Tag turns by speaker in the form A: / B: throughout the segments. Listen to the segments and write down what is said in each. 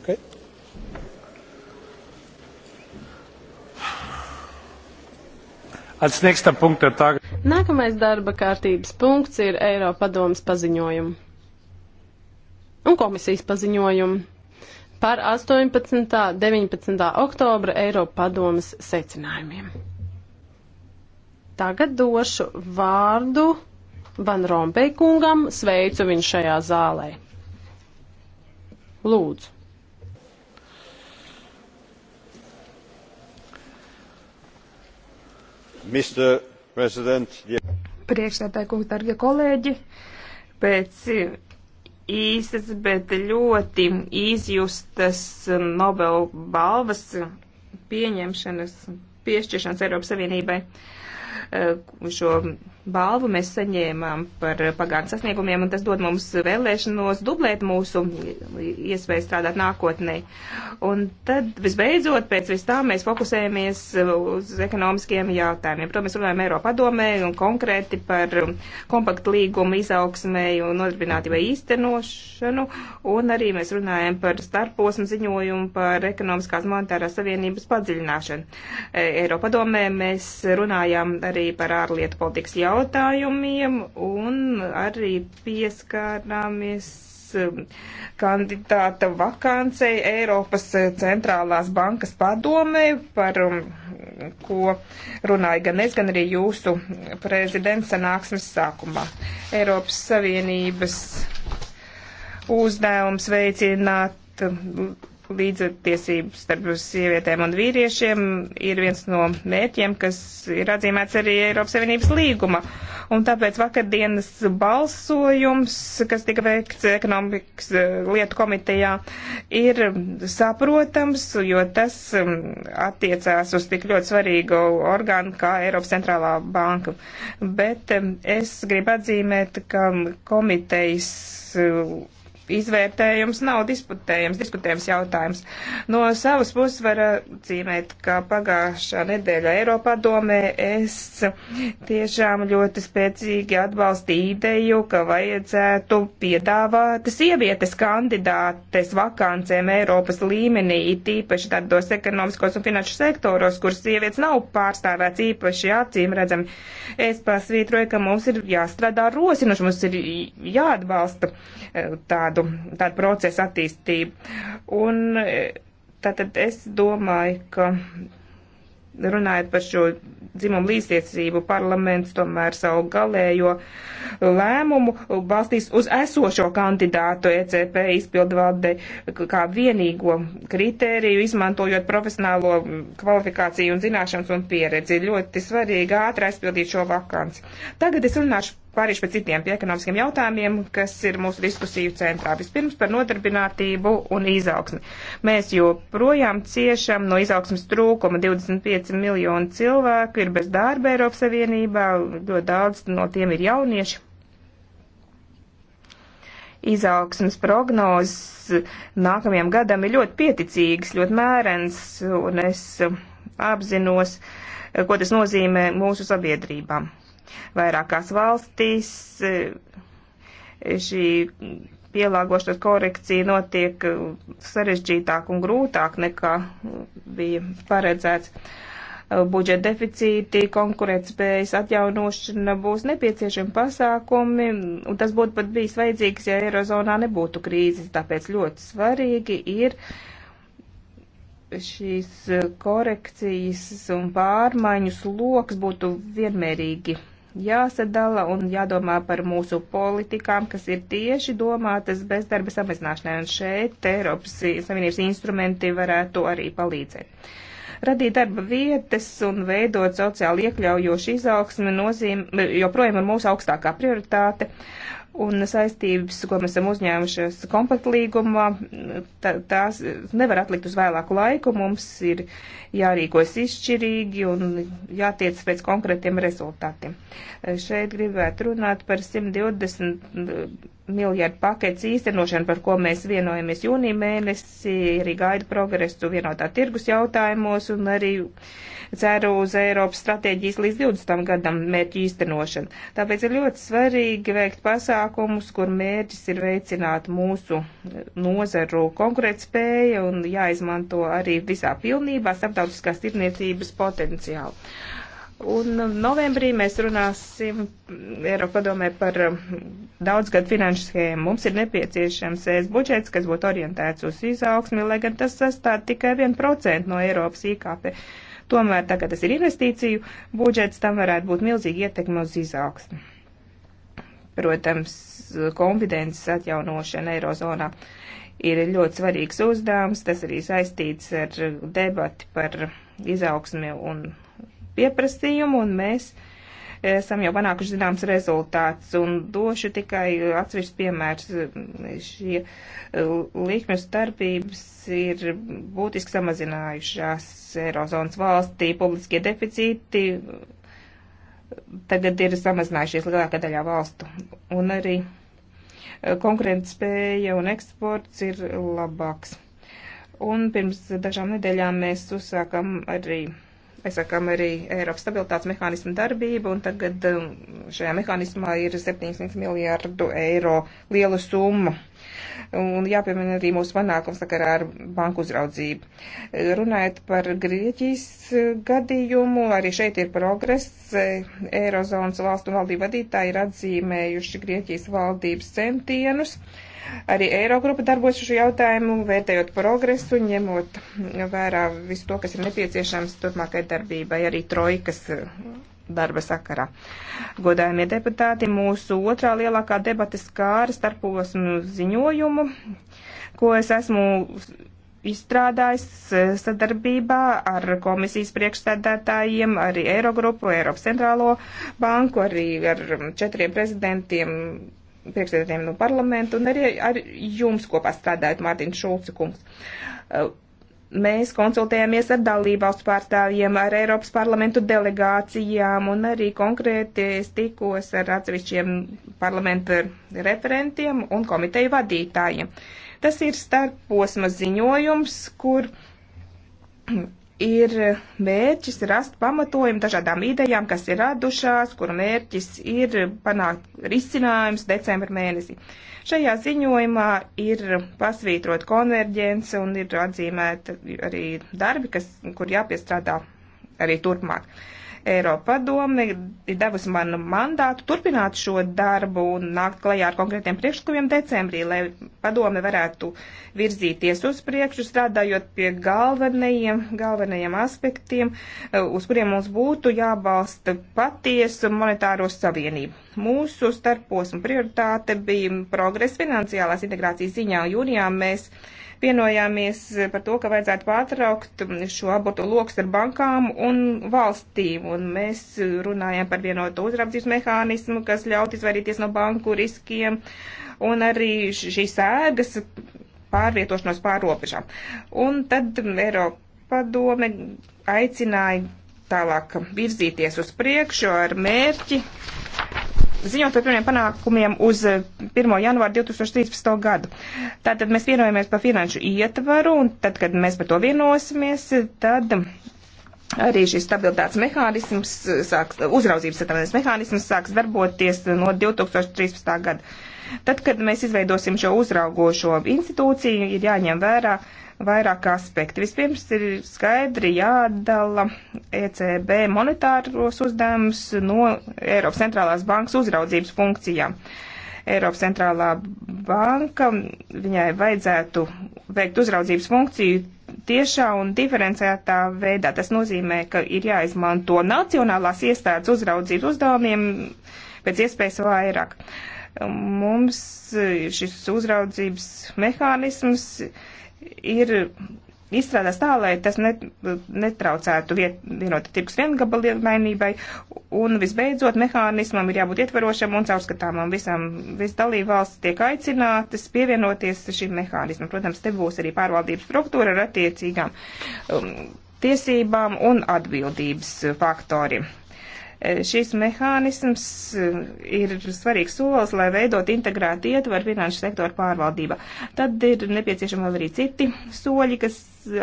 A: Okay.
B: Nākamais darba kārtības punkts ir Eiropadomas paziņojumi un komisijas paziņojumi par 18. un 19. oktobra Eiropadomas secinājumiem. Tagad došu vārdu Van Rompēkungam,
C: sveicu viņu šajā zālē. Lūdzu.
D: Priekšsēdētāji, kungi, dargie kolēģi, pēc īsas, bet ļoti izjustas Nobel balvas pieņemšanas, piešķiršanas Eiropas Savienībai eh, šo balvu mēs saņēmām par pagātnes sasniegumiem, un tas dod mums vēlēšanos dublēt mūsu iespēju strādāt nākotnē. Un tad visbeidzot, pēc vis tā mēs fokusējamies uz ekonomiskiem jautājumiem. Protams, runājam Eiropadomē un konkrēti par kompaktu līgumu izaugsmēju un nodarbinātībai īstenošanu, un arī mēs runājam par starposmu ziņojumu par ekonomiskās monetārās savienības padziļināšanu. Eiropadomē mēs runājam arī par ārlietu politikas jautājumu jautājumiem un arī pieskārāmies um, kandidāta vakancei Eiropas centrālās bankas padomē, par um, ko runāja gan es, gan arī jūsu prezidents sanāksmes sākumā. Eiropas Savienības uzdevums veicināt līdztiesības starp sievietēm un vīriešiem ir viens no mērķiem, kas ir atzīmēts arī Eiropas Savienības līguma. Un tāpēc vakardienas balsojums, kas tika veikts ekonomikas eh, lietu komitejā, ir saprotams, jo tas mm, attiecās uz tik ļoti svarīgu orgānu kā Eiropas centrālā banka. Bet mm, es gribu atzīmēt, ka komitejas izvērtējums nav diskutējams, diskutējams jautājums. No savas puses var cīmēt, ka pagājušā nedēļa Eiropā domē es tiešām ļoti spēcīgi atbalstu ideju, ka vajadzētu piedāvāt sievietes kandidātes vakancēm Eiropas līmenī, it īpaši tādos ekonomiskos un finanšu sektoros, kur sievietes nav pārstāvēts īpaši acīm redzami. Es pasvītroju, ka mums ir jāstrādā rosinoši, mums ir jāatbalsta eh, tādu atbalstu tādu procesu attīstību. Un e, tātad es domāju, ka runājot par šo dzimumu līdztiesību, parlaments tomēr savu galējo lēmumu balstīs uz esošo kandidātu ECP izpildvalde kā vienīgo kritēriju, izmantojot profesionālo kvalifikāciju un zināšanas un pieredzi. Ļoti svarīgi ātri aizpildīt šo vakanci. Tagad es runāšu pārīšu pie citiem, pie ekonomiskiem jautājumiem, kas ir mūsu diskusiju centrā. Vispirms par nodarbinātību un izaugsmi. Mēs joprojām ciešam no izaugsmas trūkuma. 25 miljoni cilvēku ir bez darba Eiropas Savienībā, ļoti daudz no tiem ir jaunieši. Izaugsmas prognozes nākamajam gadam ir ļoti pieticīgas, ļoti mērens, un es apzinos, ko tas nozīmē mūsu sabiedrībām Vairākās valstīs e, šī pielāgošanās korekcija notiek sarežģītāk un grūtāk nekā bija paredzēts. Budžeta deficīti, konkurētspējas atjaunošana būs nepieciešami pasākumi, un tas būtu pat bijis vajadzīgs, ja Eirozonā nebūtu krīzes, tāpēc ļoti svarīgi ir šīs korekcijas un pārmaiņu sloks būtu vienmērīgi jāsadala un jādomā par mūsu politikām, kas ir tieši domātas bezdarba samazināšanai. Un šeit Eiropas Savienības instrumenti varētu arī palīdzēt. Radīt darba vietas un veidot sociāli iekļaujošu izaugsmi nozīm, joprojām ir mūsu augstākā prioritāte. Uh, un saistības, ko mēs esam uzņēmušies kompaktu līgumā, tās nevar atlikt uz vēlāku laiku. Mums ir jārīkojas izšķirīgi un jātiec pēc konkrētiem rezultātiem. Šeit gribētu runāt par 120 miljardu paketes īstenošanu, par ko mēs vienojamies jūnija mēnesī, arī gaida progresu vienotā tirgus jautājumos un arī ceru uz Eiropas stratēģijas līdz 20. gadam mērķu īstenošanu. Tāpēc ir ļoti svarīgi veikt pasākumu pasākumus, kur mērķis ir veicināt mūsu e, nozaru konkurētspēju un jāizmanto arī visā pilnībā starptautiskās tirniecības potenciālu. Un e, novembrī mēs runāsim Eiropa padomē par e, daudzgad finanšu schēmu. Mums ir nepieciešams ES budžets, kas būtu orientēts uz izaugsmi, lai gan tas sastāv tikai 1% no Eiropas IKP. Tomēr, tā kā tas ir investīciju budžets, tam varētu būt milzīgi ietekme uz izaugsmi. Protams, konfidences atjaunošana Eirozonā ir ļoti svarīgs uzdevums. Tas arī saistīts ar debati par izaugsmi un pieprasījumu, un mēs e, esam jau panākuši zināms rezultāts, un došu tikai atsevišķi piemērs. Šie e, līkņu starpības ir būtiski samazinājušās Eirozonas valstī, publiskie deficīti tagad ir samazinājušies lielākā daļā valstu. Un arī eh, konkurētspēja un eksports ir labāks. Un pirms dažām nedēļām mēs uzsākam arī. Aizsākām arī Eiropas stabilitātes mehānismu darbību, un tagad eh, šajā mehānismā ir 700 miljārdu eiro liela summa. Un jāpiemina arī mūsu panākums sakarā ar banku uzraudzību. Runājot par Grieķijas e, gadījumu, arī šeit ir progress. E, Eirozonas valstu un valdību vadītāji ir atzīmējuši Grieķijas valdības centienus. Arī Eirogrupa darbojas šo jautājumu, vērtējot progresu, ņemot vērā visu to, kas ir nepieciešams turpmākai darbībai, arī trojkas darba sakarā. Godājumie deputāti, mūsu otrā lielākā debata skāra starposmu ziņojumu, ko es esmu izstrādājis e, sadarbībā ar komisijas priekšstādātājiem, arī Eirogrupu, Eiropas centrālo banku, arī ar četriem prezidentiem, priekšstādātājiem no parlamentu un arī ar jums kopā strādājot, Mārtiņš Šulci kungs. E, mēs konsultējāmies ar dalībvalstu pārstāvjiem, ar Eiropas parlamentu delegācijām un arī konkrēti es tikos ar atsevišķiem parlamenta referentiem un komiteju vadītājiem. Tas ir starp posma ziņojums, kur ir mērķis rast pamatojumu dažādām idejām, kas ir radušās, kuru mērķis ir panākt risinājums decembra mēnesī. Šajā ziņojumā ir pasvītrot konverģence un ir atzīmēta arī darbi, kas, kur jāpiestrādā arī turpmāk. Uh, Eiropa padome ir devusi man mandātu turpināt šo darbu un nākt klajā ar konkrētiem priekšlikumiem decembrī, lai padome varētu virzīties uz priekšu, strādājot pie galvenajiem, galvenajiem aspektiem, uz kuriem mums būtu jābalsta patiesu monetāro savienību. Mūsu starposmu prioritāte bija progress finansiālās integrācijas ziņā. Jūnijā mēs vienojāmies par to, ka vajadzētu pārtraukt šo abortu lokus ar bankām un valstīm. Un mēs runājām par vienotu uzraudzības mehānismu, kas ļaut izvairīties no banku riskiem un arī šīs ēgas pārvietošanos pārobežām. Un tad Eiropa dome aicināja tālāk virzīties uz priekšu ar mērķi ziņot par pirmiem panākumiem uz 1. Eh, janvāru 2013. gadu. Tātad mēs vienojamies par finanšu ietvaru, un tad, kad mēs par to vienosimies, tad arī šis stabilitātes mehānisms, sāks, uzraudzības stabilitātes mehānisms sāks darboties no 2013. gada. Tad, kad mēs izveidosim šo uzraugošo institūciju, ir jāņem vērā uh, vairāk aspekti. Vispirms ir skaidri jādala ECB monetāros uzdevumus no Eiropas centrālās bankas uzraudzības funkcijām. Eiropas centrālā banka, viņai vajadzētu veikt uzraudzības funkciju tiešā un diferencētā veidā. Tas nozīmē, ka ir jāizmanto nacionālās iestādes uzraudzības uzdevumiem pēc iespējas vairāk. Mums šis uzraudzības mehānisms uh, ir izstrādās tā, lai tas net, netraucētu viet, vienota tirgus viengabalienībai, un visbeidzot mehānismam ir jābūt ietverošam un caurskatāmam visam. Viss dalībvalsts tiek aicinātas pievienoties šim mehānismam. Protams, te būs arī pārvaldības struktūra ar attiecīgām um, tiesībām un atbildības faktoriem. Šis mehānisms eh, ir svarīgs solis, lai veidot integrētu ietvaru finanšu sektoru pārvaldībā. Tad ir nepieciešama vēl arī citi soļi, kas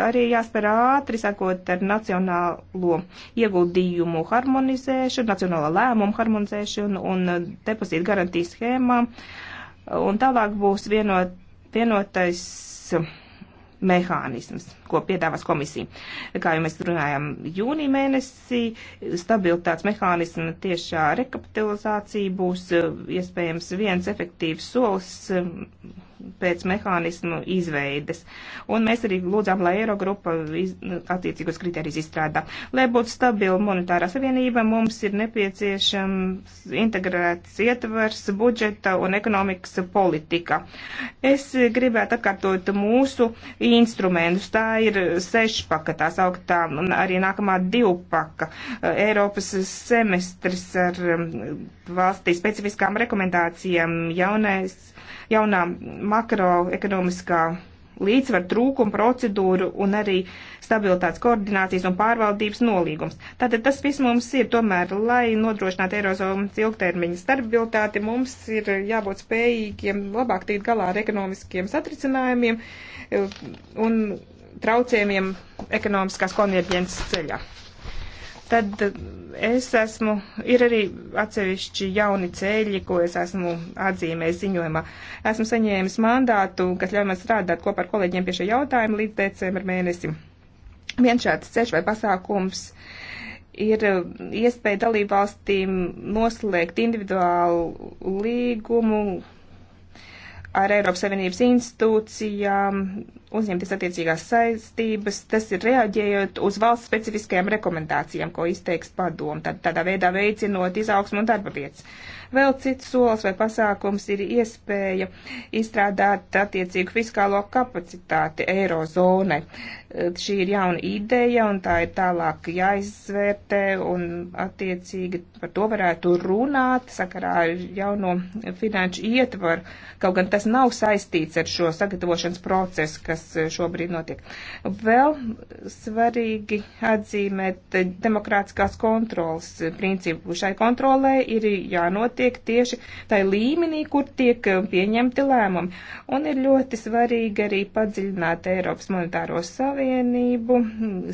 D: arī jāspēr ātri, sakot ar nacionālo ieguldījumu harmonizēšanu, nacionālo lēmumu harmonizēšanu un eh, depozītu garantijas schēmām. Un tālāk būs vienot, vienotais mehānisms, ko piedāvās komisija. Kā jau mēs runājām jūnija mēnesī, stabilitātes mehānisma tiešā rekapitalizācija būs eh, iespējams viens efektīvs solis eh, pēc mehānismu izveides. Un mēs arī lūdzām, lai Eirogrupa iz, attiecīgos kriterijus izstrādā. Lai būtu stabila monetārā savienība, mums ir nepieciešams integrēts ietvers budžeta un ekonomikas politika. Es gribētu atkārtot mūsu instrumentus. Tā ir sešpaka, tā sauktā, un arī nākamā divpaka. Eiropas semestris ar um, valstī specifiskām rekomendācijām jaunais jaunā makroekonomiskā līdzsver trūkuma procedūru un arī stabilitātes koordinācijas un pārvaldības nolīgums. Tātad tas viss mums ir tomēr, lai nodrošinātu Eirozonas ilgtermiņa stabilitāti, mums ir jābūt spējīgiem labāk tikt galā ar ekonomiskiem satricinājumiem eh, un traucējumiem ekonomiskās konverģences ceļā tad eh, es esmu, ir arī atsevišķi jauni ceļi, ko es esmu atzīmējis ziņojumā. Esmu saņēmis mandātu, kas ļauj man strādāt kopā ar kolēģiem pie šī jautājuma līdz decembra mēnesim. Viens šāds ceļš vai pasākums ir eh, iespēja dalībvalstīm noslēgt individuālu līgumu ar Eiropas Savienības institūcijām, uzņemties attiecīgās saistības, tas ir reaģējot uz valsts specifiskajām rekomendācijām, ko izteiks padomu, tad tādā veidā veicinot izaugsmu un darba vietas. Vēl cits solis vai pasākums ir iespēja izstrādāt attiecīgu fiskālo kapacitāti eirozonai. Šī ir jauna ideja un tā ir tālāk jāizvērtē un attiecīgi par to varētu runāt sakarā ar jauno finanšu ietvaru, kaut gan tas nav saistīts ar šo sagatavošanas procesu, kas kas eh, šobrīd notiek. Vēl svarīgi atzīmēt demokrātiskās kontrolas principu. Šai kontrolē ir jānotiek tieši tai līmenī, kur tiek eh, pieņemti lēmumi. Un ir ļoti svarīgi arī padziļināt Eiropas monetāro savienību,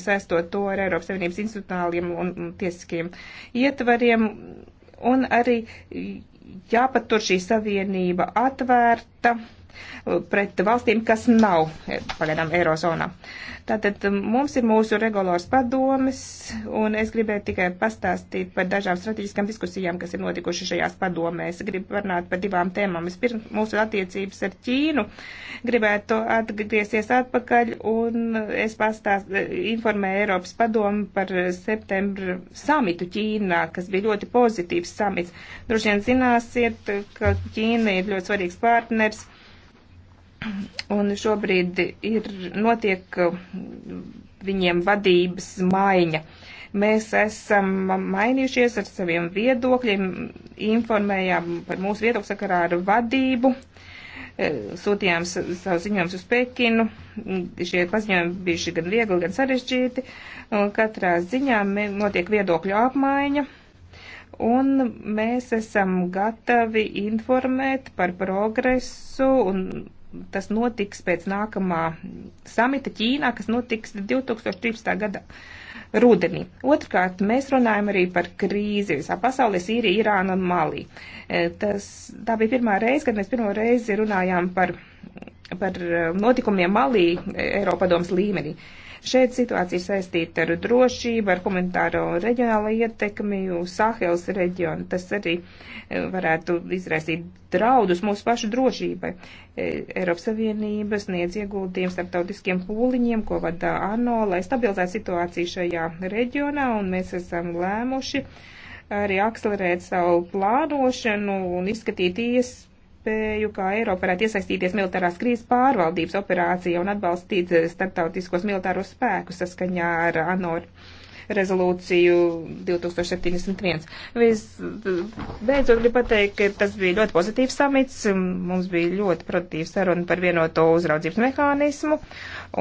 D: saistot to ar Eiropas Savienības institucionāliem un tiesiskiem ietvariem. Un arī jāpatur šī savienība atvērta pret valstīm, kas nav eh, pagaidām Eirozonā. Tātad mums ir mūsu regulārs padomis, un es gribēju tikai pastāstīt par dažām strateģiskām diskusijām, kas ir notikuši šajās padomēs. Gribu runāt par divām tēmām. Vispirms mūsu attiecības ar Ķīnu. Gribētu atgriezties atpakaļ, un es pastāst, informēju Eiropas padomu par septembra samitu Ķīnā, kas bija ļoti pozitīvs samits. Droši vien zināsiet, ka Ķīna ir ļoti svarīgs partners Un šobrīd ir notiek uh, viņiem vadības maiņa. Mēs esam mainījušies ar saviem viedokļiem, informējām par mūsu viedokļu sakarā ar vadību, uh, sūtījām savu ziņojumus uz Pekinu. Šie paziņojumi bijuši gan viegli, gan sarežģīti. Un katrā ziņā notiek viedokļu apmaiņa un mēs esam gatavi informēt par progresu un tas notiks pēc nākamā samita Ķīnā, kas notiks 2013. gada rudenī. Otrkārt, mēs runājam arī par krīzi visā pasaulē, Sīrija, Irāna un Malī. E, tas, tā bija pirmā reize, kad mēs pirmo reizi runājām par, par e, notikumiem Malī Eiropadomas līmenī. Uh, Šeit situācija saistīta ar drošību, ar komentāro reģionālo ietekmi uz Sahels reģionu. Tas arī eh, varētu izraisīt draudus mūsu pašu drošībai. E, Eiropas Savienība sniedz ieguldījumu starptautiskiem pūliņiem, ko vada ANO, lai stabilizētu situāciju šajā reģionā, un mēs esam lēmuši arī akcelerēt savu plānošanu un izskatīt iespējas iespēju, kā Eiropa varētu iesaistīties militārās krīzes pārvaldības operācijā un atbalstīt eh, starptautiskos militāros spēkus saskaņā ar ANOR rezolūciju 2071. Visbeidzot, gribu pateikt, ka tas bija ļoti pozitīvs samits. Mums bija ļoti produktīva saruna par vienoto uzraudzības mehānismu.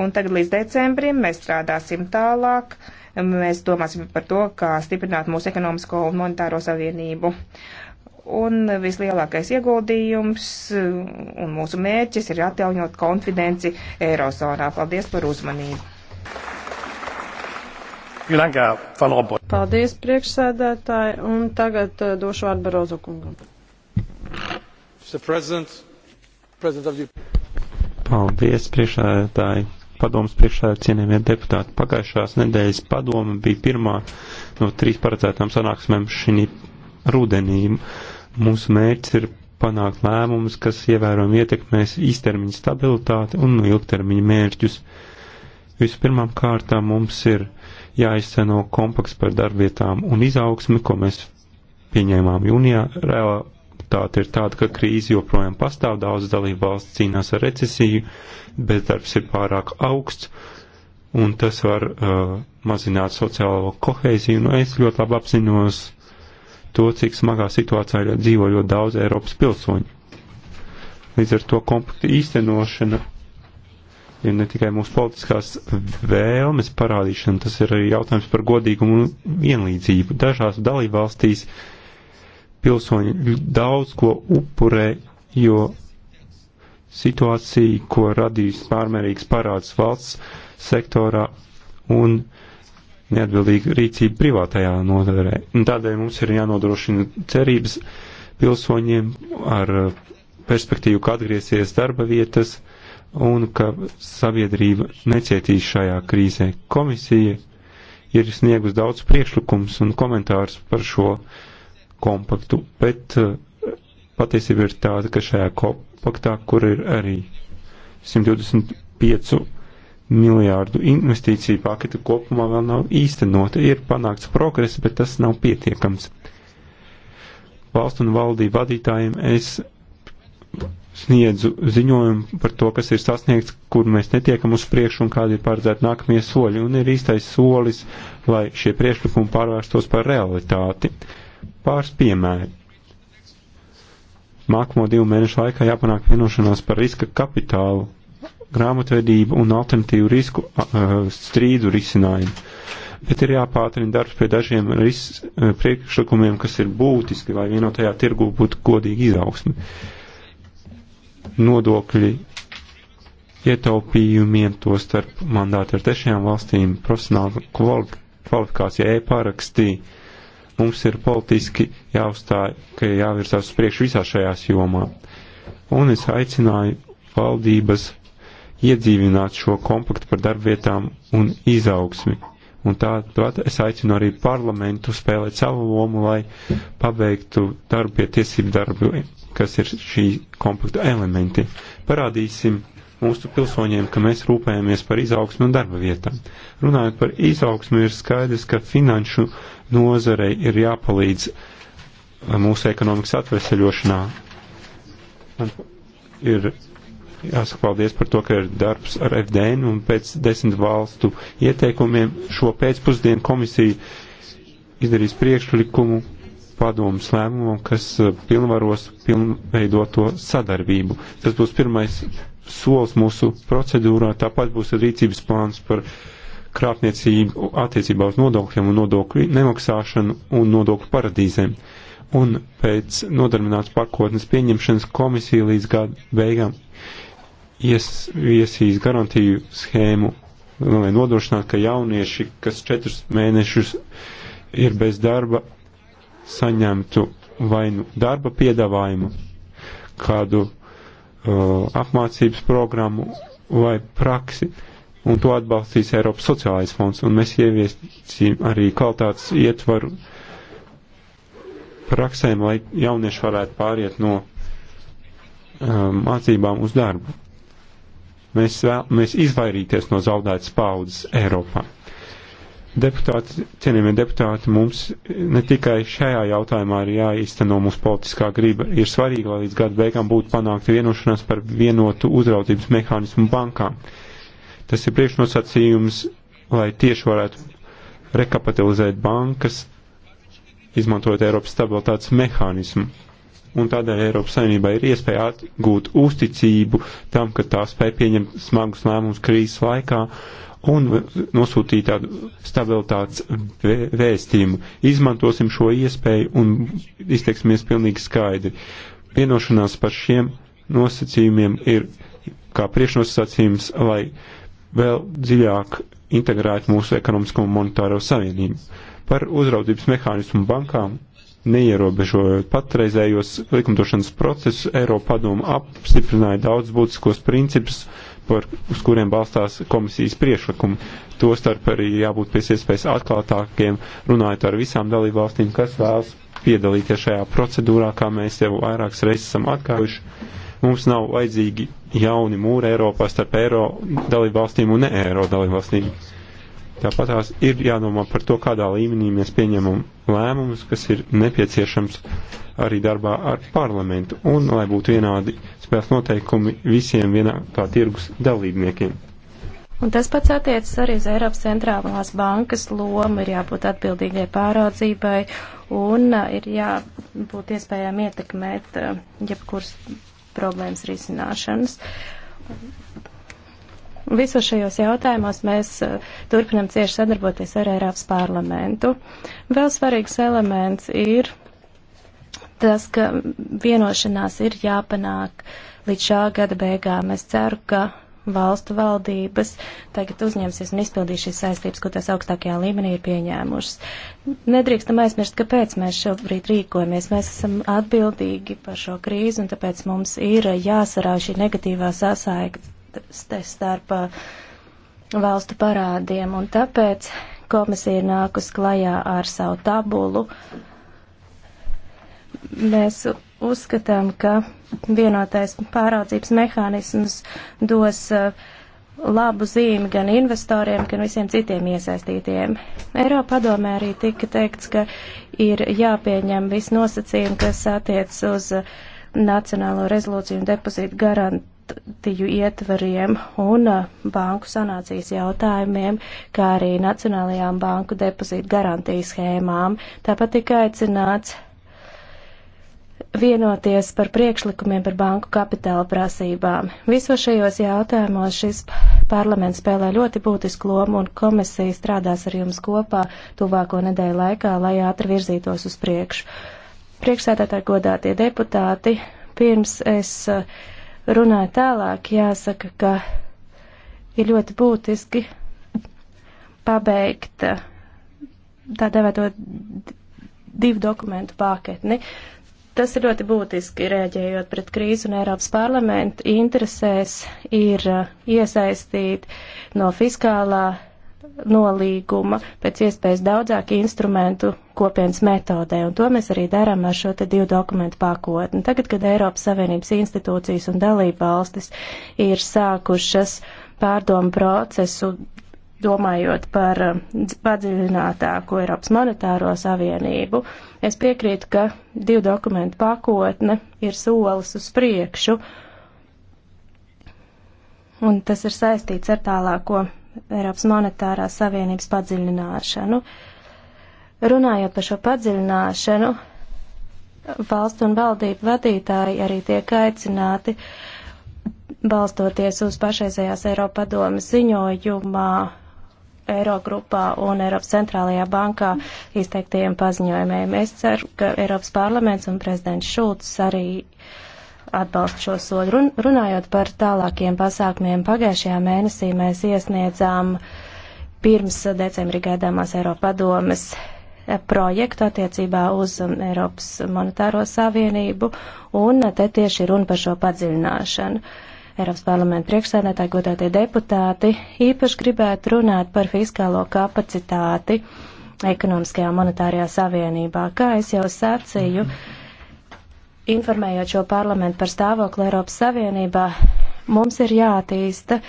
D: Un tagad līdz decembrim mēs strādāsim tālāk. Mēs domāsim par to, kā stiprināt mūsu ekonomisko un monetāro savienību. Uh, Un vislielākais ieguldījums eh, un mūsu mērķis ir atjaunot konfidenci Eirozonā. Paldies par uzmanību. Paldies, priekšsēdētāji,
B: un tagad eh, došu vārdu Barozo kungam.
E: Paldies, priekšsēdētāji, padomas priekšsēdētāji, cienījamie deputāti. Pagājušās nedēļas padoma bija pirmā no trīs paredzētām sanāksmēm šī rudenī. Mūsu mērķis ir panākt lēmumus, kas ievērojami ietekmēs īstermiņa stabilitāti un no ilgtermiņa mērķus. Vispirmām kārtām mums ir jāizceno kompaks par darbvietām un izaugsmi, ko mēs pieņēmām jūnijā. Realitāte ir tāda, ka krīze joprojām pastāv, daudz dalību valsts cīnās ar recesiju, bezdarbs ir pārāk augsts, un tas var uh, mazināt sociālo koheiziju, un nu, es ļoti labi apzinos uh, to, cik smagā situācijā dzīvo ļoti daudz Eiropas pilsoņu. Līdz ar to kompakta īstenošana ir ne tikai mūsu politiskās vēlmes parādīšana, tas ir arī jautājums par godīgumu un vienlīdzību. Dažās dalībvalstīs pilsoņi daudz ko upurē, jo situācija, ko radīs pārmērīgs parāds valsts sektorā un neatbildīga rīcība privātajā nozarē. Tādēļ mums ir jānodrošina cerības pilsoņiem ar uh, perspektīvu, ka atgriezies darba vietas un ka sabiedrība necietīs šajā krīzē. Komisija ir sniegus daudz priekšlikums un komentārs par šo kompaktu, bet uh, patiesība ir tāda, ka šajā kompaktā, kur ir arī 125 miljārdu investīciju pakete kopumā vēl nav īstenota. Ir panākts progress, bet tas nav pietiekams. Valstu un valdību vadītājiem es sniedzu ziņojumu par to, kas ir sasniegts, kur mēs netiekam uz priekšu un kādi ir paredzēti nākamie soļi. Un ir īstais solis, lai šie priekšlikumi pārvērstos par realitāti. Pāris piemēri. Nākamo divu mēnešu laikā jāpanāk vienošanās par riska kapitālu grāmatvedību un alternatīvu risku strīdu risinājumu. Bet ir jāpātrina darbs pie dažiem ris, priekšlikumiem, kas ir būtiski, lai vienotajā tirgū būtu godīga izaugsme. Nodokļi ietaupījumiem, to starp mandāti ar trešajām valstīm, profesionāla kvalifikācija, e-pārakstī. Mums ir politiski jāuzstāj, ka jāvirsās uz priekšu visā šajās jomā. Un es aicināju valdības iedzīvināt šo kompaktu par darbvietām un izaugsmi. Un tāpat es aicinu arī parlamentu spēlēt savu lomu, lai pabeigtu darbu pie tiesību darbu, kas ir šī kompakta elementi. Parādīsim mūsu pilsoņiem, ka mēs rūpējamies par izaugsmu un darba vietām. Runājot par izaugsmu, ir skaidrs, ka finanšu nozarei ir jāpalīdz uh, mūsu ekonomikas atveseļošanā. Un ir Jāsaka paldies par to, ka ir darbs ar FDN un pēc desmit valstu ieteikumiem šo pēcpusdienu komisija izdarīs priekšlikumu padomus lēmumam, kas uh, pilnvaros pilnveidoto sadarbību. Tas būs pirmais solis mūsu procedūrā, tāpat būs rīcības plāns par krāpniecību attiecībā uz nodokļiem un nodokļu nemaksāšanu un nodokļu paradīzēm. Un pēc nodarbinātas pakotnes pieņemšanas komisija līdz gada beigām ies, iesīs garantiju schēmu, nu, lai nodrošinātu, ka jaunieši, kas četrus mēnešus ir bez darba, saņemtu vai nu darba piedāvājumu, kādu uh, apmācības programmu vai praksi, un to atbalstīs Eiropas sociālais fonds, un mēs ieviesīsim arī kvalitātes ietvaru praksēm, lai jaunieši varētu pāriet no um, mācībām uz darbu. Mēs vēlamies izvairīties no zaudētas paudzes Eiropā. Deputāti, cienījamie deputāti, mums ne tikai šajā jautājumā ir jāīsteno mūsu politiskā griba, ir svarīgi, lai līdz gada beigām būtu panākta vienošanās par vienotu uzraudzības mehānismu bankām. Tas ir priekšnosacījums, lai tieši varētu rekapitalizēt bankas, izmantojot Eiropas stabilitātes mehānismu un tādēļ Eiropas Savienībā ir iespēja atgūt uzticību tam, ka tā spēja pieņemt smagus lēmumus krīzes laikā un nosūtīt tādu stabilitātes vēstījumu. Izmantosim šo iespēju un izteiksimies pilnīgi skaidri. Vienošanās par šiem nosacījumiem ir kā priekšnosacījums, lai vēl dziļāk integrētu mūsu ekonomisko un monetāro savienību. Par uzraudzības mehānismu bankām neierobežojot patreizējos likumdošanas procesus, Eiropa padomu apstiprināja daudz būtiskos principus, par, uz kuriem balstās komisijas priešlikumi. Tostarp arī jābūt pēc iespējas atklātākiem, runājot ar visām dalībvalstīm, kas vēlas piedalīties šajā procedūrā, kā mēs jau vairākas reizes esam atkārtojuši. Mums nav vajadzīgi jauni mūri Eiropā starp eiro dalībvalstīm un ne eiro dalībvalstīm. valstīm Tāpat tās ir jādomā par to, kādā līmenī mēs pieņemam lēmumus, kas ir nepieciešams arī darbā ar parlamentu, un lai būtu vienādi spēles noteikumi visiem vienā tā tirgus dalībniekiem.
B: Un tas pats attiecas arī uz Eiropas centrālās bankas lomu, ir jābūt atbildīgai pāraudzībai un ir jābūt iespējām ietekmēt jebkuras problēmas risināšanas. Visos šajos jautājumos mēs eh, turpinam cieši sadarboties ar Eiropas parlamentu. Vēl svarīgs elements ir tas, ka vienošanās ir jāpanāk līdz šā gada beigām. Es ceru, ka valstu valdības tagad uzņemsies un izpildīs šīs saistības, ko tās augstākajā līmenī ir pieņēmušas. Nedrīkstam aizmirst, kāpēc mēs šobrīd rīkojamies. Mēs esam atbildīgi par šo krīzi un tāpēc mums ir jāsarā šī negatīvā sasaikta te starp uh, valstu parādiem, un tāpēc komisija ir nākus klajā ar savu tabulu. Mēs uzskatām, ka vienotais pāraudzības mehānisms dos uh, labu zīmi gan investoriem, gan visiem citiem iesaistītiem. Eiropa padomē arī tika teikts, ka ir jāpieņem visi nosacījumi, kas attiec uz uh, nacionālo rezolūciju un depozītu garantiju garantiju ietvariem un uh, banku sanācijas jautājumiem, kā arī Nacionālajām banku depozītu garantijas schēmām. Tāpat tika aicināts vienoties par priekšlikumiem par banku kapitāla prasībām. Visos šajos jautājumos šis parlaments spēlē ļoti būtisku lomu un komisija strādās ar jums kopā tuvāko nedēļu laikā, lai ātri virzītos uz priekšu. Priekšsēdētāji godātie deputāti, pirms es uh, runāju tālāk, jāsaka, ka ir ļoti būtiski pabeigt eh, tā devēto divu dokumentu paketni. Tas ir ļoti būtiski, rēģējot pret krīzi, un Eiropas parlamenta interesēs ir eh, iesaistīt no fiskālā nolīguma pēc iespējas daudzāk instrumentu kopienas metodē, un to mēs arī darām ar šo te divu dokumentu pakotni. Tagad, kad Eiropas Savienības institūcijas un dalība valstis ir sākušas pārdomu procesu, domājot par eh, padziļinātāko Eiropas monetāro savienību, es piekrītu, ka divu dokumentu pakotne ir solis uz priekšu, un tas ir saistīts ar tālāko Eiropas monetārās savienības padziļināšanu. Runājot par šo padziļināšanu, valstu un valdību vadītāji arī tiek aicināti, balstoties uz pašreizējās Eiropadomas ziņojumā, Eirogrupā un Eiropas centrālajā bankā izteiktajiem paziņojumiem. Es ceru, ka Eiropas parlaments un prezidents Šulcs arī uh, atbalstu šo soļu. Run, runājot par tālākiem pasākumiem, pagājušajā mēnesī mēs iesniedzām pirms decembrī gaidāmās Eiropa padomes projektu attiecībā uz Eiropas monetāro savienību, un te tieši runa par šo padziļināšanu. Eiropas parlamenta priekšsēdētāji, godātie deputāti, īpaši gribētu runāt par fiskālo kapacitāti ekonomiskajā monetārajā savienībā. Kā es jau sacīju, mm -hmm informējot šo parlamentu par stāvokli Eiropas Savienībā, mums ir jātīsta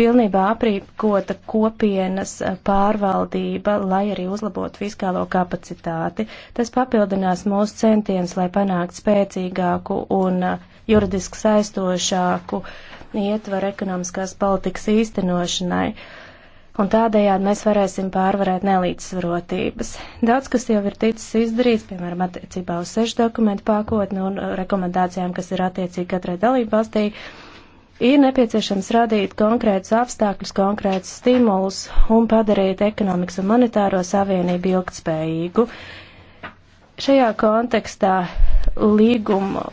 B: pilnībā aprīkota kopienas pārvaldība, lai arī uzlabotu fiskālo kapacitāti. Tas papildinās mūsu centienus, lai panāktu spēcīgāku un juridiski saistošāku ietvaru ekonomiskās politikas īstenošanai. Uh, un tādējādi mēs varēsim pārvarēt nelīdzsvarotības. Daudz, kas jau ir ticis izdarīts, piemēram, attiecībā uz sešu dokumentu pakotni un rekomendācijām, kas ir attiecīgi katrai dalību valstī, ir nepieciešams radīt konkrētus apstākļus, konkrētus stimulus un padarīt ekonomikas un monetāro savienību ilgtspējīgu. Šajā kontekstā līguma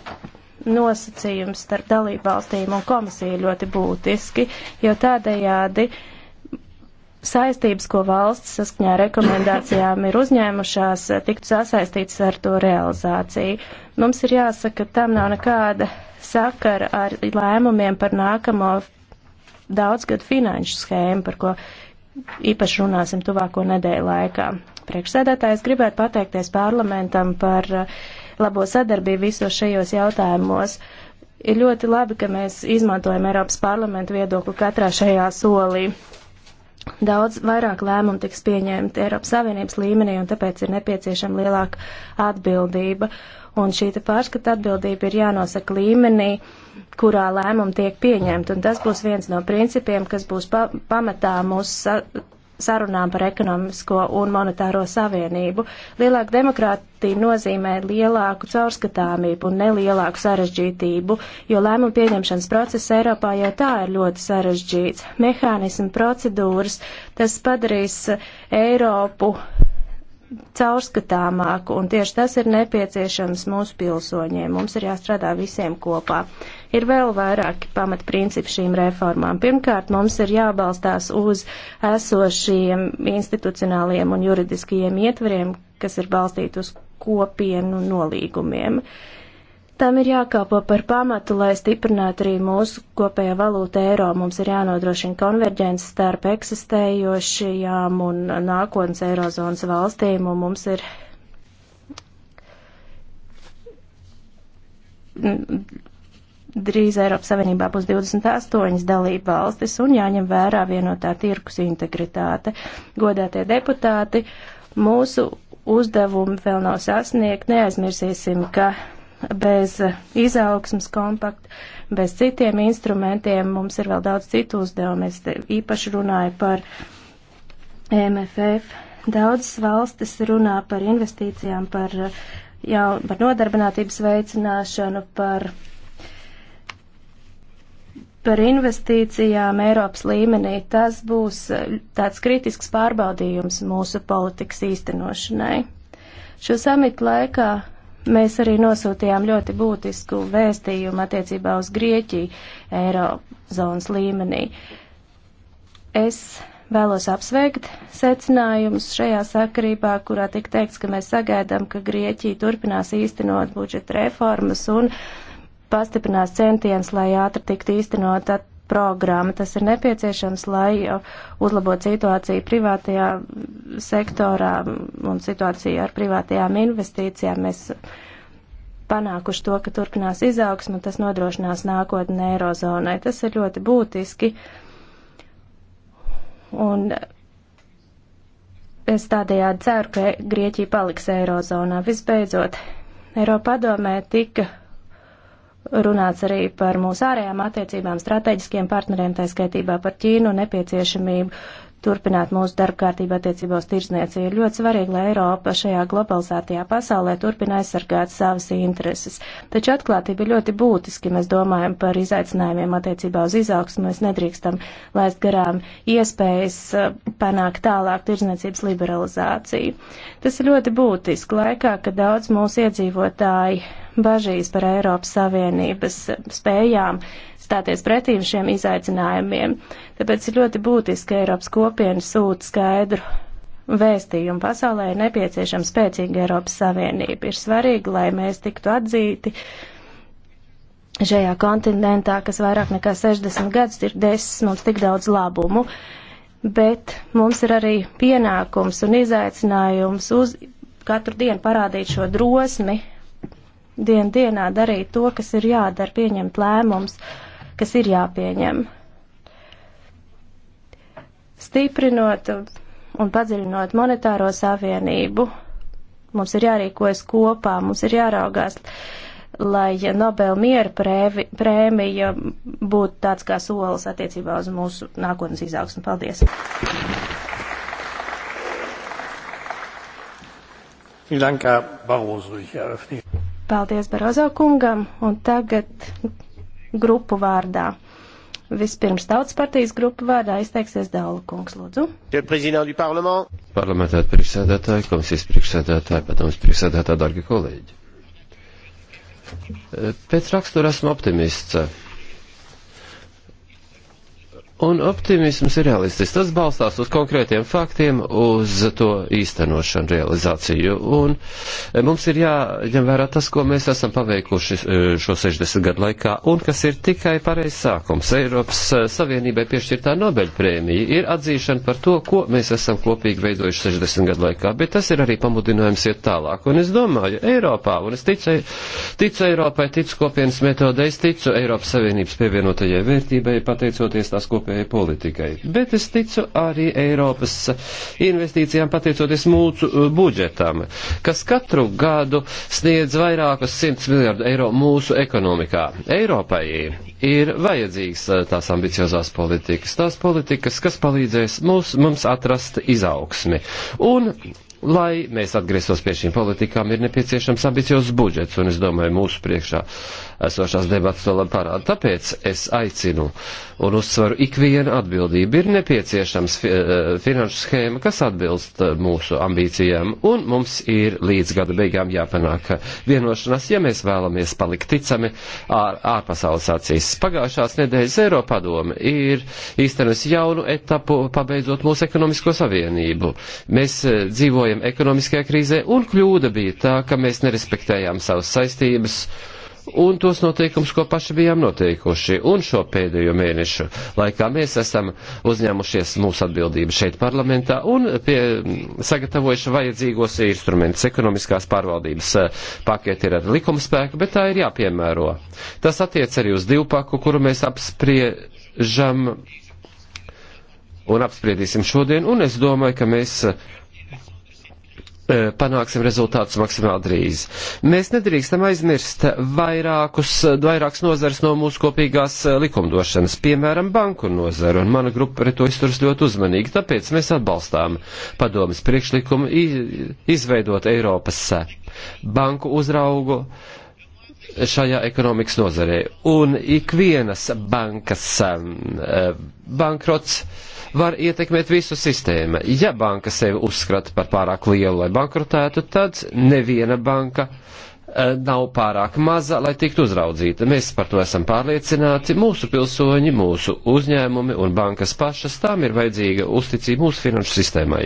B: nosacījums starp dalību valstīm un komisiju ļoti būtiski, jo tādējādi uh, saistības, ko valsts saskaņā rekomendācijām ir uzņēmušās, tiktu sasaistītas ar to realizāciju. Mums ir jāsaka, ka tam nav nekāda sakara ar lēmumiem par nākamo daudzgadu finanšu schēmu, par ko īpaši runāsim tuvāko nedēļu laikā. Priekšsēdētājs gribētu pateikties parlamentam par uh, labo sadarbību visos šajos jautājumos. Ir ļoti labi, ka mēs izmantojam Eiropas parlamentu viedokli katrā šajā solī daudz vairāk lēmumu tiks pieņemti Eiropas Savienības līmenī, un tāpēc ir nepieciešama lielāka atbildība. Un šī pārskata atbildība ir jānosaka līmenī, kurā lēmumi tiek pieņemti, un tas būs viens no principiem, kas būs pa pamatā mūsu sarunām par ekonomisko un monetāro savienību. Lielāka demokrātija nozīmē lielāku caurskatāmību un nelielāku sarežģītību, jo lēmumu pieņemšanas process Eiropā jau tā ir ļoti sarežģīts. Mehānismi, procedūras, tas padarīs Eiropu caurskatāmāku, un tieši tas ir nepieciešams mūsu pilsoņiem. Mums ir jāstrādā visiem kopā. Ir vēl vairāki pamatprincipi šīm reformām. Pirmkārt, mums ir jābalstās uz esošiem institucionāliem un juridiskajiem ietvariem, kas ir balstīti uz kopienu nolīgumiem. Tām ir jākalpo par pamatu, lai stiprinātu arī mūsu kopējā valūta eiro. Mums ir jānodrošina konverģence starp eksistējošajām un nākotnes eirozonas valstīm, un mums ir drīz Eiropas Savienībā būs 28 dalība valstis un jāņem vērā vienotā tirkus integritāte. Godātie deputāti, mūsu uzdevumi vēl nav sasniegt, neaizmirsīsim, ka bez izaugsmas kompakta, bez citiem instrumentiem mums ir vēl daudz citu uzdevumu. Es īpaši runāju par MFF. Daudzas valstis runā par investīcijām, par, jau, par nodarbinātības veicināšanu, par par investīcijām Eiropas līmenī, tas būs e, tāds kritisks pārbaudījums mūsu politikas īstenošanai. Šo samitu laikā mēs arī nosūtījām ļoti būtisku vēstījumu attiecībā uz Grieķiju Eirozonas līmenī. Es vēlos apsveikt secinājumus šajā sakarībā, kurā tika teikts, ka mēs sagaidām, ka Grieķija turpinās īstenot budžeta reformas un uh, pastiprinās centiens, lai ātri tiktu īstenot programma. Tas ir nepieciešams, lai uh, uzlabotu situāciju privātajā sektorā un situāciju ar privātajām investīcijām. Mēs panākuši to, ka turpinās izaugsmu, tas nodrošinās nākotnē Eirozonai. Tas ir ļoti būtiski. Un es tādējādi ceru, ka Grieķija paliks Eirozonā. Visbeidzot, Eiropa padomē tika runāts arī par mūsu ārējām attiecībām, strateģiskiem partneriem, tā skaitībā par Ķīnu, nepieciešamību turpināt mūsu darba kārtību attiecībā uz tirdzniecību. Ir ļoti svarīgi, lai Eiropa šajā globalizētajā pasaulē turpina aizsargāt savas intereses. Taču atklātība ir ļoti būtiski, mēs domājam par izaicinājumiem attiecībā uz izaugsmu. Mēs nedrīkstam laist garām iespējas eh, panākt tālāk tirdzniecības liberalizāciju. Tas ir ļoti būtiski laikā, kad daudz mūsu iedzīvotāji bažīs par Eiropas Savienības spējām stāties pretīm šiem izaicinājumiem. Tāpēc ir ļoti būtiski, ka Eiropas kopiena sūta skaidru vēstījumu pasaulē ir nepieciešama spēcīga Eiropas Savienība. Ir svarīgi, lai mēs tiktu atzīti šajā kontinentā, kas vairāk nekā 60 gadus ir desis mums tik daudz labumu, bet mums ir arī pienākums un izaicinājums uz katru dienu parādīt šo drosmi, dienu dienā darīt to, kas ir jādara, pieņemt lēmums kas ir jāpieņem. Stiprinot un padziļinot monetāro savienību, mums ir jārīkojas kopā, mums ir jāraugās, lai Nobel miera prēvi, prēmija būtu tāds kā solis attiecībā uz mūsu nākotnes izaugsmu. Paldies! Paldies Barozo kungam, un tagad grupu vārdā. Vispirms tautas partijas grupu vārdā izteiksies Daula kungs,
C: lūdzu. Parlamentāri priekšsēdētāji, komisijas priekšsēdētāji, padomas priekšsēdētāji, dargi kolēģi. Pēc rakstura esmu optimists Un optimisms ir realistisks. Tas balstās uz konkrētiem faktiem, uz to īstenošanu, realizāciju. Un e, mums ir jāņem vērā tas, ko mēs esam paveikuši e, šo 60 gadu laikā, un kas ir tikai pareizs sākums. Eiropas e, Savienībai piešķirtā Nobeļprēmija ir atzīšana par to, ko mēs esam kopīgi veidojuši 60 gadu laikā, bet tas ir arī pamudinājums iet tālāk. Un es domāju, Eiropā, un es ticu, ticu Eiropai, ticu kopienas metodei, es ticu Eiropas Savienības pievienotajai vērtībai, pateicoties tās kopienas kopējai politikai. Bet es ticu arī Eiropas investīcijām pateicoties mūsu uh, budžetam, kas katru gadu sniedz vairākus simtus miljardu eiro mūsu ekonomikā. Eiropai ir vajadzīgs uh, tās ambiciozās politikas, tās politikas, kas palīdzēs mūs, mums atrast izaugsmi. Un Lai mēs atgrieztos pie šīm politikām, ir nepieciešams ambiciozs budžets, un es domāju, mūsu priekšā uh, esošās debatas to labi parāda. Tāpēc es aicinu un uzsvaru ikvienu atbildību. Ir nepieciešams fi, eh, finanšu schēma, kas atbilst eh, mūsu ambīcijām, un mums ir līdz gada beigām jāpanāk vienošanās, ja mēs vēlamies palikt ticami ār, ārpasaules acīs. Pagājušās nedēļas Eiropadome ir īstenos jaunu etapu, pabeidzot mūsu ekonomisko savienību. Mēs eh, dzīvojam ekonomiskajā krīzē, un kļūda bija tā, ka mēs nerespektējām savas saistības un tos noteikumus, ko paši bijām noteikuši. Un šo pēdējo mēnešu laikā mēs esam uzņēmušies mūsu atbildību šeit parlamentā un pie, sagatavojuši vajadzīgos instrumentus. Ekonomiskās pārvaldības eh, paketi ir ar likuma spēku, bet tā ir jāpiemēro. Tas attiec arī uz divpaku, kuru mēs apspriežam un apspriedīsim šodien, un es domāju, ka mēs Eh, panāksim rezultātus maksimāli drīz. Mēs nedrīkstam aizmirst vairākus, vairākas nozares no mūsu kopīgās eh, likumdošanas, piemēram, banku nozaru, un mana grupa pret to izturas ļoti uzmanīgi, tāpēc mēs atbalstām padomas priekšlikumu izveidot Eiropas eh, banku uzraugu šajā ekonomikas nozarē. Un ikvienas bankas um, eh, bankrots var ietekmēt visu sistēmu. Ja banka sevi uzskata par pārāk lielu, lai bankrotētu, tad neviena banka eh, nav pārāk maza, lai tiktu uzraudzīta. Mēs par to esam pārliecināti. Mūsu pilsoņi, mūsu uzņēmumi un bankas pašas tam ir vajadzīga uzticība mūsu finanšu sistēmai.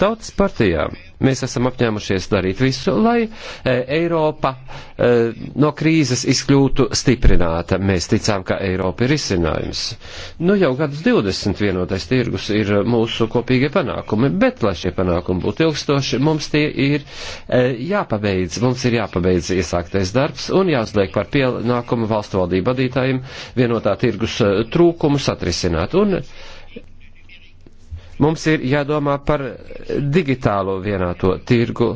C: Tautas partijām Mēs esam apņēmušies darīt visu, lai e, Eiropa e, no krīzes izkļūtu stiprināta. Mēs ticām, ka Eiropa ir izcinājums. Nu jau gadus 20 vienotais tirgus ir mūsu kopīgie panākumi, bet, lai šie panākumi būtu ilgstoši, mums tie ir e, jāpabeidz. Mums ir jāpabeidz iesāktais darbs un jāuzliek par pienākumu valstu valdību vadītājiem vienotā tirgus trūkumus atrisināt. Un, Mums ir jādomā par digitālo vienāto tirgu.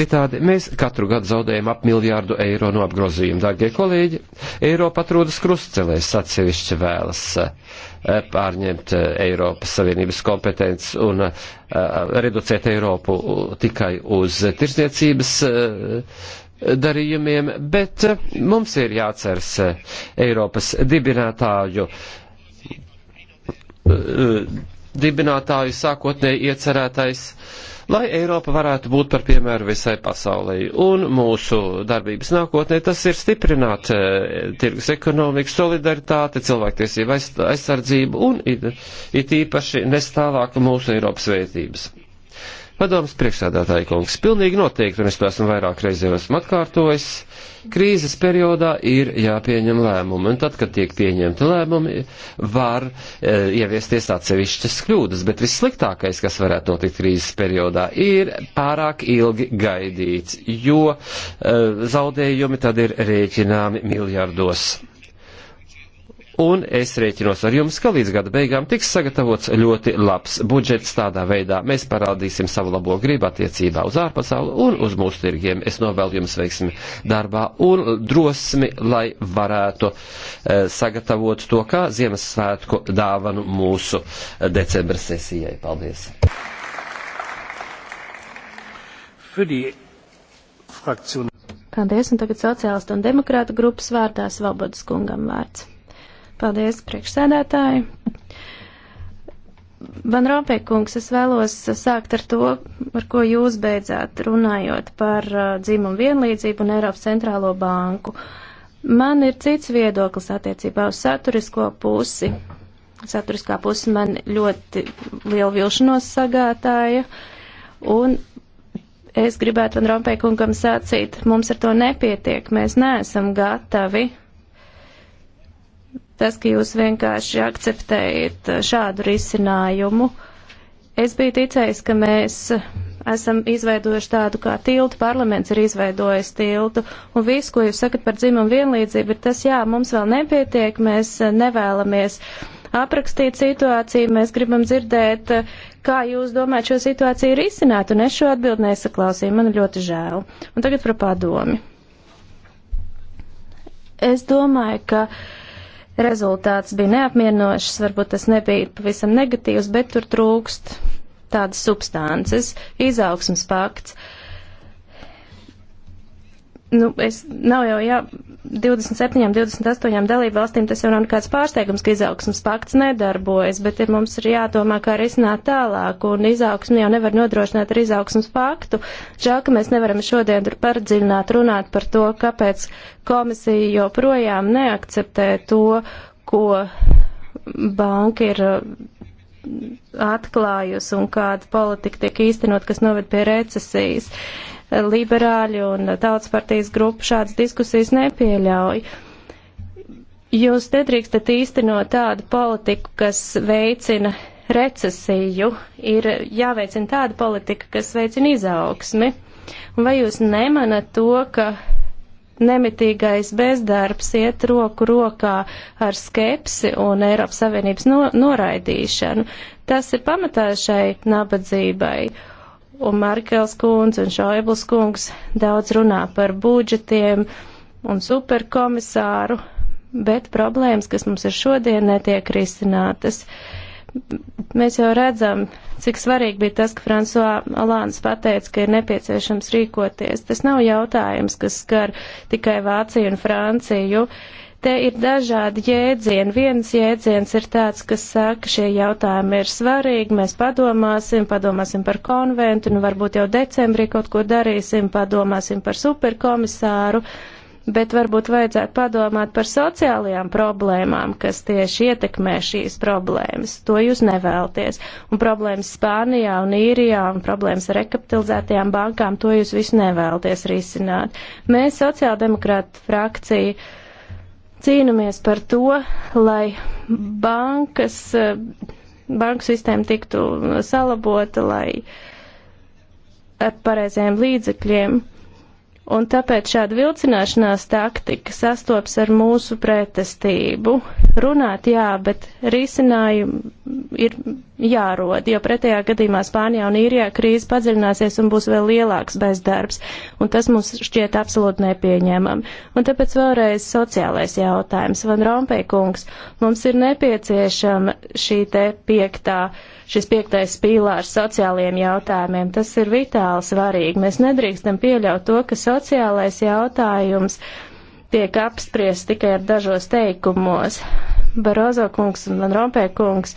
C: Citādi mēs katru gadu zaudējam ap miljārdu eiro no apgrozījuma. Dārgie kolēģi, Eiropa atrodas krustcelēs, atsevišķi vēlas eh, pārņemt eh, Eiropas Savienības kompetences un eh, reducēt Eiropu tikai uz tirsniecības darījumiem, bet mums ir jāceras Eiropas dibinātāju dibinātāju sākotnēji iecerētais, lai Eiropa varētu būt par piemēru visai pasaulē. Un mūsu darbības nākotnē tas ir stiprināt e, tirgus ekonomiku, solidaritāti, cilvēktiesību aizsardzību un it, it īpaši nestāvāk mūsu Eiropas vērtības. Padomas priekšsādātāja kungs, pilnīgi noteikti, un es to esmu vairāk reizi jau esmu atkārtojis, krīzes periodā ir jāpieņem lēmumi, un tad, kad tiek pieņemti lēmumi, var e, ieviesties atsevišķas kļūdas, bet vissliktākais, kas varētu notikt krīzes periodā, ir pārāk ilgi gaidīts, jo e, zaudējumi tad ir rēķināmi miljardos un es rēķinos ar jums, ka līdz gada beigām tiks sagatavots ļoti labs budžets. Tādā veidā mēs parādīsim savu labo gribu attiecībā uz ārpasauli un uz mūsu tirgiem. Es novēlu jums veiksmi darbā un drosmi, lai varētu eh, sagatavot to kā Ziemassvētku dāvanu mūsu eh, decembra sesijai. Paldies!
A: Für die Fraktion.
B: Paldies, un tagad sociālistu un demokrātu grupas vārdā Svalbodas kungam vārds. Paldies, priekšsēdētāji. Van Rompēkungs, es vēlos sākt ar to, ar ko jūs beidzāt runājot par uh, dzimumu vienlīdzību un Eiropas centrālo banku. Man ir cits viedoklis attiecībā uz saturisko pusi. Saturiskā puse man ļoti lielu vilšanos sagātāja, un es gribētu Van Rompēkungam sacīt, mums ar to nepietiek, mēs neesam gatavi tas, ka jūs vienkārši akceptējat uh, šādu risinājumu. Es biju ticējis, ka mēs esam izveidojuši tādu kā tiltu, parlaments ir izveidojis tiltu, un viss, ko jūs sakat par dzimumu vienlīdzību, ir tas, jā, mums vēl nepietiek, mēs uh, nevēlamies aprakstīt situāciju, mēs gribam dzirdēt, uh, kā jūs domājat šo situāciju risināt, un es šo atbildi nesaklausīju, man ir ļoti žēl. Un tagad par padomi. Es domāju, ka. Uh, rezultāts bija neapmierinošs, varbūt tas nebija pavisam negatīvs, bet tur trūkst tādas substances, izaugsmas pakts. Uh, nu, es nav jau jā, 27, 28 dalību valstīm tas jau nav nekāds pārsteigums, ka izaugsmas pakts nedarbojas, bet ir mums ir jādomā, kā risināt tālāk, un izaugsmi jau nevar nodrošināt ar izaugsmas paktu. Žēl, ka mēs nevaram šodien tur pardziļināt runāt par to, kāpēc komisija joprojām neakceptē to, ko banka ir uh, atklājusi un kāda politika tiek īstenot, kas noved pie recesijas. Uh, liberāļi un tautas partijas grupa šādas diskusijas nepieļauj. Jūs nedrīkstat īstenot tādu politiku, kas veicina recesiju, ir jāveicina tāda politika, kas veicina izaugsmi. Un vai jūs nemanat to, ka nemitīgais bezdarbs iet roku rokā ar skepsi un Eiropas Savienības no, noraidīšanu? Tas ir pamatā šai nabadzībai un Markels kundze un Šoibls kungs daudz runā par budžetiem un superkomisāru, bet problēmas, kas mums ir šodien, netiek risinātas. Mēs jau redzam, cik svarīgi bija tas, ka François Alāns pateica, ka ir nepieciešams rīkoties. Tas nav jautājums, kas skar tikai Vāciju un Franciju. Uh, Te ir dažādi jēdzieni. Viens jēdziens ir tāds, kas saka, šie jautājumi ir svarīgi, mēs padomāsim, padomāsim par konventu, nu varbūt jau decembrī kaut ko darīsim, padomāsim par superkomisāru bet varbūt vajadzētu padomāt par sociālajām problēmām, kas tieši ietekmē šīs problēmas. To jūs nevēlties. Un problēmas Spānijā un Īrijā un problēmas ar rekapitalizētajām bankām, to jūs visu nevēlties risināt. Mēs, sociāldemokrāta frakcija, uh, cīnamies par to, lai bankas, banku sistēma tiktu salabota, lai ar pareiziem līdzekļiem. Un tāpēc šāda vilcināšanās taktika sastops ar mūsu pretestību. Runāt jā, bet risinājumi ir jārod, jo pretējā gadījumā Spānijā un Īrijā krīze padziļināsies un būs vēl lielāks bezdarbs, un tas mums šķiet absolūti nepieņemam. Un tāpēc vēlreiz sociālais jautājums. Van Rompēkungs, mums ir nepieciešama šī te piektā, šis piektais pīlārs sociālajiem jautājumiem. Tas ir vitāli svarīgi. Mēs nedrīkstam pieļaut to, ka sociālais jautājums tiek apspriests tikai ar dažos teikumos. Barozo kungs un Van Rompē kungs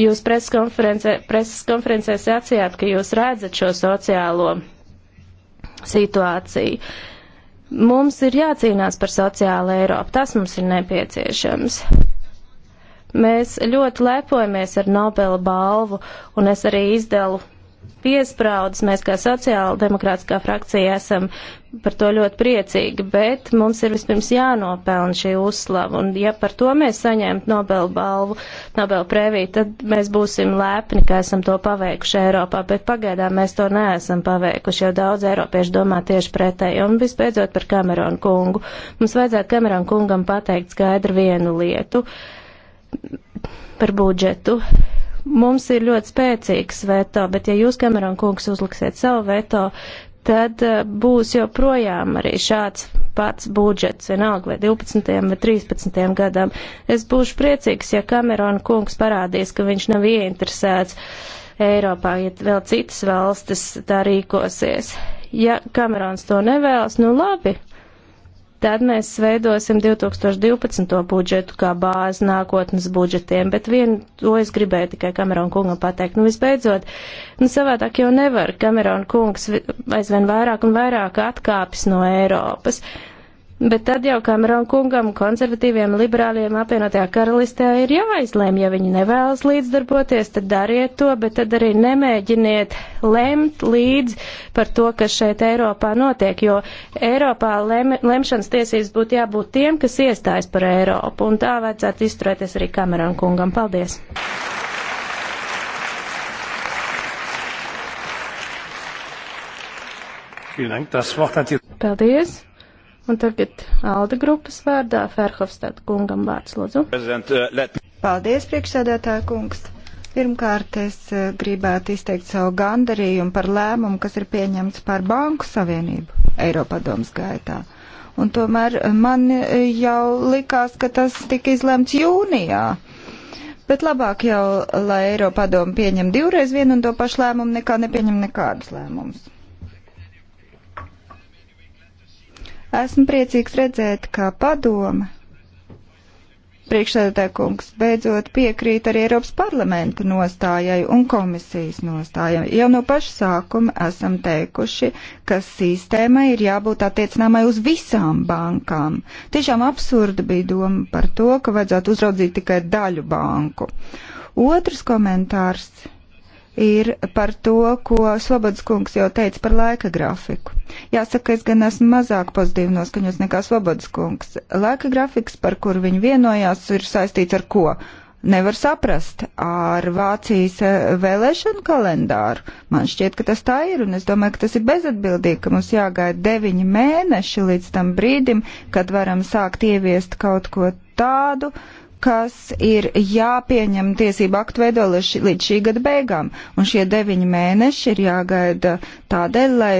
B: Jūs preses konferencē, preses konferencē sacījāt, ka jūs redzat šo sociālo situāciju. Mums ir jācīnās par sociālu Eiropu, tas mums ir nepieciešams. Mēs ļoti lepojamies ar Nobela balvu, un es arī izdalu piespraudas. Mēs kā sociāla demokrātiskā frakcija esam par to ļoti priecīgi, bet mums ir vispirms jānopelna šī uzslava. Un ja par to mēs saņemtu Nobel balvu, Nobel prēviju, tad mēs būsim lēpni, ka esam to paveikuši Eiropā, bet pagaidām mēs to neesam paveikuši, jo daudz eiropiešu domā tieši pretēji. Un vispēcot par Kameronu kungu, mums vajadzētu Kameronu kungam pateikt skaidru vienu lietu par budžetu Mums ir ļoti spēcīgs veto, bet ja jūs, Kameron kungs, uzliksiet savu veto, tad eh, būs joprojām arī šāds pats budžets, vienalga vai 12. vai 13. gadam. Es būšu priecīgs, ja Kamerona kungs parādīs, ka viņš nav ieinteresēts Eiropā, ja vēl citas valstis tā rīkosies. Ja Kamerons to nevēlas, nu labi, Tad mēs veidosim 2012. budžetu kā bāzi nākotnes budžetiem, bet vienu to es gribēju tikai Kamerona kungam pateikt. Nu, visbeidzot, nu, savādāk jau nevar Kamerona kungs aizvien vairāk un vairāk atkāpjas no Eiropas. Uh, Bet tad jau Kameram kungam, konservatīviem, liberāļiem apvienotajā karalistē ir jāizlēm, ja viņi nevēlas līdzdarboties, tad dariet to, bet tad arī nemēģiniet lemt līdz par to, kas šeit Eiropā notiek, jo Eiropā lem, lemšanas tiesības būtu jābūt tiem, kas iestājas par Eiropu, un tā vajadzētu izturēties arī Kameram kungam. Paldies! Paldies! Un tagad Alda grupas vārdā Ferhofstad kungam vārds lūdzu.
A: Uh,
B: Paldies, priekšsēdētāja kungs. Pirmkārt,
F: es uh, gribētu izteikt savu gandarījumu par lēmumu, kas ir pieņemts par Banku Savienību Eiropadomas gaitā. Un tomēr man jau likās, ka tas tika izlemts jūnijā. Bet labāk jau, lai Eiropadoma pieņem divreiz vienu un to pašu lēmumu, nekā nepieņem nekādus lēmumus. Esmu priecīgs redzēt, ka padoma priekšsēdētāja kungs beidzot piekrīt arī Eiropas parlamenta nostājai un komisijas nostājai. Jau no paša sākuma esam teikuši, ka sistēmai ir jābūt attiecināmai uz visām bankām. Tiešām absurda bija doma par to, ka vajadzētu uzraudzīt tikai daļu banku. Otrs komentārs ir par to, ko Svobodas kungs jau teica par laika grafiku. Jāsaka, es gan esmu mazāk pozitīvi noskaņots nekā Svobodas kungs. Laika grafiks, par kur viņi vienojās, ir saistīts ar ko? Nevar saprast ar Vācijas eh, vēlēšanu kalendāru. Man šķiet, ka tas tā ir, un es domāju, ka tas ir bezatbildīgi, ka mums jāgaida deviņi mēneši līdz tam brīdim, kad varam sākt ieviest kaut ko tādu, uh, kas ir jāpieņem tiesību aktu veido līdz šī gada beigām. Un šie deviņi mēneši ir jāgaida tādēļ, lai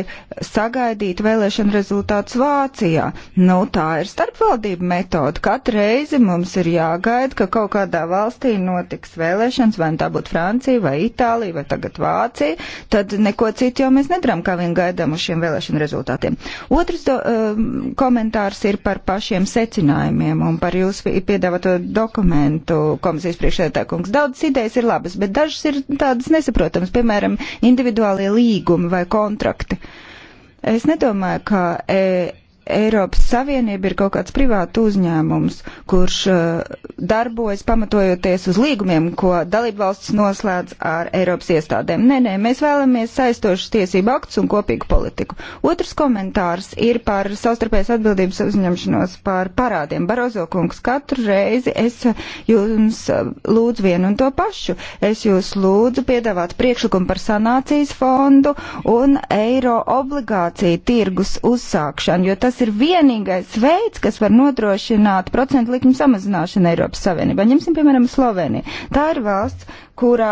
F: sagaidītu vēlēšanu rezultātus Vācijā. Nu, tā ir starpvaldība metode. Katru reizi mums ir jāgaida, ka kaut kādā valstī notiks vēlēšanas, vai nu tā būtu Francija, vai Itālija, vai tagad Vācija. Tad neko citu jau mēs nedaram, kā vien gaidām uz šiem vēlēšanu rezultātiem. Otrs do, um, komentārs ir par pašiem secinājumiem un par jūsu piedāvāto dokumentu dokumentu komisijas priekšsēdētā kungs. Daudzas idejas ir labas, bet dažas ir tādas nesaprotamas, piemēram, individuālie līgumi vai kontrakti. Es nedomāju, ka e, Eiropas Savienība ir kaut kāds privātu uzņēmums, kurš uh, darbojas pamatojoties uz līgumiem, ko dalībvalsts noslēdz ar Eiropas iestādēm. Nē, nē, mēs vēlamies saistošus tiesību aktus un kopīgu politiku. Otrs komentārs ir par savstarpējas atbildības uzņemšanos par parādiem. Barozo kungs, katru reizi es jums eh, lūdzu vienu un to pašu. Es jūs lūdzu piedāvāt priekšlikumu par sanācijas fondu un eiro obligāciju tirgus uzsākšanu, jo tas tas ir vienīgais veids, kas var nodrošināt procentu likmu samazināšanu Eiropas Savienībā. Ņemsim, piemēram, Sloveniju. Tā ir valsts, kurā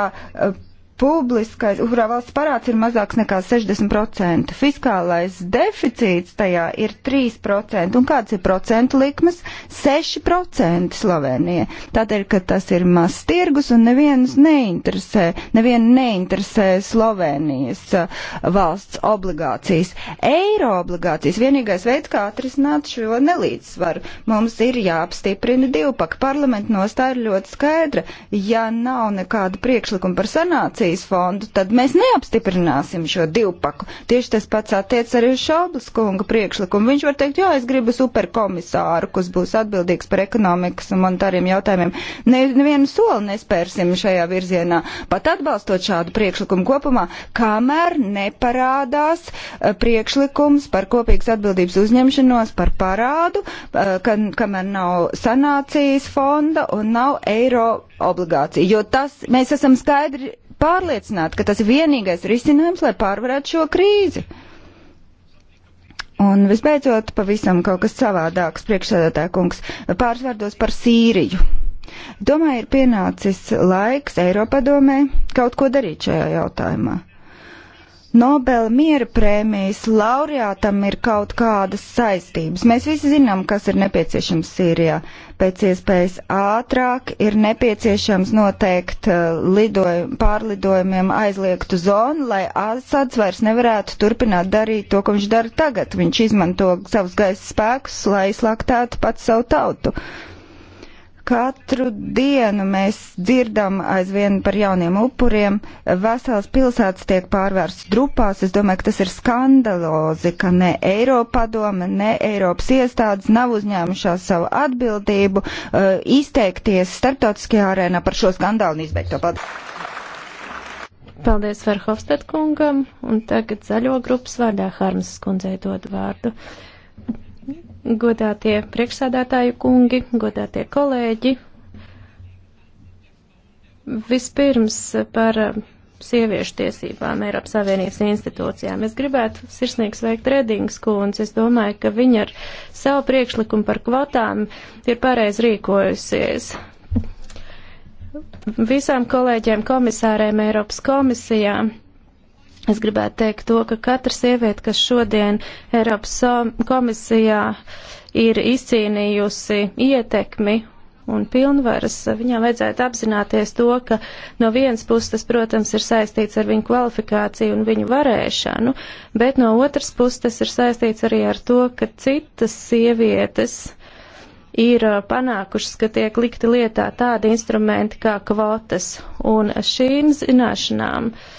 F: uh, publiskais, kurā valsts parāds ir mazāks nekā 60%, fiskālais deficīts tajā ir 3%, un kāds ir procentu likmes? 6% Slovenija. Tādēļ, ka tas ir mazs tirgus un nevienus neinteresē, nevienu neinteresē Slovenijas valsts obligācijas. Eiro obligācijas vienīgais veids, kā atrisināt šo nelīdzsvaru. Mums ir jāapstiprina divpaka. Parlamenta nostāja ir ļoti skaidra. Ja nav nekāda priekšlikuma par sanāciju, kohēzijas fondu, tad mēs neapstiprināsim šo divpaku. Tieši tas pats attiec arī uz Šaubas kunga priekšlikumu. Viņš var teikt, jā, es gribu superkomisāru, kas būs atbildīgs par ekonomikas un monetāriem jautājumiem. Ne, nevienu soli nespērsim šajā virzienā, pat atbalstot šādu priekšlikumu kopumā, kamēr neparādās eh, priekšlikums par kopīgas atbildības uzņemšanos, par parādu, eh, ka, kamēr nav sanācijas fonda un nav eiro obligācija. Jo tas mēs esam skaidri pārliecināti, ka tas ir vienīgais risinājums, lai pārvarētu šo krīzi. Un visbeidzot, pavisam kaut kas savādāks, priekšsēdētāja kungs, pārsvārdos par Sīriju. Domāju, ir pienācis laiks Eiropadomē kaut ko darīt šajā jautājumā. Nobela miera prēmijas laureātam ir kaut kādas saistības. Mēs visi zinām, kas ir nepieciešams Sīrijā. Pēc iespējas ātrāk ir nepieciešams noteikt eh, lidoj, pārlidojumiem aizliegtu zonu, lai Asads vairs nevarētu turpināt darīt to, ko viņš dara tagad. Viņš izmanto savus gaisa spēkus, lai izslaktētu pats savu tautu. Uh, Katru dienu mēs dzirdam aizvien par jauniem upuriem, vesels pilsētas tiek pārvērsts drupās. Es domāju, ka tas ir skandalozi, ka ne Eiropa doma, ne Eiropas iestādes nav uzņēmušās savu atbildību uh, izteikties starptautiskajā arēnā par šo skandālu un izbeigt to paldies.
B: Paldies Verhofstadt kungam, un tagad zaļo grupas vārdā Harmas kundzei dod vārdu godātie priekšsādātāju kungi, godātie kolēģi. Vispirms par eh, sieviešu tiesībām Eiropas Savienības institūcijām. Es gribētu sirsnīgi sveikt Redings kundzi. Es domāju, ka viņa ar savu priekšlikumu par kvotām ir pareiz rīkojusies. Visām kolēģiem komisārēm Eiropas komisijām Es gribētu teikt to, ka katra sieviete, kas šodien Eiropas komisijā ir izcīnījusi ietekmi un pilnvaras, viņām vajadzētu apzināties to, ka no vienas puses tas, protams, ir saistīts ar viņu kvalifikāciju un viņu varēšanu, bet no otras puses tas ir saistīts arī ar to, ka citas sievietes ir uh, panākušas, ka tiek likti lietā tādi instrumenti kā kvotas un šīm zināšanām. Uh,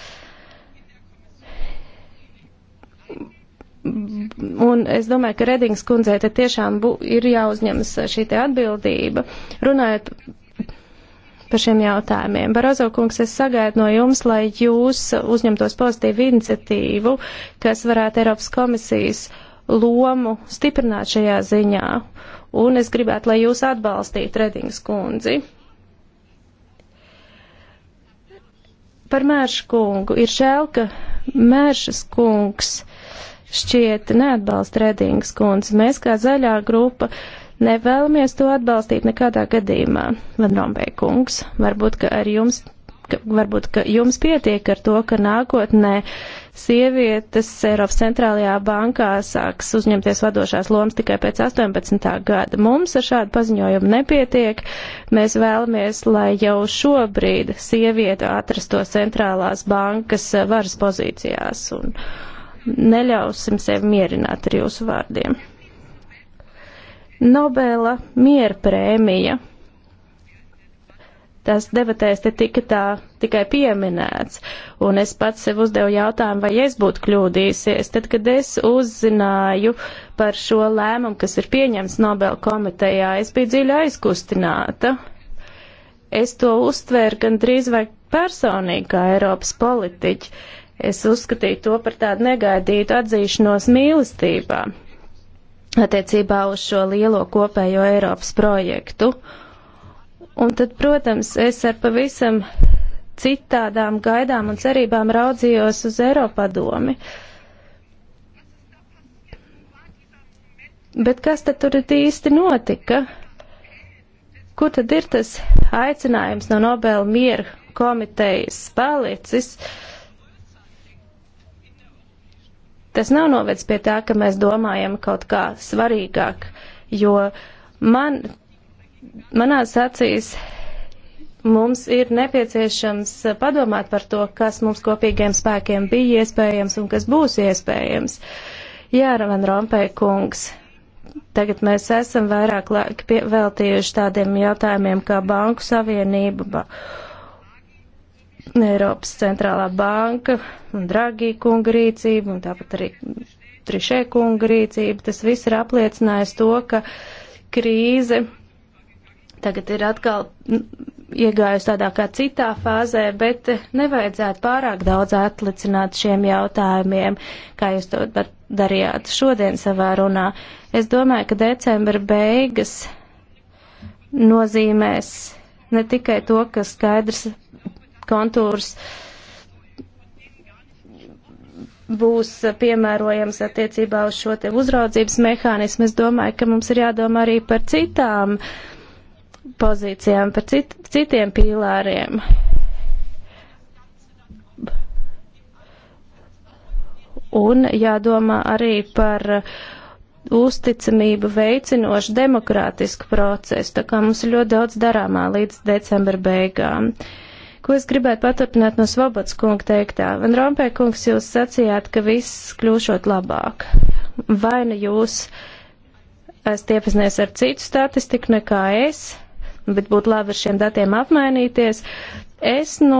B: Un es domāju, ka Redings kundzei te tiešām bū, ir jāuzņemas šī te atbildība. Runājot par šiem jautājumiem. Barozo kungs, es sagaidu no jums, lai jūs uzņemtos pozitīvu iniciatīvu, kas varētu Eiropas komisijas lomu stiprināt šajā ziņā. Un es gribētu, lai jūs atbalstītu Redings kundzi. Par Mēršu kungu. Ir žēl, ka Mēršas kungs šķiet neatbalsta Redingas kundze. Mēs kā zaļā grupa nevēlamies to atbalstīt nekādā gadījumā, Van Rombei kungs. Varbūt, ka ar jums ka, varbūt ka jums pietiek ar to, ka nākotnē sievietes Eiropas centrālajā bankā sāks uzņemties vadošās lomas tikai pēc 18. gada. Mums ar šādu paziņojumu nepietiek. Mēs vēlamies, lai jau šobrīd sieviete atrastos centrālās bankas varas pozīcijās. Un, uh, neļausim sevi mierināt ar jūsu vārdiem. Nobela miera prēmija. Tas debatēs te tika tā tikai pieminēts, un es pats sev uzdevu jautājumu, vai es būtu kļūdīsies. Tad, kad es uzzināju par šo lēmumu, kas ir pieņemts Nobela komitejā, es biju dziļi aizkustināta. Es to uztvēru gan drīz vai personīgi kā Eiropas politiķi, Es uzskatīju to par tādu negaidītu atzīšanos mīlestībā attiecībā uz šo lielo kopējo Eiropas projektu. Un tad, protams, es ar pavisam citādām gaidām un cerībām raudzījos uz Eiropadomi. Bet kas tad tur īsti notika? Kur tad ir tas aicinājums no Nobel mieru komitejas palicis? Uh, Tas nav novedis pie tā, ka mēs domājam kaut kā svarīgāk, jo man, manās acīs mums ir nepieciešams padomāt par to, kas mums kopīgiem spēkiem bija iespējams un kas būs iespējams. Jā, Ravan Rompē kungs, tagad mēs esam vairāk laika veltījuši tādiem jautājumiem kā Banku Savienība Eiropas centrālā banka un Dragī kunga rīcība un tāpat arī Trišē kunga rīcība. Tas viss ir apliecinājis to, ka krīze tagad ir atkal iegājusi tādā kā citā fāzē, bet nevajadzētu pārāk daudz atlicināt šiem jautājumiem, kā jūs to darījāt šodien savā runā. Es domāju, ka decembra beigas nozīmēs ne tikai to, ka skaidrs kontūrs būs piemērojams attiecībā uz šo te uzraudzības mehānismu. Es domāju, ka mums ir jādomā arī par citām pozīcijām, par cit, citiem pīlāriem. Un jādomā arī par uzticamību veicinošu demokrātisku procesu, tā kā mums ir ļoti daudz darāmā līdz decembra beigām. Uh, Ko es gribētu paturpināt no Svobods kunga teiktā? Van Rompē kungs, jūs sacījāt, ka viss kļūšot labāk. Vai nu jūs esat iepazinies ar citu statistiku nekā es, bet būtu labi ar šiem datiem apmainīties. Es no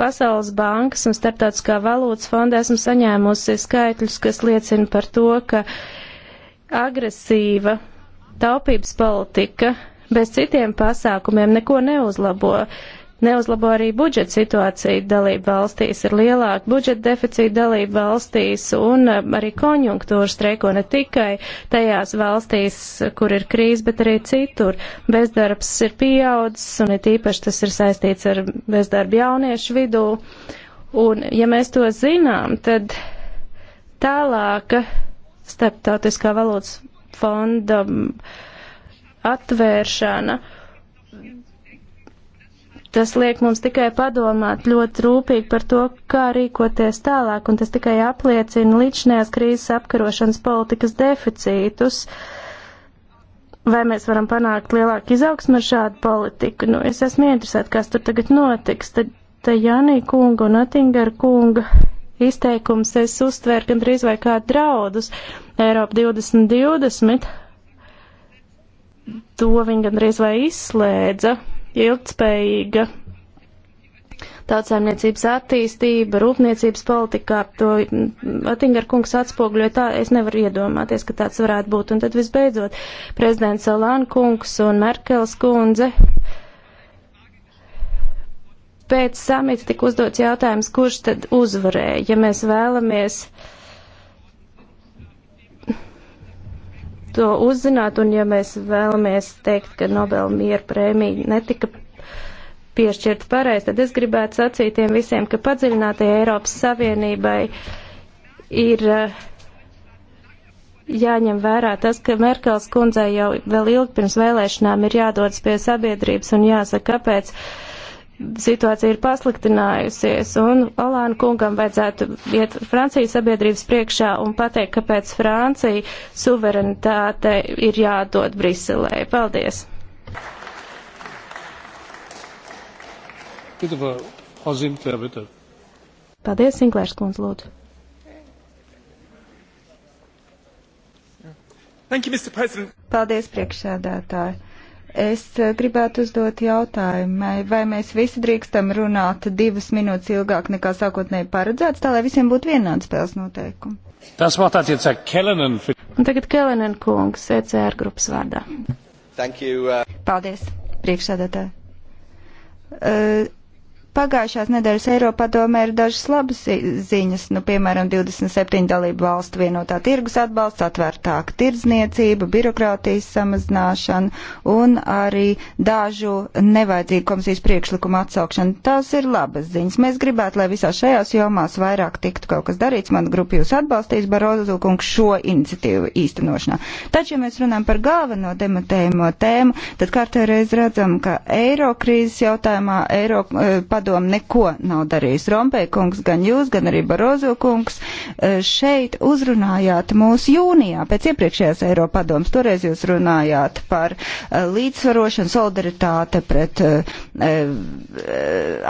B: Pasaules bankas un Startautiskā valūtas fonda esmu saņēmusi skaitļus, kas liecina par to, ka agresīva taupības politika bez citiem pasākumiem neko neuzlabo. Uh, neuzlabo arī budžeta situācija dalība valstīs, ir lielāka budžeta deficīta dalība valstīs un um, arī konjunktūra streiko ne tikai tajās valstīs, kur ir krīze, bet arī citur. Bezdarbs ir pieaudzis un it īpaši tas ir saistīts ar bezdarbu jauniešu vidū. Un ja mēs to zinām, tad tālāka starptautiskā valūtas fonda um, atvēršana Tas liek mums tikai padomāt ļoti rūpīgi par to, kā rīkoties tālāk, un tas tikai apliecina līdzinājās krīzes apkarošanas politikas deficītus. Vai mēs varam panākt lielāku izaugsmu ar šādu politiku? Nu, es esmu interesēta, kas tur tagad notiks. Tad, tad Janī kunga un Atingara kunga izteikums es uztvēru gandrīz vai kā draudus Eiropa 2020. To viņi gandrīz vai izslēdza ilgtspējīga tautsēmniecības attīstība, rūpniecības politikā, to Atingar kungs atspoguļoja tā, es nevaru iedomāties, ka tāds varētu būt. Un tad visbeidzot, prezidents Alāna kungs un Merkels kundze pēc samita tika uzdots jautājums, kurš tad uzvarēja, ja mēs vēlamies uh, to uzzināt, un ja mēs vēlamies teikt, ka Nobela miera prēmija netika piešķirta pareizi, tad es gribētu sacīt tiem visiem, ka padziļinātajai Eiropas Savienībai ir eh, jāņem vērā tas, ka Merkels kundzei jau vēl ilgi pirms vēlēšanām ir jādodas pie sabiedrības un jāsaka, kāpēc. Uh, situācija ir pasliktinājusies, un Olāna kungam vajadzētu iet Francijas sabiedrības priekšā un pateikt, kāpēc Francija suverenitāte ir jādod Briselē. Paldies! Paldies, Sinklērs kundz, lūdzu.
D: Thank you, Mr. President.
F: Paldies, priekšsēdētāji. Es eh, gribētu uzdot jautājumu, vai mēs visi drīkstam runāt divas minūtes ilgāk nekā sākotnēji paredzēts, tā lai visiem būtu vienāds spēles noteikumi.
A: Tas vēl tāds ir Kelenen.
F: Un tagad Kelenen kungs, ECR grupas vārdā.
A: Thank you, uh... Paldies,
F: priekšsēdētāji. Uh, Pagājušās nedēļas Eiropadomē ir dažas labas ziņas, nu, piemēram, 27 dalību valstu vienotā tirgus atbalsts, atvērtāka tirdzniecība, birokrātijas samazināšana un arī dažu nevajadzīgu komisijas priekšlikumu atsaukšana. Tās ir labas ziņas. Mēs gribētu, lai visā šajās jomās vairāk tiktu kaut kas darīts. Man grupa jūs atbalstīs, Barozu kungs, šo iniciatīvu īstenošanā. Taču, ja mēs runājam par galveno dematējumu tēmu, tad kārtēreiz redzam, ka eiro krīzes jautājumā, eiro, uh, eh, padomu neko nav darījis. Rompē kungs, gan jūs, gan arī Barozo kungs e, šeit uzrunājāt mūs jūnijā pēc iepriekšējās Eiropadomas. Toreiz jūs runājāt par e, līdzsvarošanu, solidaritāte pret e,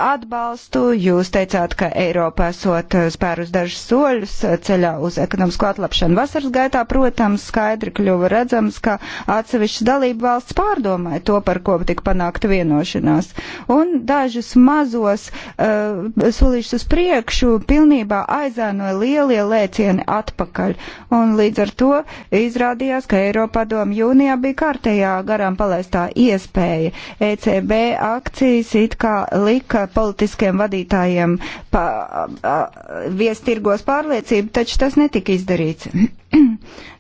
F: atbalstu. Jūs teicāt, ka Eiropa esot spērus dažus soļus ceļā uz ekonomisko atlapšanu vasaras gaitā, protams, skaidri kļuva redzams, ka atsevišķas dalību valsts pārdomāja to, par ko tika panākta vienošanās. Un dažus mazu mazos uh, eh, solīšus uz priekšu pilnībā aizēnoja lielie lēcieni atpakaļ. Un līdz ar to izrādījās, ka Eiropadoma jūnijā bija kārtējā garām palaistā iespēja. ECB akcijas it kā lika politiskiem vadītājiem pa, a, a, viestirgos pārliecību, taču tas netika izdarīts.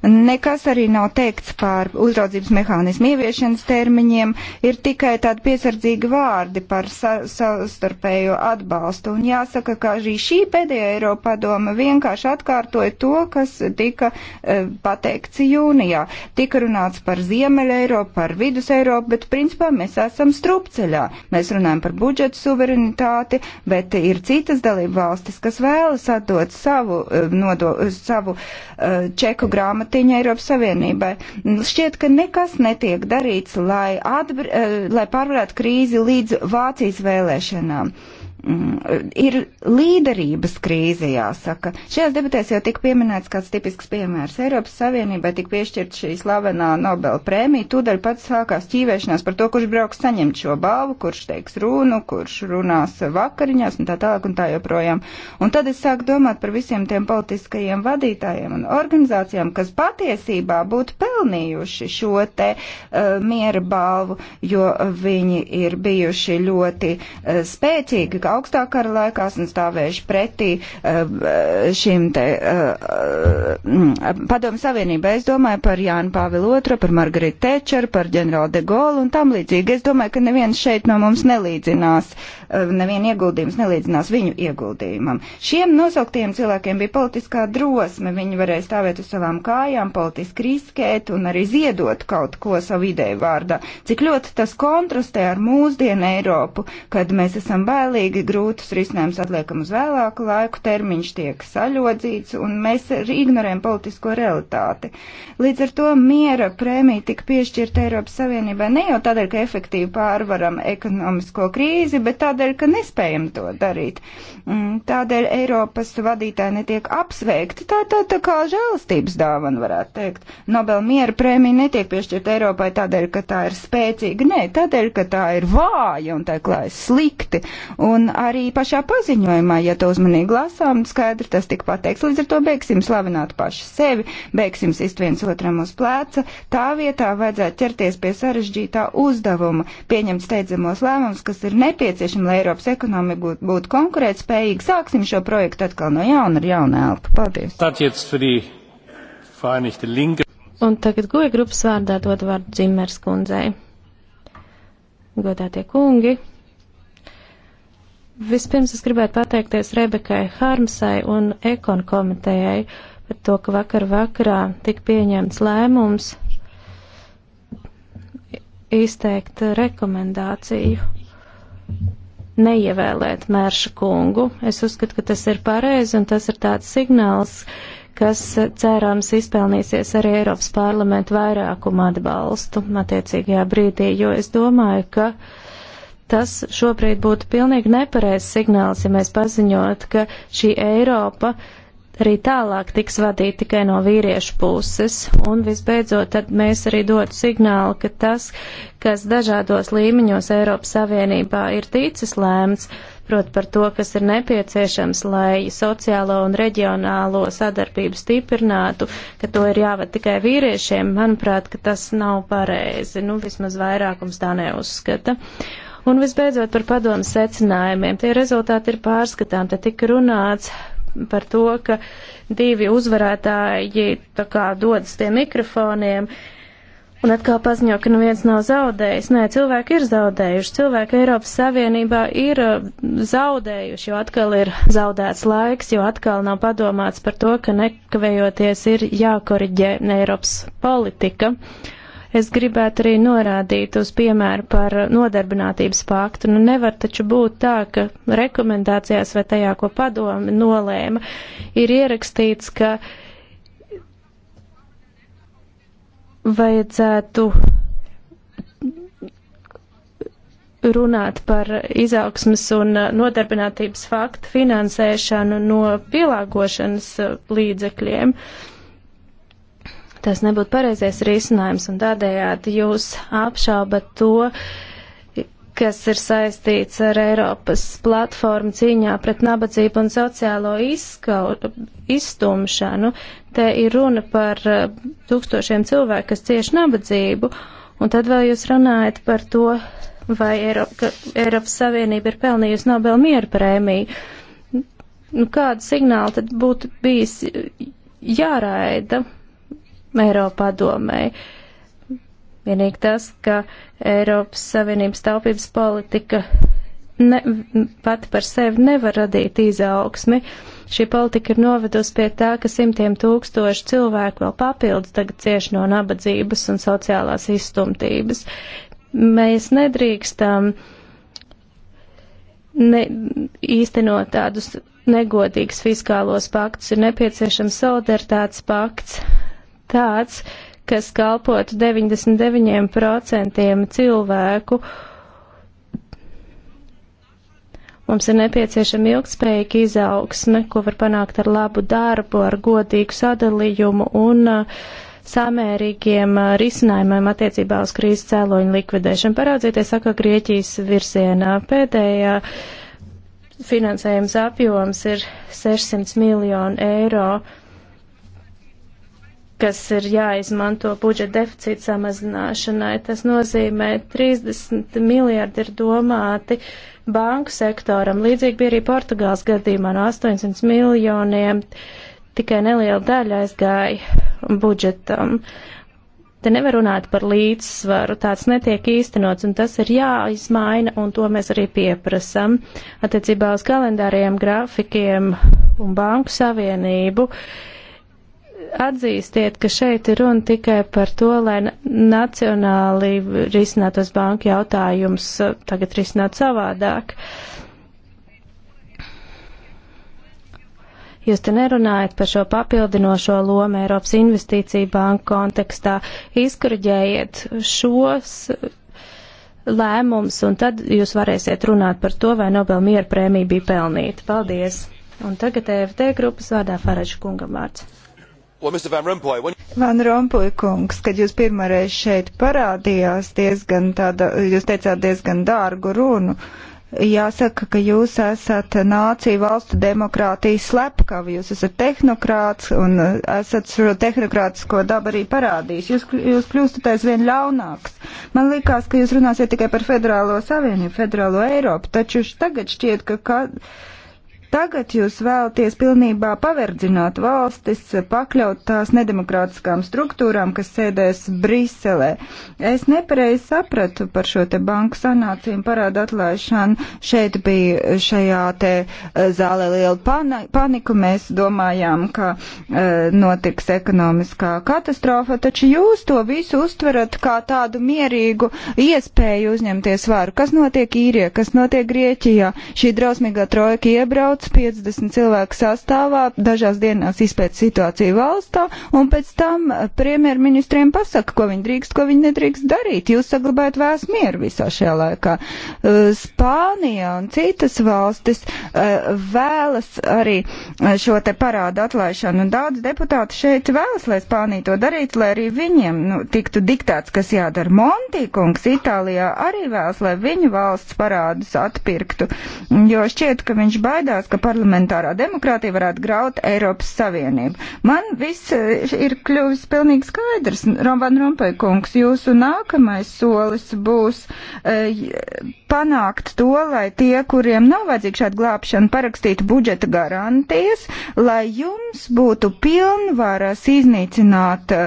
F: Nekas arī nav teikts par uzraudzības mehānismu ieviešanas termiņiem, ir tikai tādi piesardzīgi vārdi par sa, sa, savstarpējo atbalstu. Un jāsaka, ka arī šī pēdējā Eiropa doma vienkārši atkārtoja to, kas tika e, pateikts jūnijā. Tika runāts par Ziemeļa Eiropu, par Vidus Eiropu, bet principā mēs esam strupceļā. Mēs runājam par budžetu suverenitāti, bet ir citas dalība valstis, kas vēlas atdot savu, e, nodo, savu e, čeku grāmatiņu Eiropas Savienībai. Šķiet, ka nekas netiek darīts, lai, atbr, e, lai pārvarētu krīzi līdz Vācijas vēlēšanām tiesībām. Uh, Mm, ir līderības krīze, jāsaka. Šajās debatēs jau tika pieminēts kāds tipisks piemērs. Eiropas Savienībai tika piešķirt šī slavenā Nobela prēmija, tūdaļ pats sākās ķīvēšanās par to, kurš brauks saņemt šo balvu, kurš teiks runu, kurš runās vakariņās un tā tālāk un tā joprojām. Un tad es sāku domāt par visiem tiem politiskajiem vadītājiem un organizācijām, kas patiesībā būtu pelnījuši šo te uh, miera balvu, jo viņi ir bijuši ļoti uh, spēcīgi, augstā kara laikā, esam stāvējuši pretī eh, eh, šim te eh, mm, padomu savienībai. Es domāju par Jānu Pāvilu II, par Margaritu Tečeru, par ģenerālu de Gaulle un tam līdzīgi. Es domāju, ka neviens šeit no mums nelīdzinās, neviena ieguldījums nelīdzinās viņu ieguldījumam. Šiem nosauktiem cilvēkiem bija politiskā drosme, viņi varēja stāvēt uz savām kājām, politiski riskēt un arī ziedot kaut ko savu ideju vārdā. Cik ļoti tas kontrastē ar mūsdienu Eiropu, kad mēs esam bailīgi grūtus risinājumus atliekam uz vēlāku laiku, termiņš tiek saļodzīts un mēs ignorējam politisko realitāti. Līdz ar to miera prēmija tika piešķirta Eiropas Savienībai ne jau tādēļ, ka efektīvi pārvaram ekonomisko krīzi, bet tādēļ, ka nespējam to darīt. Mm, tādēļ Eiropas vadītāji netiek apsveikti. Tā, tā, tā kā žēlastības dāvana varētu teikt. Nobel miera prēmija netiek piešķirta Eiropai tādēļ, ka tā ir spēcīga. Nē, tādēļ, ka tā ir vāja un tā klājas slikti. Un un arī pašā paziņojumā, ja to uzmanīgi lasām, skaidri tas tika pateikts. Līdz ar to beigsim slavināt paši sevi, beigsim sist viens otram uz pleca. Tā vietā vajadzētu ķerties pie sarežģītā uzdevuma, pieņemt steidzamos lēmumus, kas ir nepieciešami, lai Eiropas ekonomika būtu būt konkurētspējīga. Sāksim
B: šo projektu atkal no jauna ar jaunu elpu.
A: Paldies!
B: Un tagad goja grupas vārdā dod vārdu Dzimers kundzei. Godātie kungi! Vispirms es gribētu pateikties Rebekai Harmsai un Ekon komitejai par to, ka vakar vakarā tika pieņemts lēmums izteikt rekomendāciju neievēlēt mērša kungu. Es uzskatu, ka tas ir pareizi un tas ir tāds signāls, kas cerams izpelnīsies arī Eiropas parlamentu vairākumu atbalstu attiecīgajā brīdī, jo es domāju, ka uh, Tas šobrīd būtu pilnīgi nepareizs signāls, ja mēs paziņot, ka šī Eiropa arī tālāk tiks vadīta tikai no vīriešu puses. Un visbeidzot, tad mēs arī dotu signālu, ka tas, kas dažādos līmeņos Eiropas Savienībā ir ticis lēmts, prot par to, kas ir nepieciešams, lai sociālo un reģionālo sadarbību stiprinātu, ka to ir jāved tikai vīriešiem, manuprāt, ka tas nav pareizi. Nu, vismaz vairākums tā neuzskata. Uh, Un visbeidzot par padomu secinājumiem. Tie rezultāti ir pārskatām. Te tika runāts par to, ka divi uzvarētāji tā kā dodas tiem mikrofoniem. Un atkal paziņo, ka neviens nav zaudējis. Nē, cilvēki ir zaudējuši. Cilvēki Eiropas Savienībā ir uh, zaudējuši, jo atkal ir zaudēts laiks, jo atkal nav padomāts par to, ka nekavējoties ir jākoriģē Eiropas politika. Uh, Es gribētu arī norādīt uz piemēru par nodarbinātības paktu. Nu, nevar taču būt tā, ka rekomendācijās vai tajā, ko padomi nolēma, ir ierakstīts, ka vajadzētu runāt par izaugsmas un nodarbinātības faktu finansēšanu no pielāgošanas līdzekļiem. Uh, tas nebūtu pareizais risinājums, un tādējādi jūs apšaubat to, kas ir saistīts ar Eiropas platformu cīņā pret nabadzību un sociālo izskau, izstumšanu. Te ir runa par eh, tūkstošiem cilvēku, kas cieši nabadzību, un tad vēl jūs runājat par to, vai Eiropa, Eiropas Savienība ir pelnījusi Nobel mieru prēmiju. Nu, kādu signālu tad būtu bijis jāraida Eiropā domēji. Vienīgi tas, ka Eiropas Savienības taupības politika ne, pati par sevi nevar radīt izaugsmi. Šī politika ir novedusi pie tā, ka simtiem tūkstoši cilvēku vēl papildus tagad cieš no nabadzības un sociālās izstumtības. Mēs nedrīkstam ne, īstenot tādus negodīgus fiskālos paktus, ir nepieciešams solidaritātes pakts, tāds, kas kalpotu 99% cilvēku. Mums ir nepieciešama ilgspējīga izaugsme, ko var panākt ar labu darbu, ar godīgu sadalījumu un uh, samērīgiem uh, risinājumiem attiecībā uz krīzes cēloņu likvidēšanu. Paraudzieties, saka Grieķijas virzienā. Pēdējā finansējums apjoms ir 600 miljonu eiro kas ir jāizmanto budžeta deficīta samazināšanai. Tas nozīmē 30 miljardi ir domāti banku sektoram. Līdzīgi bija arī Portugāls gadījumā no 800 miljoniem tikai neliela daļa aizgāja budžetam. Te nevar runāt par līdzsvaru, tāds netiek īstenots, un tas ir jāizmaina, un to mēs arī pieprasam. Attiecībā uz kalendāriem, grafikiem un banku savienību uh, atzīstiet, ka šeit ir runa tikai par to, lai nacionāli risinātos banku jautājums eh, tagad risināt savādāk. Jūs te nerunājat par šo papildinošo lomu Eiropas investīciju banku kontekstā. Izkurģējiet šos lēmums, un tad jūs varēsiet runāt par to, vai Nobel miera prēmija bija pelnīta. Paldies! Un tagad EFT grupas vārdā Faraģa kungam vārds.
E: Well, Van Rompuy, when...
B: Man
F: Rompuy kungs, kad jūs pirmoreiz šeit parādījās, diezgan tāda, jūs teicāt diezgan dārgu runu. Jāsaka, ka jūs esat nācija valstu demokrātijas slepkava, jūs esat tehnokrāts un uh, esat šo tehnokrātisko dabu arī parādījis. Jūs, jūs kļūstat aizvien ļaunāks. Man likās, ka jūs runāsiet tikai par federālo savienību, federālo Eiropu, taču tagad šķiet, ka. ka Tagad jūs vēlaties pilnībā paverdzināt valstis, pakļaut tās nedemokrātiskām struktūrām, kas sēdēs Briselē. Es nepareizi sapratu par šo te banku sanāciju un parādu atlaišanu. Šeit bija šajā te eh, zālē liela panika. Mēs domājām, ka e, notiks ekonomiskā katastrofa, taču jūs to visu uztverat kā tādu mierīgu iespēju uzņemties varu. Kas notiek īrie, kas notiek Grieķijā? Šī drausmīgā trojka iebrauc 150 cilvēku sastāvā dažās dienās izpēt situāciju valstā un pēc tam premjerministriem pasaka, ko viņi drīkst, ko viņi nedrīkst darīt. Jūs saglabājat vēs mieru visā šajā laikā. Uh, Spānija un citas valstis uh, vēlas arī uh, šo te parādu atlaišanu un daudz deputāti šeit vēlas, lai Spānija to darītu, lai arī viņiem nu, tiktu diktēts, kas jādara. Montīkungs Itālijā arī vēlas, lai viņu valsts parādus atpirktu, jo šķiet, ka viņš baidās, ka parlamentārā demokrātija varētu graut Eiropas Savienību. Man viss eh, ir kļuvis pilnīgi skaidrs. Van Rompuy kungs, jūsu nākamais solis būs e, panākt to, lai tie, kuriem nav vajadzīga šāda glābšana, parakstītu budžeta garantijas, lai jums būtu pilnvaras iznīcināt e,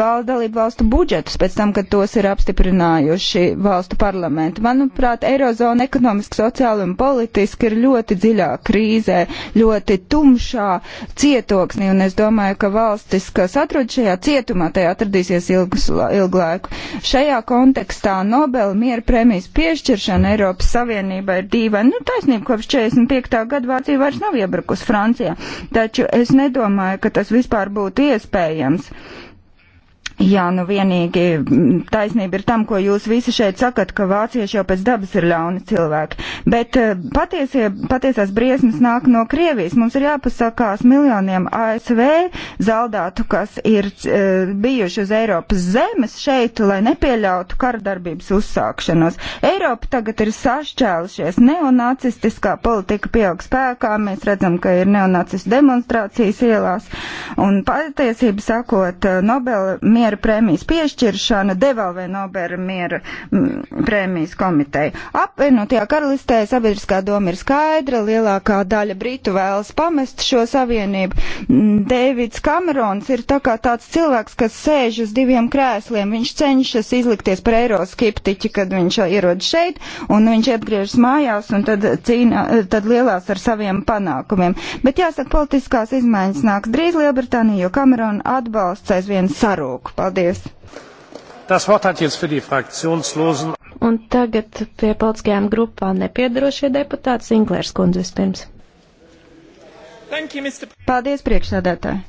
F: valdalību valstu budžetus pēc tam, kad tos ir apstiprinājuši valstu parlamenti. Manuprāt, Eirozona ekonomiski, sociāli un politiski ir ļoti dziļā šajā krīzē, ļoti tumšā cietoksnī, un es domāju, ka valstis, kas atrod šajā cietumā, tajā atradīsies ilgus, ilgu laiku. Šajā kontekstā Nobel miera prēmijas piešķiršana Eiropas Savienībai ir dīvaina. Nu, taisnība, kopš 45. gada Vācija vairs nav iebrukus Francijā, taču es nedomāju, ka tas vispār būtu iespējams. Jā, nu vienīgi mm, taisnība ir tam, ko jūs visi šeit sakat, ka vācieši jau pēc dabas ir ļauni cilvēki. Bet eh, patiesie, patiesās briesmas nāk no Krievijas. Mums ir jāpasakās miljoniem ASV zaldātu, kas ir uh, bijuši uz Eiropas zemes šeit, lai nepieļautu kardarbības uzsākšanos. Eiropa tagad ir sašķēlušies. Neonacistiskā politika pieaug spēkā. Mēs redzam, ka ir neonacistu demonstrācijas ielās. Un patiesība sakot, eh, Nobel mieru miera prēmijas piešķiršana devalvē Nobera miera prēmijas komiteja. Apvienotajā karalistē sabiedriskā doma ir skaidra, lielākā daļa Britu vēlas pamest šo savienību. Dēvids Kamerons ir tā kā tāds cilvēks, kas sēž uz diviem krēsliem. Viņš cenšas izlikties par eiroskeptiķi, kad viņš ierod šeit, un viņš atgriežas mājās, un tad, cīnā, tad lielās ar saviem panākumiem. Bet jāsaka, politiskās izmaiņas nāks drīz Lielbritānija, jo Kamerona atbalsts aizvien
B: sarūk. Paldies!
A: Tas Wort hat jetzt für die Fraktionslosen.
B: Un tagad pie politiskajām grupām nepiedarošie deputāti Sinklērs kundze vispirms. Paldies, priekšsēdētāji!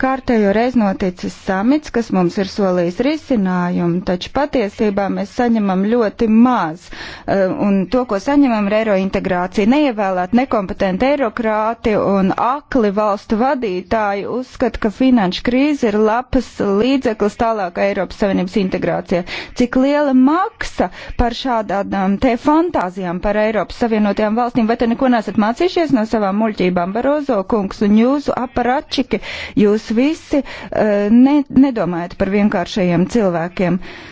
B: kārtējo reizi noticis
F: samits, kas mums ir solījis risinājumu, taču patiesībā mēs saņemam ļoti maz. E, un to, ko saņemam, ir eiro integrācija. Neievēlēt nekompetenti eirokrāti un akli valstu vadītāji uzskata, ka finanšu krīze ir labs līdzeklis tālākai Eiropas Savienības integrācijai. Cik liela maksa par šādām te fantāzijām par Eiropas Savienotajām valstīm, vai te neko nesat mācījušies no savām muļķībām, Barozo kungs un jūsu aparačiki? Jūs jūs visi eh, ne, nedomājat par vienkāršajiem cilvēkiem. Uh,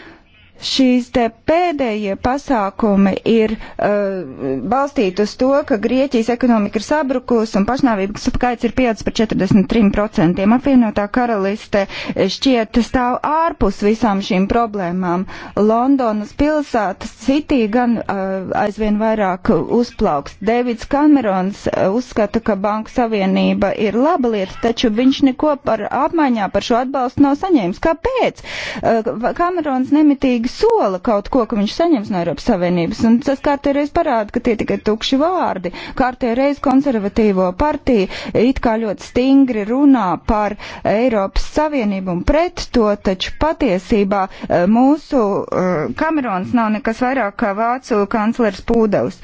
F: šīs te pēdējie pasākumi ir uh, eh, balstīti uz to, ka Grieķijas ekonomika ir sabrukus un pašnāvības skaits ir pieaudzis par 43%. Apvienotā karaliste eh, šķiet stāv ārpus visām šīm problēmām. Londonas pilsētas citī gan uh, aizvien vairāk uzplauks. Davids Kamerons uzskata, ka Banku Savienība ir laba lieta, taču viņš neko par apmaiņā par šo atbalstu nav saņēmis. Kāpēc? Uh, Kamerons nemitīgi sola kaut ko, ka viņš saņems no Eiropas Savienības, un tas kārtē reiz parāda, ka tie tikai tukši vārdi. Kārtē reiz konservatīvo partiju it kā ļoti stingri runā par Eiropas Savienību un pret to, taču patiesībā eh, mūsu eh, Kamerons nav nekas vairāk kā vācu kanclers Pūdevs.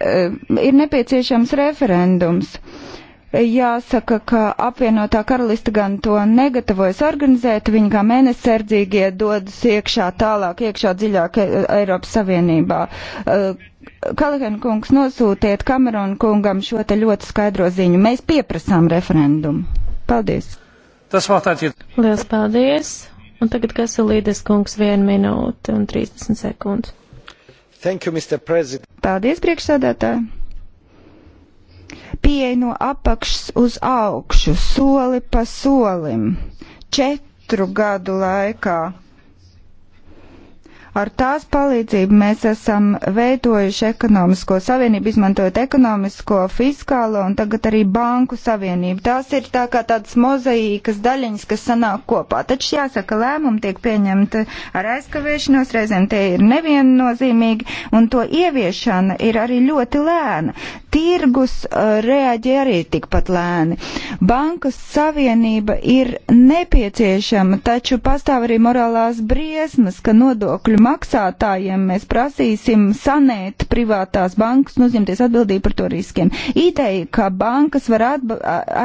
F: Eh, ir nepieciešams referendums. Uh, Jāsaka, ka apvienotā karalista gan to negatavojas organizēt, viņi kā mēnesardzīgie dodas iekšā tālāk, iekšā dziļāk e, Eiropas Savienībā. E, Kalahena kungs nosūtiet Kamerona kungam šo te ļoti
B: skaidro ziņu. Mēs pieprasām referendumu. Paldies.
A: Tas vēl tāds ir.
B: Liels paldies. Un tagad Kasalīdes kungs 1 minūte un 30 sekundes.
A: Thank you, Mr. President.
B: Paldies, priekšsēdētāji. Pieeja
F: no apakšas uz augšu, soli pa solim, četru gadu laikā. Ar tās palīdzību mēs esam veidojuši ekonomisko savienību, izmantojot ekonomisko, fiskālo un tagad arī banku savienību. Tās ir tā kā tādas mozaīkas daļiņas, kas sanāk kopā. Taču jāsaka, lēmumi tiek pieņemti ar aizkavēšanos, reizēm tie ir neviennozīmīgi, un to ieviešana ir arī ļoti lēna tirgus uh, reaģē arī tikpat lēni. Bankas savienība ir nepieciešama, taču pastāv arī morālās briesmas, ka nodokļu maksātājiem mēs prasīsim sanēt privātās bankas un uzņemties atbildību par to riskiem. Ideja, ka bankas var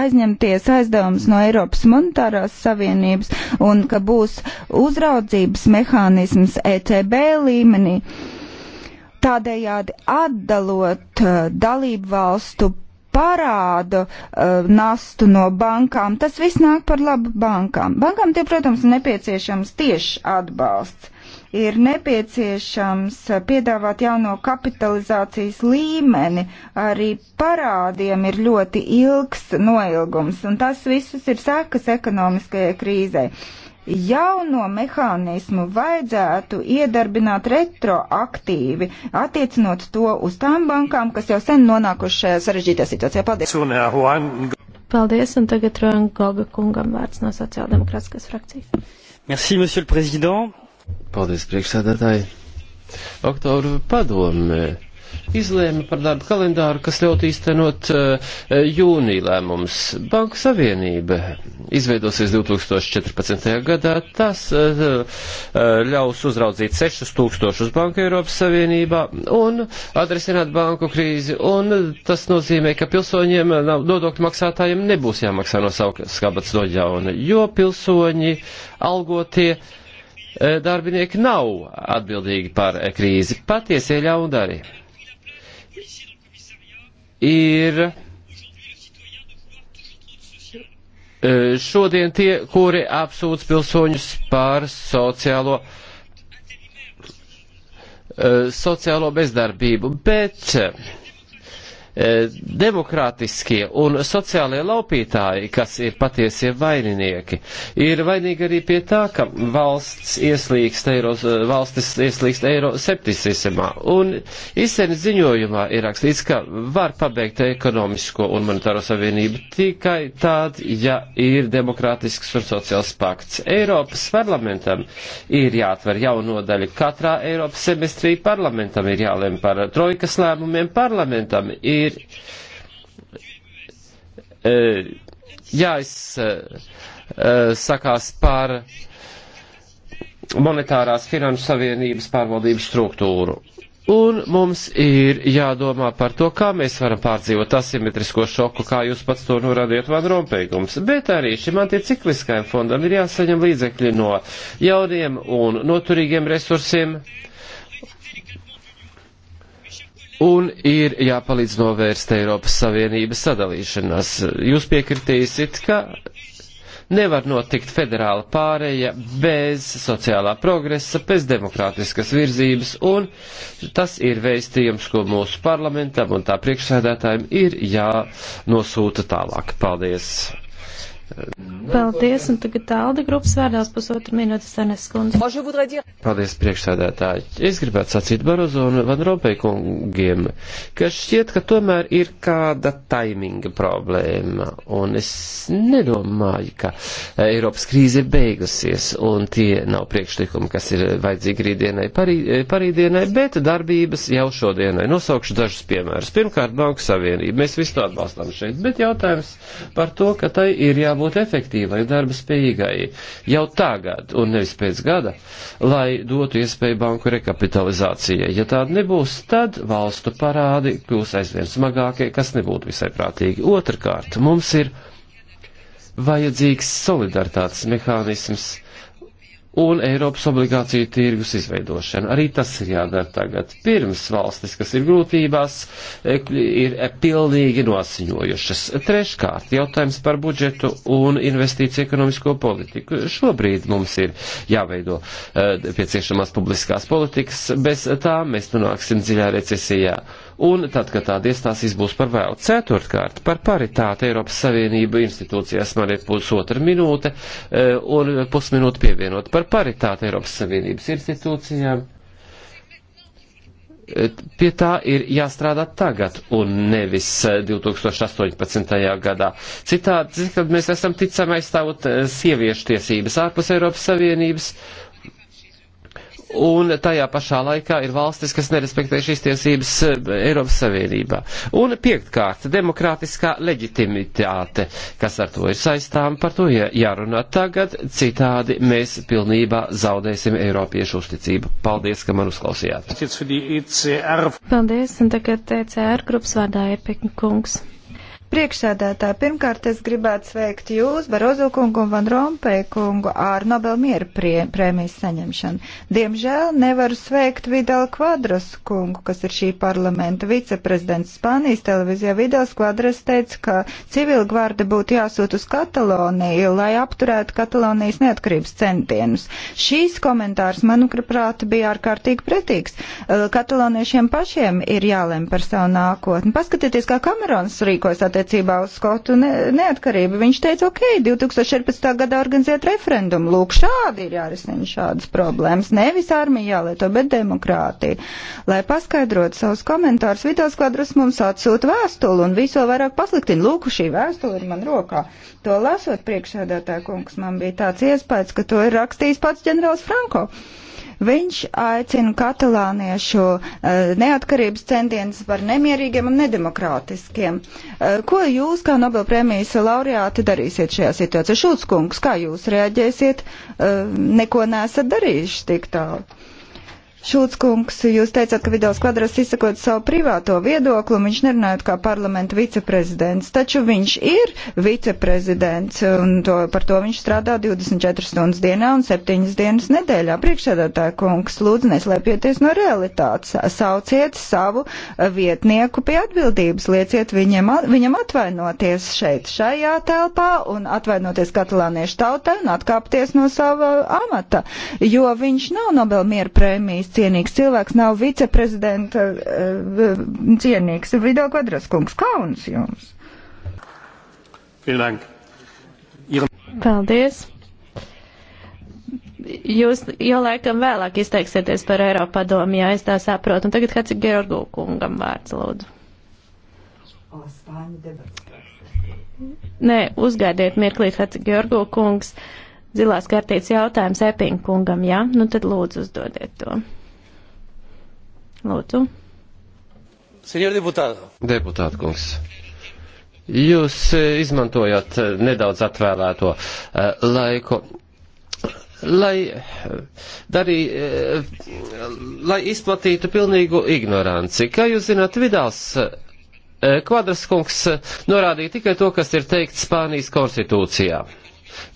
F: aizņemties aizdevumus no Eiropas monetārās savienības un ka būs uzraudzības mehānisms ECB līmenī. Uh, tādējādi atdalot eh, dalību valstu parādu uh, nastu no bankām. Tas viss nāk par labu bankām. Bankām tie, protams, nepieciešams tieši atbalsts. Ir nepieciešams eh, piedāvāt jauno kapitalizācijas līmeni, arī parādiem ir ļoti ilgs noilgums, un tas visus ir sākas ekonomiskajai krīzei. Uh, jauno mehānismu vajadzētu iedarbināt retroaktīvi, attiecinot to uz tām bankām, kas jau sen nonākuši šajā sarežģītā situācijā. Paldies!
B: Paldies, un tagad Rojan Goga kungam vārds no sociāldemokrātiskās frakcijas.
C: Merci, monsieur le président! Paldies, priekšsēdētāji! Oktobra padome! izlēma par darbu kalendāru, kas ļaut īstenot eh, jūnija lēmumus. Banku savienība izveidosies 2014. gadā. Tas eh, eh, ļaus uzraudzīt 6000 banku Eiropas Savienībā un atrisināt banku krīzi. Un tas nozīmē, ka pilsoņiem, nodokļu maksātājiem nebūs jāmaksā no savas skabats no jauna, jo pilsoņi algotie darbinieki nav atbildīgi par krīzi. Patiesie ļaundari ir e, šodien tie, kuri apsūdz pilsoņus par sociālo, e, sociālo bezdarbību, bet E, demokrātiskie un sociālie laupītāji, kas ir patiesie vaininieki, ir vainīgi arī pie tā, ka valsts ieslīgst eiro, e, valstis ieslīgst eiro septicismā. Un izsēnes ziņojumā ir rakstīts, ka var pabeigt ekonomisko un monetāro savienību tikai tād, ja ir demokrātisks un sociāls pakts. Eiropas parlamentam ir jāatver jauno daļu katrā Eiropas semestrī, parlamentam ir jālem par trojkas lēmumiem, parlamentam ir ir e, jāizsakās e, e, par monetārās finanšu savienības pārvaldības struktūru. Un mums ir jādomā par to, kā mēs varam pārdzīvot asimetrisko šoku, kā jūs pats to norādījat, Van Rompeigums. Bet arī šim anticikliskajam fondam ir jāsaņem līdzekļi no jauniem un noturīgiem resursiem. Uh, un ir jāpalīdz novērst Eiropas Savienības sadalīšanās. Jūs piekritīsit, ka nevar notikt federāla pāreja bez sociālā progresa, bez demokrātiskas virzības, un tas ir veistījums, ko mūsu parlamentam un tā priekšsēdētājiem ir jānosūta tālāk. Paldies!
B: Paldies, un tagad Alde grupas vārdās pusotru minūtes Sanes kundze.
C: Paldies, priekšsēdētāji. Es gribētu sacīt Barozo un Van Rompēj kungiem, ka šķiet, ka tomēr ir kāda taiminga problēma, un es nedomāju, ka eh, Eiropas krīze ir beigusies, un tie nav priekšlikumi, kas ir vajadzīgi rītdienai, parī, eh, parīdienai, bet darbības jau šodienai. Nosaukšu dažus piemērus. Pirmkārt, Banku Savienība. Mēs visu atbalstām šeit, bet jautājums par to, ka tai ir jābūt jābūt efektīvai, darba spējīgai jau tagad un nevis pēc gada, lai dotu iespēju banku rekapitalizācijai. Ja tāda nebūs, tad valstu parādi kļūs aizvien smagākie, kas nebūtu visai prātīgi. Otrkārt, mums ir vajadzīgs solidaritātes mehānisms un Eiropas obligāciju tirgus izveidošana. Arī tas ir jādara tagad. Pirms valstis, kas ir grūtībās, e, ir e, pilnīgi nosiņojušas. Treškārt, jautājums par budžetu un investīciju ekonomisko politiku. Šobrīd mums ir jāveido nepieciešamās publiskās politikas, bez tām mēs nonāksim dziļā recesijā un tad, kad tāda iestāsies, būs par vēlu. Ceturtkārt, par paritāti Eiropas Savienību institūcijās man ir pusotra minūte e, un pusminūte pievienot par paritāti Eiropas Savienības institūcijām e, pie tā ir jāstrādā tagad un nevis 2018. E, gadā. Citādi, cik tad mēs esam ticami aizstāvot sieviešu tiesības ārpus Eiropas Savienības un tajā pašā laikā ir valstis, kas nerespektē šīs tiesības eh, Eiropas Savienībā. Un piektkārt, demokrātiskā leģitimitāte, kas ar to ir saistām, par to jārunā tagad, citādi mēs pilnībā zaudēsim Eiropiešu uzticību. Paldies, ka man uzklausījāt.
B: Paldies, un tagad ECR grupas vārdā ir Pekinkungs.
F: Priekšsēdētāji, pirmkārt es gribētu sveikt jūs, Barozu kungu un Van Rompēju kungu ar Nobel mieru prēmijas saņemšanu. Diemžēl nevaru sveikt Vidal Kvadras kungu, kas ir šī parlamenta viceprezidents Spānijas televīzijā. Vidals Kvadras teica, ka civilgvarde būtu jāsūt uz Kataloniju, lai apturētu Katalonijas neatkarības centienus. Šīs komentārs, manuprāt, bija ārkārtīgi pretīgs. Kataloniešiem pašiem ir jālem par savu nākotni. Paskatieties, kā Kamerons rīkojas attiecībā attiecībā uz Skotu ne, neatkarību. Viņš teica, ok, 2014. gadā organizēt referendumu. Lūk, šādi ir jārisina šādas problēmas. Nevis armija jālieto, bet demokrātija. Lai paskaidrotu savus komentārus, Vitāls Kvadras mums atsūta vēstuli un visu vairāk pasliktina. Lūk, šī vēstule ir man rokā. To lasot priekšsēdētāja kungs, man bija tāds iespējas, ka to ir rakstījis pats ģenerālis Franko. Uh, Viņš aicina katalāniešu eh, neatkarības centienus par nemierīgiem un nedemokrātiskiem. Eh, ko jūs, kā Nobelpremijas laureāti, darīsiet šajā situācijā? Šūts kungs, kā jūs reaģēsiet? Eh, neko nesat darījuši tik tālu. Šulc kungs, jūs teicāt, ka Vidals Kvadras izsakot savu privāto viedokli, un viņš nerunājot kā parlamenta viceprezidents, taču viņš ir viceprezidents, un to, par to viņš strādā 24 stundas dienā un 7 dienas nedēļā. Priekšsēdētāja kungs, lūdzu, neslēpieties no realitātes, sauciet savu vietnieku pie atbildības, lieciet viņiem, viņam atvainoties šeit, šajā telpā, un atvainoties katalāniešu tautai, un atkāpties no sava amata, jo viņš nav Nobel miera prēmijas cienīgs cilvēks, nav viceprezidenta uh, cienīgs. Vido Kvadraskungs, kauns jums!
B: Paldies! Jūs jau laikam vēlāk izteiksieties par Eiropa padomu, ja es tā saprotu. Un tagad kāds ir Georgu kungam vārds, lūdzu. Nē, uzgaidiet mirklīt, Hatsi Georgu kungs. Zilās kartītes jautājums Epinga kungam, jā? Ja? Nu tad lūdzu uzdodiet to.
A: Lūdzu.
C: Senjor deputāto. Deputāta kungs. Jūs eh, izmantojat eh, nedaudz atvēlēto eh, laiku lai, darī, lai izplatītu pilnīgu ignoranci. Kā jūs zināt, Vidāls Kvadraskungs norādīja tikai to, kas ir teikt Spānijas konstitūcijā.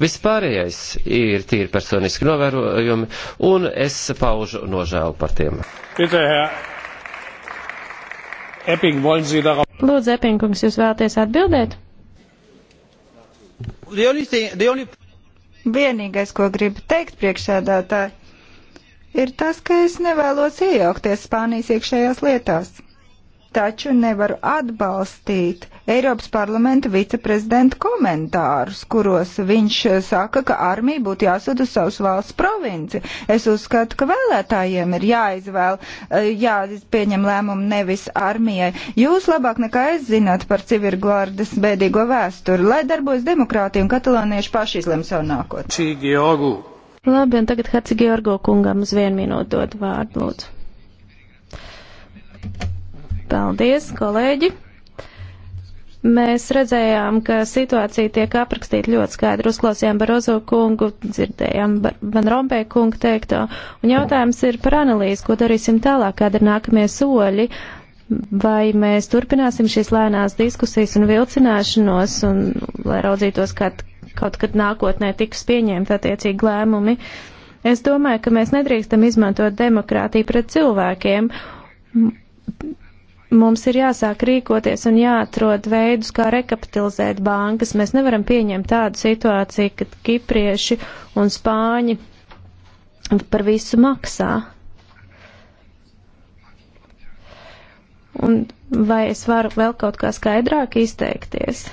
C: Vispārējais ir tīri personiski novērojumi, un es paužu nožēlu par tiem. Bitte, Herr Epping, wollen Sie darauf?
B: Lūdzu, Epping, kungs, jūs vēlaties atbildēt?
C: The only thing, the only...
B: Vienīgais, ko gribu
F: teikt priekšsēdētāji, ir tas, ka es nevēlos iejaukties Spānijas iekšējās lietās taču nevaru atbalstīt Eiropas parlamenta viceprezidenta komentārus, kuros viņš saka, ka armija būtu jāsūta uz savas valsts provinci. Es uzskatu, ka vēlētājiem ir jāizvēl, eh, jāpieņem lēmumu nevis armijai. Jūs labāk nekā es zināt par civirglārdas bēdīgo vēsturi, lai darbojas demokrātija un katalonieši paši izlem savu nākotni.
B: Labi, un tagad Hatsi Georgo kungam uz vienu minūtu dod vārdu, lūdzu. Paldies, kolēģi! Mēs redzējām, ka situācija tiek aprakstīta ļoti skaidri. Uzklausījām Barozo kungu, dzirdējām Van Rompē kungu teikto. Un jautājums ir par analīzi, ko darīsim tālāk, kāda ir nākamie soļi. Vai mēs turpināsim šīs lēnās diskusijas un vilcināšanos, un lai raudzītos, kad kaut kad nākotnē tiks pieņemti attiecīgi lēmumi? Es domāju, ka mēs nedrīkstam izmantot demokrātiju pret cilvēkiem mums ir jāsāk rīkoties un jāatrod veidus, kā rekapitalizēt bankas. Mēs nevaram pieņemt tādu situāciju, kad kiprieši un spāņi par visu maksā. Un vai es varu vēl kaut kā skaidrāk izteikties?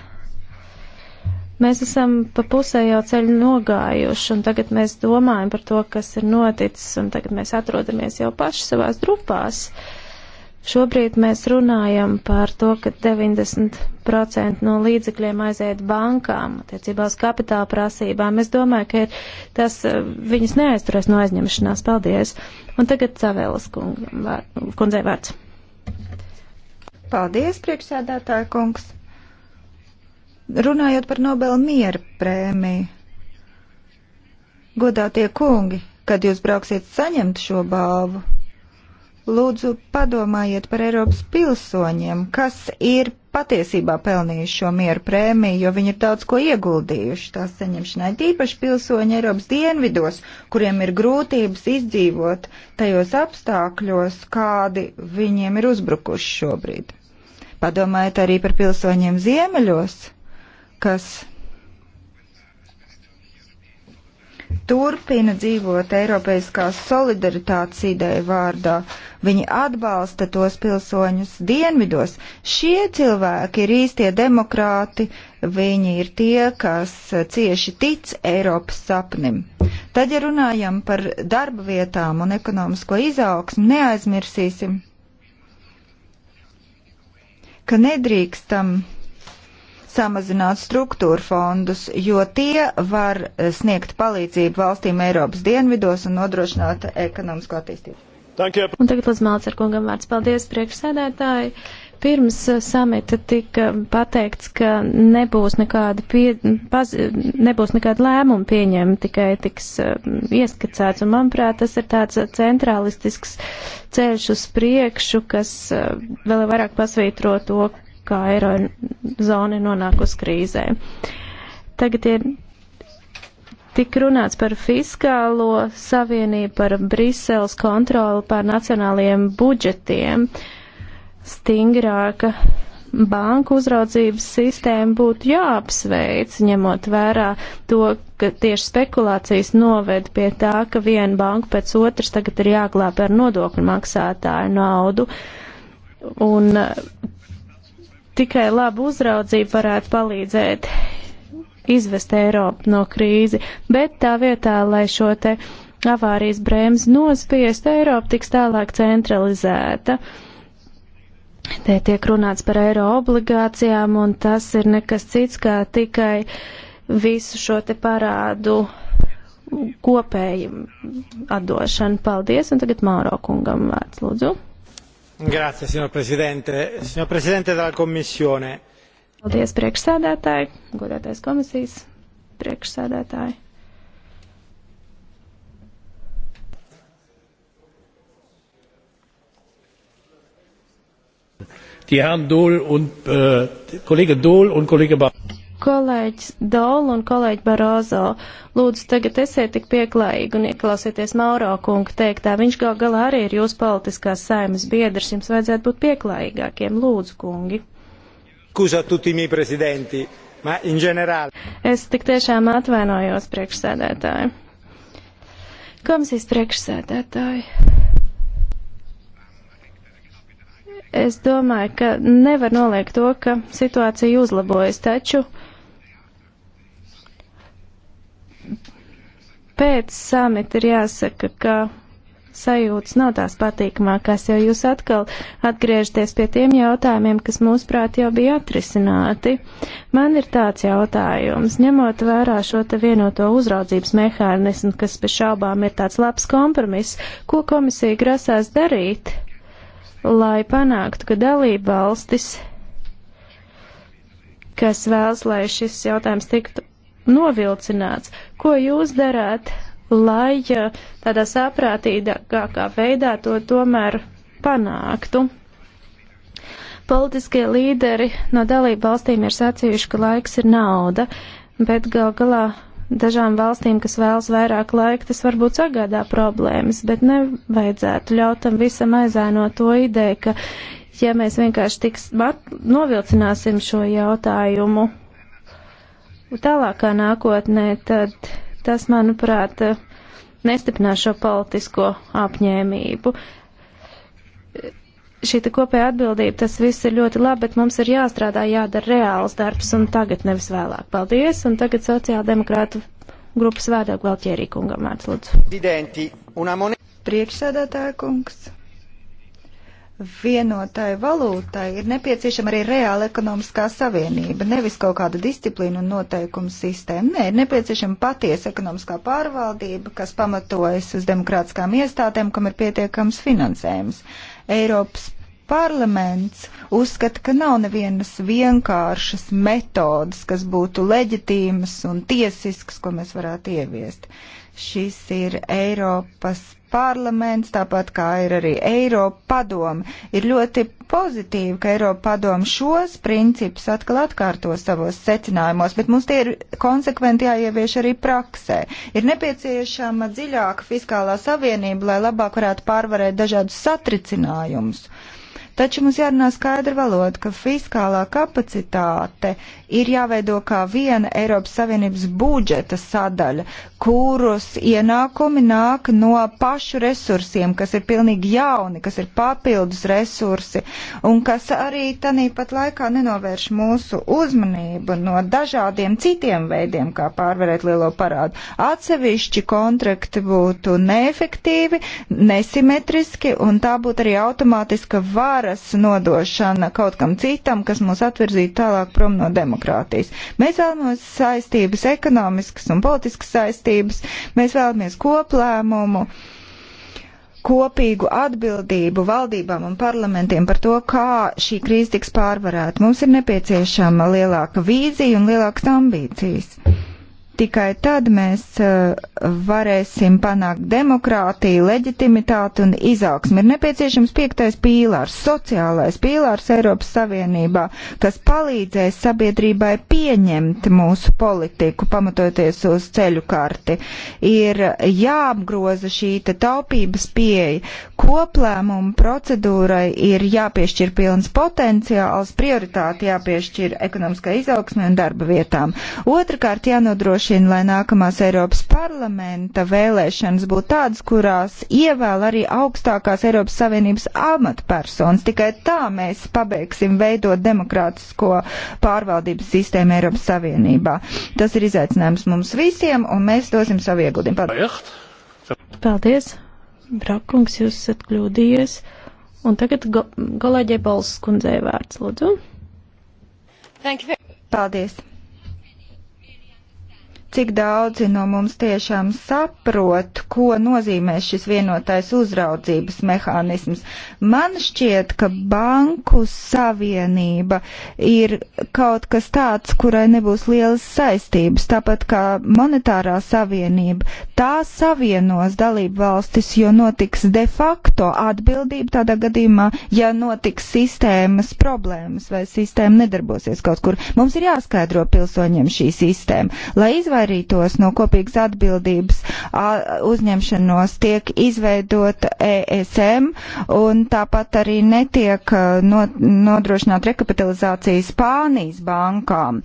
B: Mēs esam pa pusē jau ceļu nogājuši, un tagad mēs domājam par to, kas ir noticis, un tagad mēs atrodamies jau paši savās drupās. Uh, Šobrīd mēs runājam par to, ka 90% no līdzekļiem aiziet bankām attiecībā uz kapitāla prasībām. Es domāju, ka ir, tas eh, viņas neaizturēs no aizņemšanās. Paldies! Un tagad Cavēlas kundzei vārds.
F: Paldies, priekšsēdētāja kungs! Runājot par Nobela miera prēmiju, godātie kungi, kad jūs brauksiet saņemt šo balvu? Lūdzu, padomājiet par Eiropas pilsoņiem, kas ir patiesībā pelnījuši šo mieru prēmiju, jo viņi ir daudz ko ieguldījuši tās saņemšanai. Tīpaši pilsoņi Eiropas dienvidos, kuriem ir grūtības izdzīvot tajos apstākļos, kādi viņiem ir uzbrukuši šobrīd. Padomājiet arī par pilsoņiem ziemeļos, kas turpina dzīvot Eiropeiskās solidaritātes ideju vārdā. Viņi atbalsta tos pilsoņus dienvidos. Šie cilvēki ir īstie demokrāti, viņi ir tie, kas cieši tic Eiropas sapnim. Tad, ja runājam par darba vietām un ekonomisko izaugsmu, neaizmirsīsim, ka nedrīkstam samazināt struktūra fondus, jo tie var sniegt palīdzību valstīm Eiropas dienvidos un nodrošināt ekonomisko attīstību.
B: Un tagad līdz Malcer kungam vārds. Paldies, priekšsēdētāji. Pirms uh, samita tika pateikts, ka nebūs nekāda, pie, paz, nebūs nekāda lēmuma pieņēma, tikai tiks uh, ieskicēts. Un, manuprāt, tas ir tāds uh, centrālistisks ceļš uz priekšu, kas uh, vēl vairāk pasvītro to, kā eiro zona ir nonākusi krīzē. Tagad ir tik runāts par fiskālo savienību, par Briseles kontroli pār nacionālajiem budžetiem, stingrāka banku uzraudzības sistēma būtu jāapsveic, ņemot vērā to, ka tieši spekulācijas noved pie tā, ka viena banka pēc otras tagad ir jāglāb ar nodokļu maksātāju naudu. Un Tikai laba uzraudzība varētu palīdzēt izvest Eiropu no krīzi, bet tā vietā, lai šo te avārijas brēmas nospiest, Eiropa tiks tālāk centralizēta. Te tiek runāts par eiro obligācijām, un tas ir nekas cits kā tikai visu šo te parādu kopēju atdošanu. Paldies, un tagad Māro kungam vārds, lūdzu.
E: Grācija, senor prezidente. Senor prezidente della komisione.
B: Paldies, priekšsēdētāji, godētais komisijas priekšsēdētāji.
A: Die Herren Dohl und äh, Kollege Dohl und Kollege Bar.
B: Kolēģis Dola un kolēģi Barozo, lūdzu tagad esiet tik pieklājīgi un ieklausieties Mauro kunga teiktā. Viņš gal galā arī ir jūsu politiskās saimas biedrs, jums vajadzētu būt pieklājīgākiem, lūdzu kungi.
E: Kuza tutti mi prezidenti, ma in general.
B: Es tik tiešām atvainojos priekšsēdētāju. Komisijas priekšsēdētāju. Es domāju, ka nevar noliegt to, ka situācija uzlabojas, taču pēc samita ir jāsaka, ka sajūtas nav tās patīkamākās, jo jūs atkal atgriežaties pie tiem jautājumiem, kas mūsuprāt jau bija atrisināti. Man ir tāds jautājums, ņemot vērā šo te vienoto uzraudzības mehānismu, kas bez šaubām ir tāds labs kompromiss, ko komisija grasās darīt, lai panāktu, ka dalība valstis kas vēlas, lai šis jautājums tiktu novilcināts. Ko jūs darāt, lai tādā saprātīgākā veidā to tomēr panāktu? Politiskie līderi no dalību valstīm ir sacījuši, ka laiks ir nauda, bet gal galā dažām valstīm, kas vēlas vairāk laika, tas varbūt sagādā problēmas, bet nevajadzētu ļaut tam visam aizainot to ideju, ka ja mēs vienkārši tiks novilcināsim šo jautājumu tālākā nākotnē, tad tas, manuprāt, nestiprinās šo politisko apņēmību. Šī kopējā atbildība, tas viss ir ļoti labi, bet mums ir jāstrādā, jādara reāls darbs un tagad nevis vēlāk. Paldies, un tagad sociāldemokrātu grupas vēdā Gvaltierī kungam vārds
F: lūdzu. Priekšsēdētāja kungs vienotai valūtai ir nepieciešama arī reāla ekonomiskā savienība, nevis kaut kāda disciplīna un noteikuma sistēma. Nē, ir nepieciešama patiesa ekonomiskā pārvaldība, kas pamatojas uz demokrātiskām iestādēm, kam ir pietiekams finansējums. Eiropas parlaments uzskata, ka nav nevienas vienkāršas metodas, kas būtu leģitīmas un tiesiskas, ko mēs varētu ieviest. Šis ir Eiropas parlaments, tāpat kā ir arī Eiropa padoma. Ir ļoti pozitīvi, ka Eiropa padoma šos principus atkal atkārto savos secinājumos, bet mums tie ir konsekventi jāievieš arī praksē. Ir nepieciešama dziļāka fiskālā savienība, lai labāk varētu pārvarēt dažādus satricinājumus. Uh, Taču mums jārunā skaidra valoda, ka fiskālā kapacitāte ir jāveido kā viena Eiropas Savienības budžeta sadaļa, kuros ienākumi nāk no pašu resursiem, kas ir pilnīgi jauni, kas ir papildus resursi un kas arī tanīpat laikā nenovērš mūsu uzmanību no dažādiem citiem veidiem, kā pārvarēt lielo parādu. Atsevišķi kontrakti būtu neefektīvi, nesimetriski un tā būtu arī automātiska vara varas nodošana kaut kam citam, kas mūs atvirzītu tālāk prom no demokrātijas. Mēs vēlamies saistības, ekonomiskas un politiskas saistības, mēs vēlamies koplēmumu kopīgu atbildību valdībām un parlamentiem par to, kā šī krīze tiks pārvarēta. Mums ir nepieciešama lielāka vīzija un lielākas ambīcijas. Tikai tad mēs eh, varēsim panākt demokrātiju, leģitimitāti un izaugsmi. Ir nepieciešams piektais pīlārs, sociālais pīlārs Eiropas Savienībā, kas palīdzēs sabiedrībai pieņemt mūsu politiku, pamatoties uz ceļu karti. Ir jāapgroza šī taupības pieeja. Koplēmuma procedūrai ir jāpiešķir pilns potenciāls, prioritāti jāpiešķir ekonomiskai izaugsmai un darba vietām. Otrakārt, jānodrošina jānodrošina, lai nākamās Eiropas parlamenta vēlēšanas būtu tādas, kurās ievēl arī augstākās Eiropas Savienības amatpersonas. Tikai tā mēs pabeigsim veidot demokrātisko pārvaldības sistēmu Eiropas Savienībā. Tas ir izaicinājums mums visiem, un mēs dosim savu ieguldījumu.
A: Paldies!
B: Paldies! Brakungs, jūs esat kļūdījies. Un tagad go kolēģei Balsas kundzei vērts, lūdzu. Paldies!
F: cik daudzi no mums tiešām saprot, ko nozīmē šis vienotais uzraudzības mehānisms. Man šķiet, ka banku savienība ir kaut kas tāds, kurai nebūs lielas saistības, tāpat kā monetārā savienība. Tā savienos dalību valstis, jo notiks de facto atbildība tādā gadījumā, ja notiks sistēmas problēmas vai sistēma nedarbosies kaut kur. Mums ir jāskaidro pilsoņiem šī sistēma, lai izvairītos izvairītos no kopīgas atbildības uzņemšanos, tiek izveidota ESM un tāpat arī netiek nodrošināta rekapitalizācija Spānijas bankām.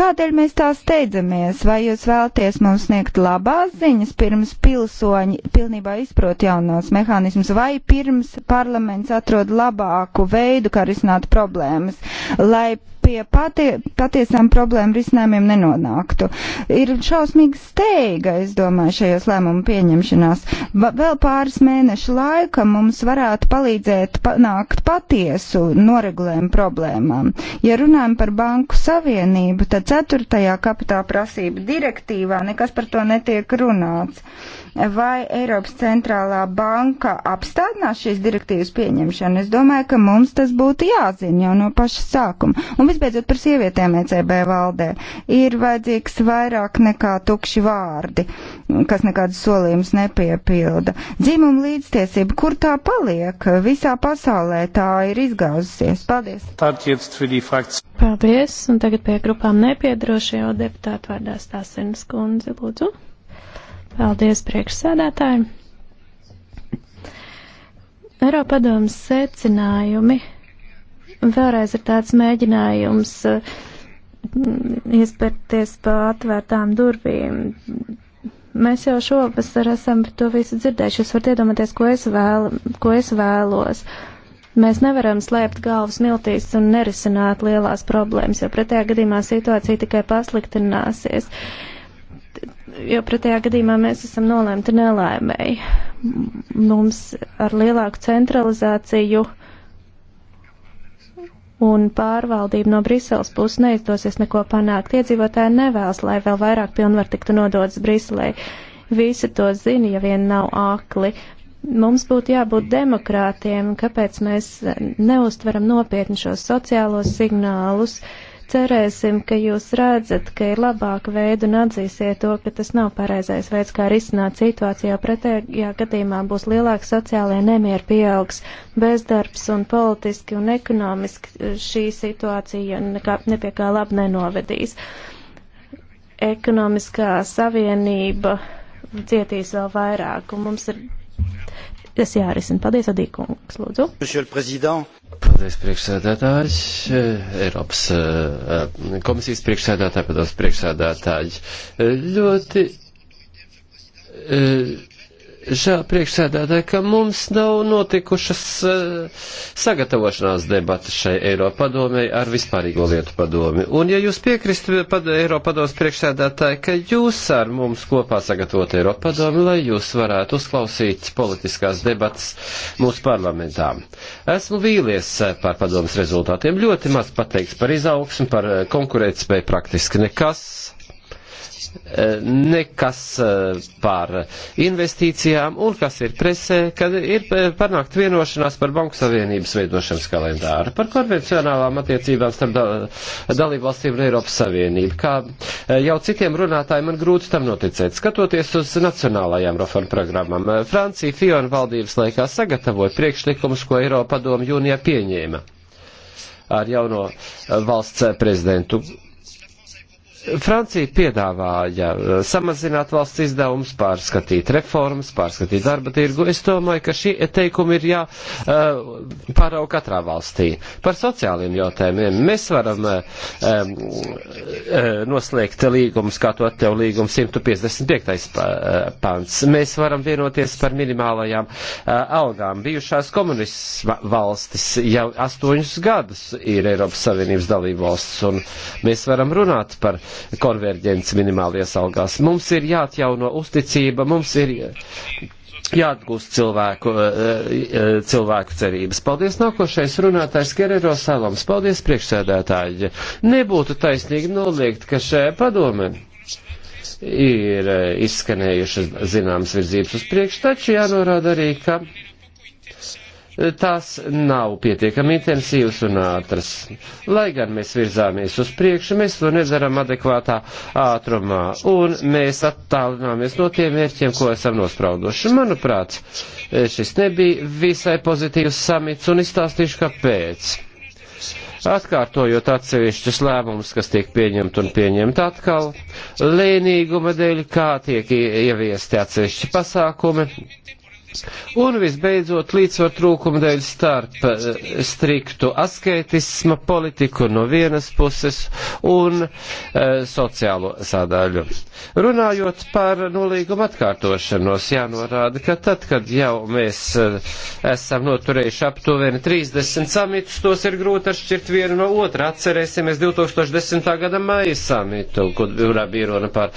F: Kādēļ mēs tā steidzamies? Vai jūs vēlties mums sniegt labās ziņas pirms pilsoņi pilnībā izprot jaunos mehānismus vai pirms parlaments atrod labāku veidu, kā risināt problēmas? Lai pie patie, patiesām problēmu risinājumiem nenonāktu. Ir šausmīgi steiga, es domāju, šajos lēmumu pieņemšanās. Va, vēl pāris mēnešu laika mums varētu palīdzēt panākt patiesu noregulējumu problēmām. Ja runājam par banku savienību, tad ceturtajā kapitāla prasība direktīvā nekas par to netiek runāts vai Eiropas centrālā banka apstādinās šīs direktīvas pieņemšanu. Es domāju, ka mums tas būtu jāzina jau no paša sākuma. Un visbeidzot par sievietēm ECB valdē ir vajadzīgs vairāk nekā tukši vārdi, kas nekādus solījumus nepiepilda. Dzimuma līdztiesība, kur tā paliek? Visā pasaulē tā
B: ir
A: izgāzusies. Paldies!
B: Paldies! Un tagad pie grupām nepiedrošajo deputātu vārdā stāsienas kundze, lūdzu. Paldies priekšsēdētājiem. Eiropadomas secinājumi vēlreiz ir tāds mēģinājums mm, iespērties pa atvērtām durvīm. Mēs jau šovasar esam par to visu dzirdējuši. Jūs varat iedomāties, ko es, vēl, ko es vēlos. Mēs nevaram slēpt galvas miltīs un nerisināt lielās problēmas, jo pretējā gadījumā situācija tikai pasliktināsies. Uh, jo pretējā gadījumā mēs esam nolēmti nelēmēji. Mums ar lielāku centralizāciju un pārvaldību no Briseles puses neizdosies neko panākt. Iedzīvotāji nevēlas, lai vēl vairāk pilnvar tiktu nododas Briselē. Visi to zina, ja vien nav akli. Mums būtu jābūt demokrātiem, kāpēc mēs neustveram nopietni šos sociālos signālus. Uh, Cerēsim, ka jūs redzat, ka ir labāk veidu un atzīsiet to, ka tas nav pareizais veids, kā risināt situāciju, jo pretējā gadījumā būs lielāks sociālajie nemieri pieaugs, bezdarbs un politiski un ekonomiski eh, šī situācija nekā, nepie kā labi nenovedīs. Ekonomiskā savienība cietīs vēl vairāk, un mums ir tas jārisina. Paldies, Adīkungs, lūdzu.
C: Paldies, priekšsēdētājs, eh, Eiropas eh, komisijas priekšsēdētāji, padoms priekšsēdētāji. Eh, ļoti Žēl priekšsēdētāji, ka mums nav notikušas uh, sagatavošanās debatas šai Eiropadomei ar vispārīgo lietu padomi. Un ja jūs piekristu eh, pad, Eiropadomas priekšsēdētāji, ka jūs ar mums kopā sagatavot Eiropadomi, lai jūs varētu uzklausīt politiskās debatas mūsu parlamentā. Esmu vīlies eh, par padomas rezultātiem. Ļoti maz pateikts par izaugsmu, par konkurētspēju praktiski nekas Eh, nekas eh, par investīcijām un kas ir presē, kad ir eh, panākt vienošanās par Banku Savienības veidošanas kalendāru, par konvencionālām attiecībām starp dalībvalstīm un Eiropas Savienību. Kā jau citiem runātājiem man grūti tam noticēt, skatoties uz nacionālajām reformu programmām, Francija Fiona valdības laikā sagatavoja priekšlikumus, ko Eiropa padomu jūnijā pieņēma ar jauno valsts prezidentu Francija piedāvāja eh, samazināt valsts izdevumus, pārskatīt reformas, pārskatīt darba tirgu. Es domāju, ka šī teikuma ir jāpārauga eh, katrā valstī. Par sociāliem jautājumiem mēs varam um, noslēgt līgumus, kā to atļauj līgums 155. pants. Mēs varam vienoties par minimālajām uh, algām. Bijušās komunisma valstis jau astoņus gadus ir Eiropas Savienības dalību valsts, un mēs varam runāt par uh, konverģenci minimālajās algās. Mums ir jāatjauno uzticība, mums ir jāatgūst cilvēku, eh, eh, cilvēku cerības. Paldies nākošais runātājs Gerero Salams. Paldies priekšsēdētāji. Nebūtu taisnīgi noliegt, ka šajā padomē ir eh, izskanējušas zināmas virzības uz priekšu, taču jānorāda arī, ka tās nav pietiekami intensīvas un ātras. Lai gan mēs virzāmies uz priekšu, mēs to nedaram adekvātā ātrumā, un mēs attālināmies no tiem mērķiem, ko esam nospraudoši. Manuprāt, šis nebija visai pozitīvs samits, un izstāstīšu, kāpēc atkārtojot atsevišķus lēmumus, kas tiek pieņemti un pieņemti atkal, lēnīguma dēļ, kā tiek ieviesti atsevišķi pasākumi, Un visbeidzot, līdzsvar trūkuma dēļ starp eh, striktu asketisma politiku no vienas puses un e, sociālo sadaļu. Runājot par nolīgumu atkārtošanos, jānorāda, ka tad, kad jau mēs eh, esam noturējuši aptuveni 30 samitus, tos ir grūti atšķirt vienu no otra. Atcerēsimies 2010. gada maija samitu, kurā bija runa par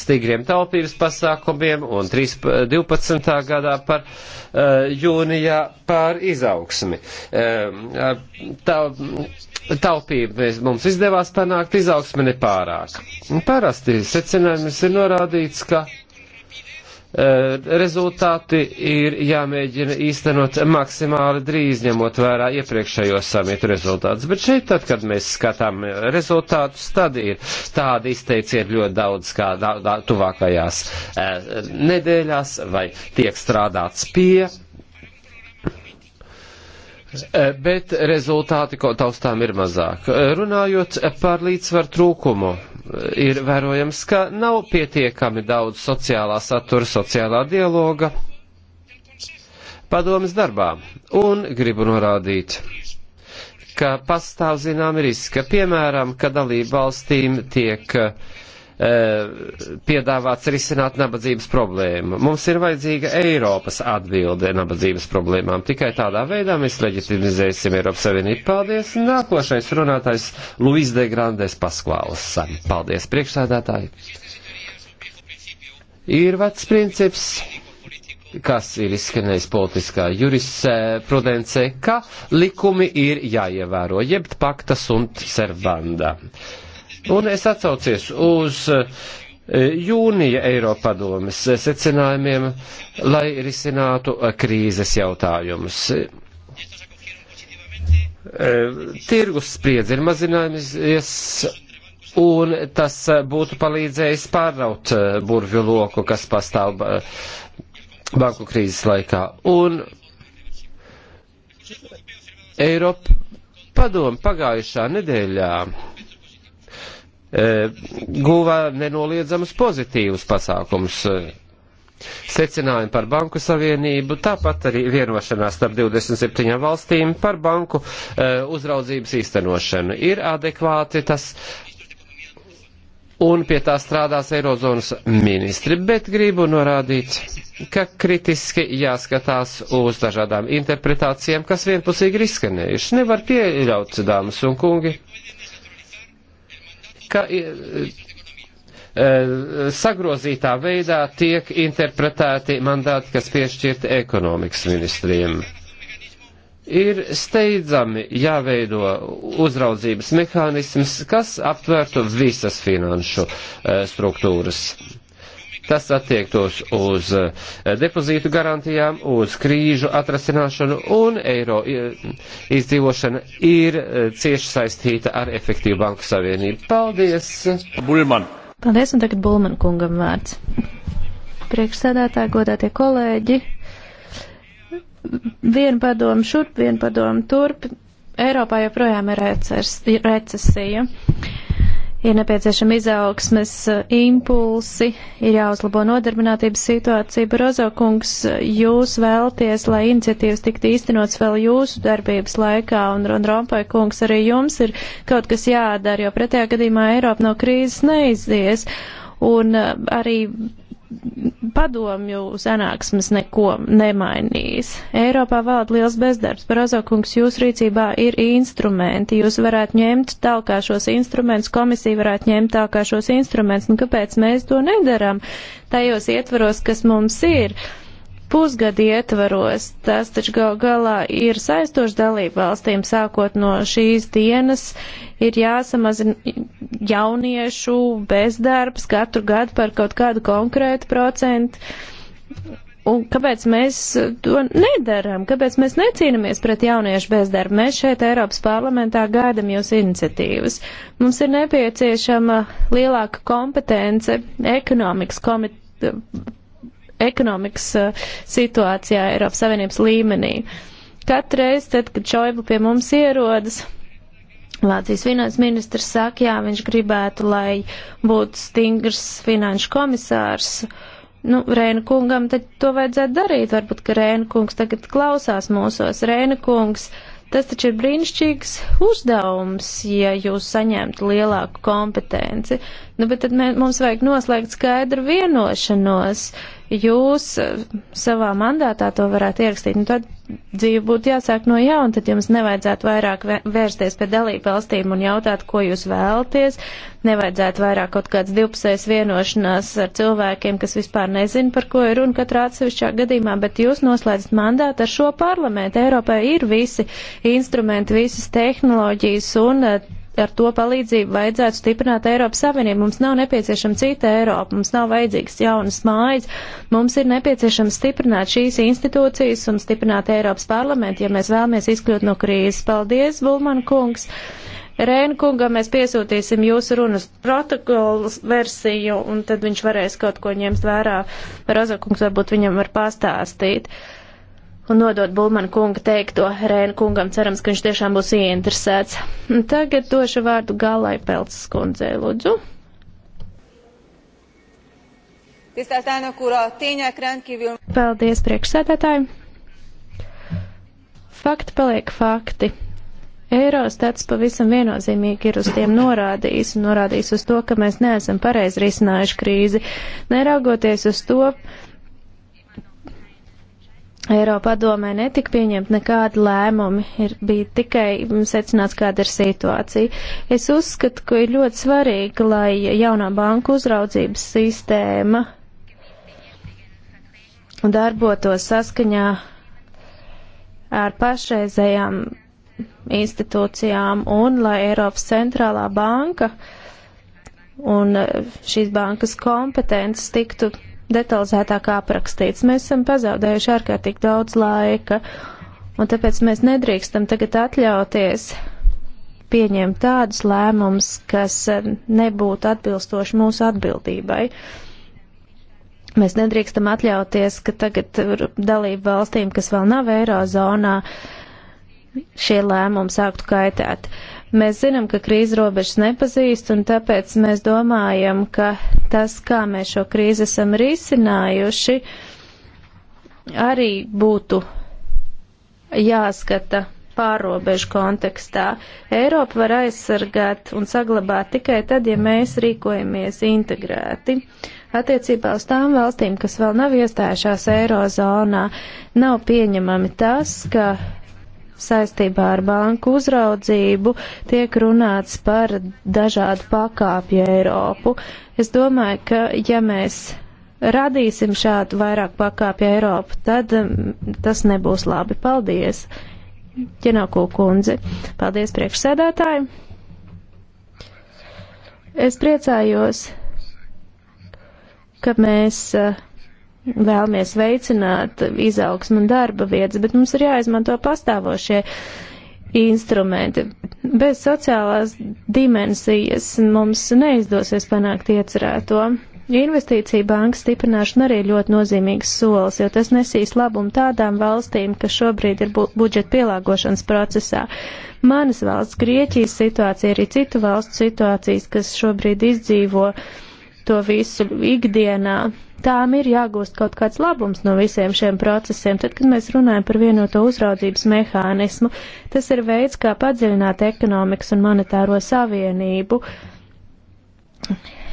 C: stigriem taupības pasākumiem un 3, 12. gadā runāt par uh, jūnijā par izaugsmi. Uh, tā, taupību mēs, mums izdevās panākt, izaugsmi nepārāk. Parasti secinājums ir norādīts, ka Eh, rezultāti ir jāmēģina īstenot maksimāli drīz, ņemot vērā iepriekšējos samitu rezultātus. Bet šeit, tad, kad mēs skatām rezultātus, tad ir tādi izteicieni ļoti daudz kā da, da, tuvākajās e, nedēļās vai tiek strādāts pie. Eh, bet rezultāti taustām ir mazāk. Runājot par līdzsvaru trūkumu ir vērojams, ka nav pietiekami daudz sociālā satura, sociālā dialoga padomas darbā. Un gribu norādīt, ka pastāv zināmi riski, ka piemēram, ka dalību valstīm tiek uh, Eh, piedāvāts risināt nabadzības problēmu. Mums ir vajadzīga Eiropas atbilde nabadzības problēmām. Tikai tādā veidā mēs leģitimizēsim Eiropas Savienību. Paldies! Nākošais runātājs Luis de Grandes Paskvāls. Paldies, priekšsēdētāji! Ir vecs princips, kas ir izskanējis politiskā jurisprudencē, ka likumi ir jāievēro, jeb pakta sunt servanda. Uh, Un es atsaucies uz eh, jūnija Eiropadomes secinājumiem, lai risinātu eh, krīzes jautājumus. Eh, tirgus spriedzi ir mazinājumies un tas būtu palīdzējis pārraut burvju loku, kas pastāv banku krīzes laikā. Un Eiropa padomu pagājušā nedēļā E, guva nenoliedzamas pozitīvas pasākums. E, secinājumi par banku savienību, tāpat arī vienošanās starp 27 valstīm par banku e, uzraudzības īstenošanu ir adekvāti, tas un pie tā strādās Eirozonas ministri, bet gribu norādīt, ka kritiski jāskatās uz dažādām interpretācijām, kas vienpusīgi ir izskanējušas. Nevar pieļaut, dāmas un kungi, tika e, e, sagrozītā veidā tiek interpretēti mandāti, kas piešķirti ekonomikas ministriem. Ir steidzami jāveido uzraudzības mehānisms, kas aptvērtu visas finanšu e, struktūras. Tas attiektos uz eh, depozītu garantijām, uz krīžu atrasināšanu un eiro izdzīvošana ir eh, cieši saistīta ar efektīvu banku savienību. Paldies! Bulman.
B: Paldies, un tagad Bulman kungam vārds. Priekšsēdētāji, godātie kolēģi, vienu padomu šurp, vienu padomu turp. Eiropā joprojām ir recesija ir nepieciešami izaugsmes eh, impulsi, ir jāuzlabo nodarbinātības situācija. Barozokungs, jūs vēlties, lai iniciatīvas tiktu īstenots vēl jūsu darbības laikā, un, un Rompai kungs, arī jums ir kaut kas jādara, jo pretējā gadījumā Eiropa no krīzes neizies. Un eh, arī padomju sanāksmes neko nemainīs. Eiropā valda liels bezdarbs. Barozokungs, jūs rīcībā ir instrumenti. Jūs varētu ņemt tālāk šos instrumentus, komisija varētu ņemt tālāk šos instrumentus. Nu, kāpēc mēs to nedaram tajos ietvaros, kas mums ir? Uh, pusgada ietvaros. Tas taču gal galā ir saistoši dalību valstīm sākot no šīs dienas. Ir jāsamazina jauniešu bezdarbs katru gadu par kaut kādu konkrētu procentu. Un kāpēc mēs to nedaram? Kāpēc mēs necīnamies pret jauniešu bezdarbu? Mēs šeit Eiropas parlamentā gaidam jūs iniciatīvas. Mums ir nepieciešama lielāka kompetence ekonomikas komiteja ekonomikas eh, situācijā Eiropas Savienības līmenī. Katreiz, tad, kad Šoibu pie mums ierodas, Vācijas finanses ministrs saka, jā, viņš gribētu, lai būtu stingrs finanšu komisārs. Nu, Rēna kungam tad to vajadzētu darīt, varbūt, ka Rēna kungs tagad klausās mūsos. Rēna kungs, tas taču ir brīnišķīgs uzdevums, ja jūs saņemtu lielāku kompetenci. Nu, bet tad mē, mums vajag noslēgt skaidru vienošanos. Jūs eh, savā mandātā to varētu ierakstīt. Nu, tad dzīve būtu jāsāk no jauna, tad jums nevajadzētu vairāk vērsties pie dalību valstīm un jautāt, ko jūs vēlaties. Nevajadzētu vairāk kaut kāds divpusējs vienošanās ar cilvēkiem, kas vispār nezina, par ko ir runa katrā atsevišķā gadījumā, bet jūs noslēdzat mandātu ar šo parlamentu. Eiropai ir visi instrumenti, visas tehnoloģijas un eh, ar to palīdzību vajadzētu stiprināt Eiropas Savienību. Mums nav nepieciešama cita Eiropa, mums nav vajadzīgas jaunas mājas, mums ir nepieciešams stiprināt šīs institūcijas un stiprināt Eiropas parlamentu, ja mēs vēlamies izkļūt no krīzes. Paldies, Bulman kungs! Rēna kungam mēs piesūtīsim jūsu runas protokols versiju, un tad viņš varēs kaut ko ņemt vērā. Rozakungs varbūt viņam var pastāstīt. Uh, un nodot Bulmanu kunga teikto Rēnu kungam, cerams, ka viņš tiešām būs ieinteresēts. Tagad došu vārdu Galai Pelces kundzei, lūdzu. Paldies, priekšsēdētāji. Fakti paliek fakti. Eirostats pavisam viennozīmīgi ir uz tiem norādījis un norādījis uz to, ka mēs neesam pareizi risinājuši krīzi, neraugoties uz to, Eiropa domē netika pieņemt nekādi lēmumi, ir, bija tikai secināts, kāda ir situācija. Es uzskatu, ka ir ļoti svarīgi, lai jaunā banka uzraudzības sistēma darbotos saskaņā ar pašreizējām institūcijām un lai Eiropas centrālā banka un šīs bankas kompetences tiktu detalizētāk aprakstīts. Mēs esam pazaudējuši ārkārtīgi daudz laika, un tāpēc mēs nedrīkstam tagad atļauties pieņemt tādus lēmumus, kas eh, nebūtu atbilstoši mūsu atbildībai. Mēs nedrīkstam atļauties, ka tagad dalību valstīm, kas vēl nav Eirozonā, uh, šie lēmumi sāktu kaitēt. Mēs zinām, ka krīze robežas nepazīst, un tāpēc mēs domājam, ka tas, kā mēs šo krīzi esam risinājuši, arī būtu jāskata pārobežu kontekstā. Eiropa var aizsargāt un saglabāt tikai tad, ja mēs rīkojamies integrēti. Attiecībā uz tām valstīm, kas vēl nav iestājušās Eirozonā, nav pieņemami tas, ka saistībā ar banku uzraudzību tiek runāts par dažādu pakāpju Eiropu. Es domāju, ka ja mēs radīsim šādu vairāk pakāpju Eiropu, tad um, tas nebūs labi. Paldies, Ķenako kundze. Paldies priekšsēdētāji. Es priecājos, ka mēs uh, vēlamies veicināt izaugsmu un darba vietas, bet mums ir jāizmanto pastāvošie instrumenti. Bez sociālās dimensijas mums neizdosies panākt iecerēto. Investīcija bankas stiprināšana arī ļoti nozīmīgs solis, jo tas nesīs labumu tādām valstīm, kas šobrīd ir bu budžeta pielāgošanas procesā. Manas valsts, Grieķijas situācija, arī citu valstu situācijas, kas šobrīd izdzīvo uh, to visu ikdienā. Tām ir jāgūst kaut kāds labums no visiem šiem procesiem. Tad, kad mēs runājam par vienoto uzraudzības mehānismu, tas ir veids, kā padziļināt ekonomikas un monetāro savienību.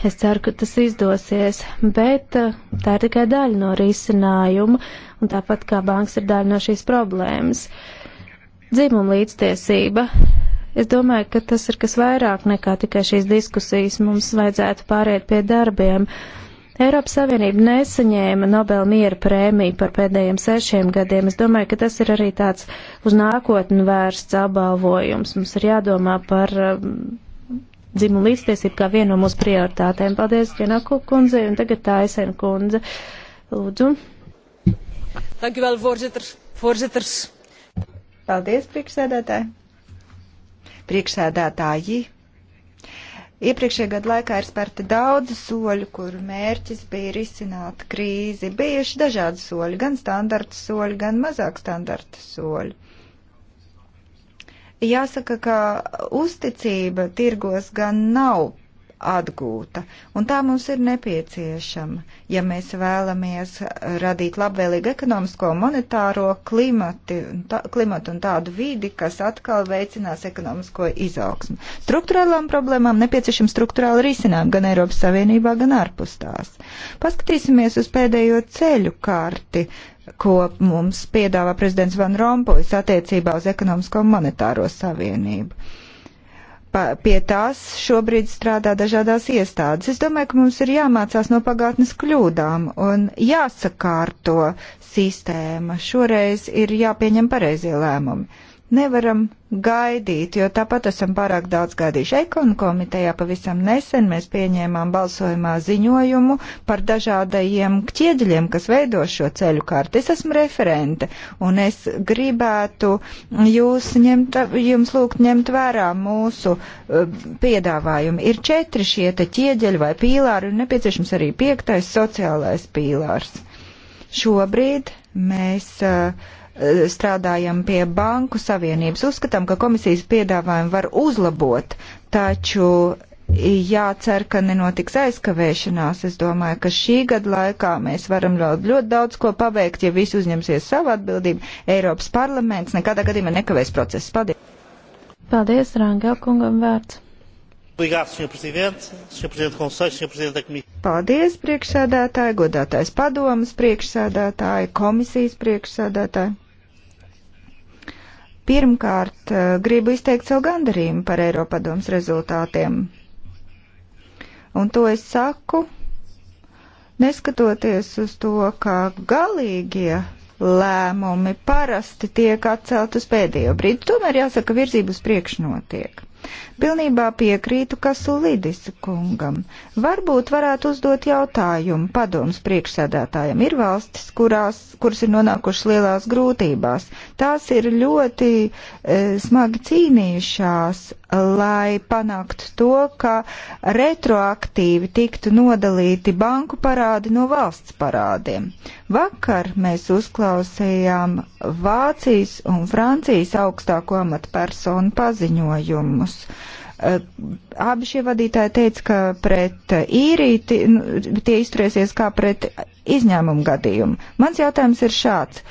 B: Es ceru, ka tas izdosies, bet eh, tā ir tikai daļa no risinājuma, un tāpat kā banks ir daļa no šīs problēmas. Dzimuma līdztiesība Es domāju, ka tas ir kas vairāk nekā tikai šīs diskusijas. Mums vajadzētu pāriet pie darbiem. Eiropas Savienība nesaņēma Nobel miera prēmiju par pēdējiem sešiem gadiem. Es domāju, ka tas ir arī tāds uz nākotni vērsts apbalvojums. Mums ir jādomā par um, dzimumu līdztiesību kā vienu no mūsu prioritātēm. Paldies, Ģenaku kundze, un tagad Taisen kundze. Lūdzu.
F: Thank you, well, voorzitter. Voorzitters. Paldies, priekšsēdētāji priekšsēdētāji. Iepriekšējā gada laikā ir spērti daudz soļu, kuru mērķis bija risināt krīzi. Bijuši dažādi soļi, gan standarta soļi, gan mazāk standarta soļi. Jāsaka, ka uzticība tirgos gan nav atgūta, un tā mums ir nepieciešama, ja mēs vēlamies radīt labvēlīgu ekonomisko, monetāro klimati, tā, klimatu un tādu vidi, kas atkal veicinās ekonomisko izaugsmu. Struktūrālām problēmām nepieciešama struktūrāla risinājuma gan Eiropas Savienībā, gan ārpus tās. Paskatīsimies uz pēdējo ceļu karti ko mums piedāvā prezidents Van Rompuis attiecībā uz ekonomisko un monetāro savienību pie tās šobrīd strādā dažādās iestādes. Es domāju, ka mums ir jāmācās no pagātnes kļūdām un jāsakārto sistēma. Šoreiz ir jāpieņem pareizie lēmumi nevaram gaidīt, jo tāpat esam pārāk daudz gaidījuši. Ekonu komitejā pavisam nesen mēs pieņēmām balsojumā ziņojumu par dažādajiem ķieģeļiem, kas veido šo ceļu kārtu. Es esmu referente, un es gribētu jūs ņemt, jums lūgt ņemt vērā mūsu uh, piedāvājumu. Ir četri šie te ķieģeļi vai pīlāri, un nepieciešams arī piektais sociālais pīlārs. Šobrīd mēs uh, Eh, strādājam pie Banku Savienības. Uzskatām, ka komisijas piedāvājumu var uzlabot, taču jācer, ka nenotiks aizkavēšanās. Es domāju, ka šī gada laikā mēs varam ļoti, ļoti daudz ko paveikt, ja visi uzņemsies savu atbildību. Eiropas parlaments nekādā gadījumā nekavēs procesu. Paldies!
B: Paldies, Rāngā kungam vārds!
F: Paldies, priekšsēdētāji, godātais padomas priekšsēdētāji, komisijas priekšsēdētāji! Pirmkārt, eh, gribu izteikt savu gandarījumu par Eiropadoms rezultātiem. Un to es saku, neskatoties uz to, ka galīgie lēmumi parasti tiek atcelt uz pēdējo brīdi. Tomēr jāsaka, virzības priekš notiek. Pilnībā piekrītu Kasulidis kungam. Varbūt varētu uzdot jautājumu padomus priekšsēdētājiem. Ir valstis, kurās, kuras ir nonākušas lielās grūtībās. Tās ir ļoti e, smagi cīnījušās lai panāktu to, ka retroaktīvi tiktu nodalīti banku parādi no valsts parādiem. Vakar mēs uzklausījām Vācijas un Francijas augstāko amatpersonu paziņojumus. Eh, abi šie vadītāji teica, ka pret īriju nu, tie izturēsies kā pret izņēmumu gadījumu. Mans jautājums ir šāds.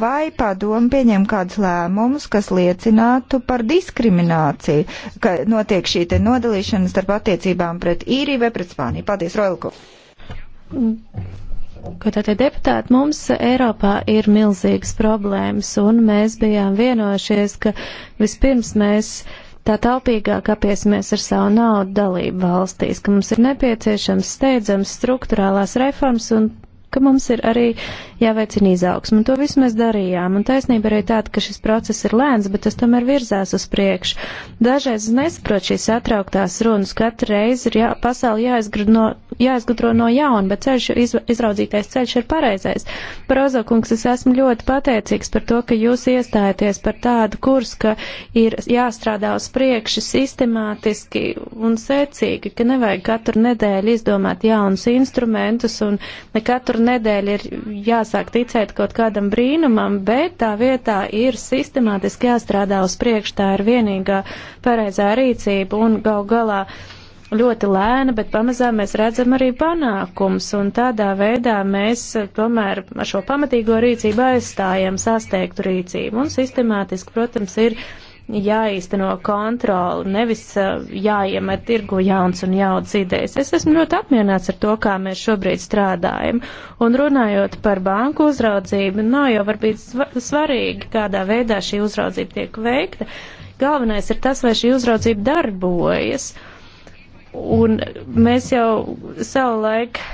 F: Vai padomu pieņem kādus lēmumus, kas liecinātu par diskrimināciju, ka notiek šī te nodalīšana starp attiecībām pret īriju vai pret Spāniju? Paldies, Roilko!
B: Ko tātad deputāti, mums Eiropā ir milzīgas problēmas, un mēs bijām vienojušies, ka vispirms mēs tā taupīgāk apiesimies ar savu naudu dalību valstīs, ka mums ir nepieciešams steidzams struktūrālās reformas un ka mums ir arī jāveicina izaugsme. Un to visu mēs darījām. Un taisnība arī tāda, ka šis process ir lēns, bet tas tomēr virzās uz priekšu. Dažreiz es nesaprotu šīs atrauktās runas. Katru reizi ir jā, pasauli jāizgrud no jāizgudro no jauna, bet ceļš, izraudzītais ceļš ir pareizais. Prozokungs, es esmu ļoti pateicīgs par to, ka jūs iestājaties par tādu kursu, ka ir jāstrādā uz priekšu sistemātiski un secīgi, ka nevajag katru nedēļu izdomāt jaunus instrumentus un ne katru nedēļu ir jāsāk ticēt kaut kādam brīnumam, bet tā vietā ir sistemātiski jāstrādā uz priekšu. Tā ir vienīgā pareizā rīcība un gal galā ļoti lēna, bet pamazām mēs redzam arī panākums, un tādā veidā mēs eh, tomēr ar šo pamatīgo rīcību aizstājam sasteigtu rīcību, un sistemātiski, protams, ir jāīsteno kontroli, nevis eh, jāiemet tirgu jauns un jauns idejas. Es esmu ļoti apmierināts ar to, kā mēs šobrīd strādājam. Un runājot par banku uzraudzību, nav jau varbūt svarīgi, kādā veidā šī uzraudzība tiek veikta. Galvenais ir tas, vai šī uzraudzība darbojas. Uh, Un mēs jau savu laiku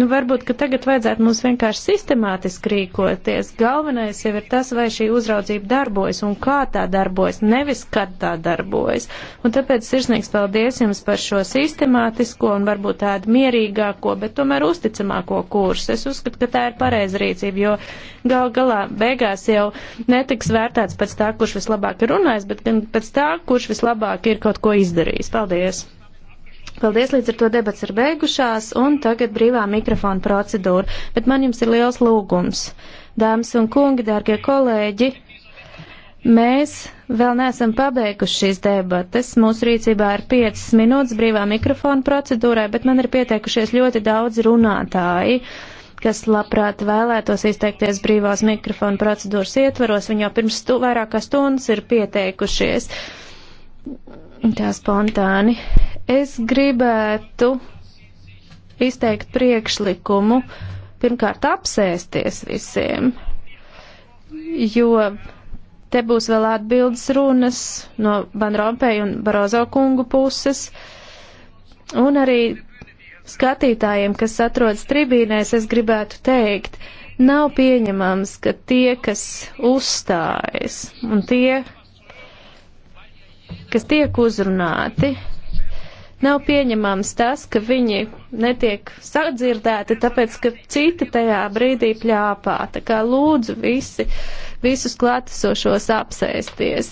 B: Nu, varbūt, ka tagad vajadzētu mums vienkārši sistemātiski rīkoties. Galvenais jau ir tas, vai šī uzraudzība darbojas un kā tā darbojas, nevis kad tā darbojas. Un tāpēc sirsnīgs paldies jums par šo sistemātisko un varbūt tādu mierīgāko, bet tomēr uzticamāko kursu. Es uzskatu, ka tā ir pareiza rīcība, jo gal galā beigās jau netiks vērtēts pēc tā, kurš vislabāk ir runājis, bet gan pēc tā, kurš vislabāk ir kaut ko izdarījis. Paldies! Paldies, līdz ar to debats ir beigušās, un tagad brīvā mikrofona procedūra. Bet man jums ir liels lūgums. Dāmas un kungi, dārgie kolēģi, mēs vēl neesam pabeiguši šīs debates. Mūsu rīcībā ir 5 minūtes brīvā mikrofona procedūrai, bet man ir pieteikušies ļoti daudz runātāji kas labprāt vēlētos izteikties brīvās mikrofona procedūras ietvaros. Viņi jau pirms stu, vairāk kā stundas ir pieteikušies. Tā spontāni. Es gribētu izteikt priekšlikumu pirmkārt apsēsties visiem, jo te būs vēl atbildes runas no Van Rompēja un Barozo kungu puses, un arī skatītājiem, kas atrodas tribīnēs, es gribētu teikt, nav pieņemams, ka tie, kas uzstājas un tie, kas tiek uzrunāti, Nav pieņemams tas, ka viņi netiek sadzirdēti, tāpēc, ka citi tajā brīdī pļāpā. Tā kā lūdzu visi, visus klātesošos apsēsties.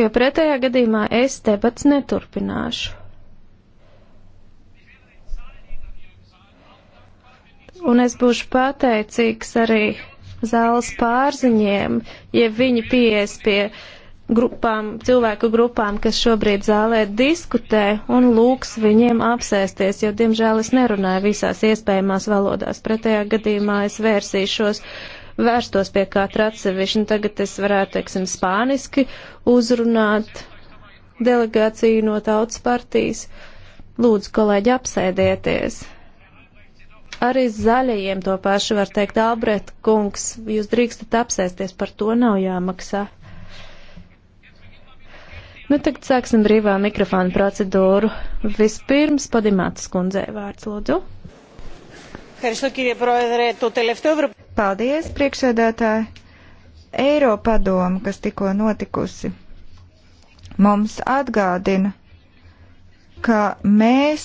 B: Jo pretējā gadījumā es debats neturpināšu. un es būšu pateicīgs arī zāles pārziņiem, ja viņi pieies pie grupām, cilvēku grupām, kas šobrīd zālē diskutē un lūgs viņiem apsēsties, jo, diemžēl, es nerunāju visās iespējamās valodās. Pretējā gadījumā es vērsīšos, vērstos pie katra atsevišķi, un nu, tagad es varētu, teiksim, spāniski uzrunāt delegāciju no tautas partijas. Lūdzu, kolēģi, apsēdieties! Arī zaļajiem to pašu var teikt, Albrecht kungs, jūs drīkstat apsēsties, par to nav jāmaksā. Nu, tagad sāksim brīvā mikrofona procedūru. Vispirms Padimātas kundzei vārds, lūdzu. Paldies, priekšsēdētāji.
F: Eiropadoma, kas tikko notikusi, mums atgādina, ka mēs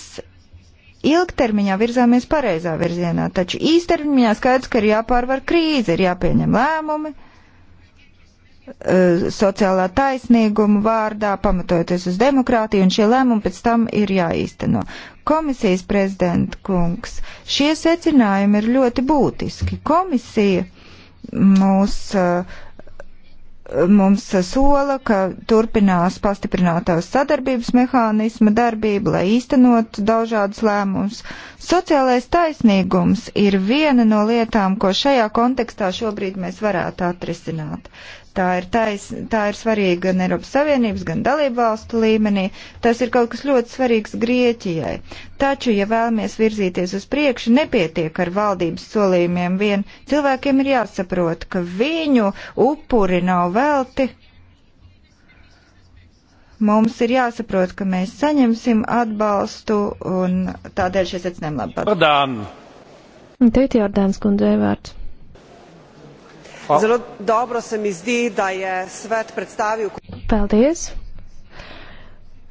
F: ilgtermiņā virzāmies pareizā virzienā, taču īstermiņā skaidrs, ka ir jāpārvar krīze, ir jāpieņem lēmumi Eh, sociālā taisnīguma vārdā, pamatojoties uz demokrātiju, un šie lēmumi pēc tam ir jāīsteno. Komisijas prezidenta kungs, šie secinājumi ir ļoti būtiski. Komisija mūs, eh, mums sola, ka turpinās pastiprinātās sadarbības mehānisma darbību, lai īstenot dažādus lēmumus. Sociālais taisnīgums ir viena no lietām, ko šajā kontekstā šobrīd mēs varētu atrisināt. Tā ir, tais, tā ir svarīga gan Eiropas Savienības, gan dalību valstu līmenī. Tas ir kaut kas ļoti svarīgs Grieķijai. Taču, ja vēlamies virzīties uz priekšu, nepietiek ar valdības solījumiem vien. Cilvēkiem ir jāsaprot, ka viņu upuri nav velti. Mums ir jāsaprot, ka mēs saņemsim atbalstu un tādēļ šie secinājumi labi patīk.
A: Jordāna.
B: Teikt Jordāns kundzei vārds.
C: Zelo dobro se mi zdi, da je svet predstavil.
B: Paldies!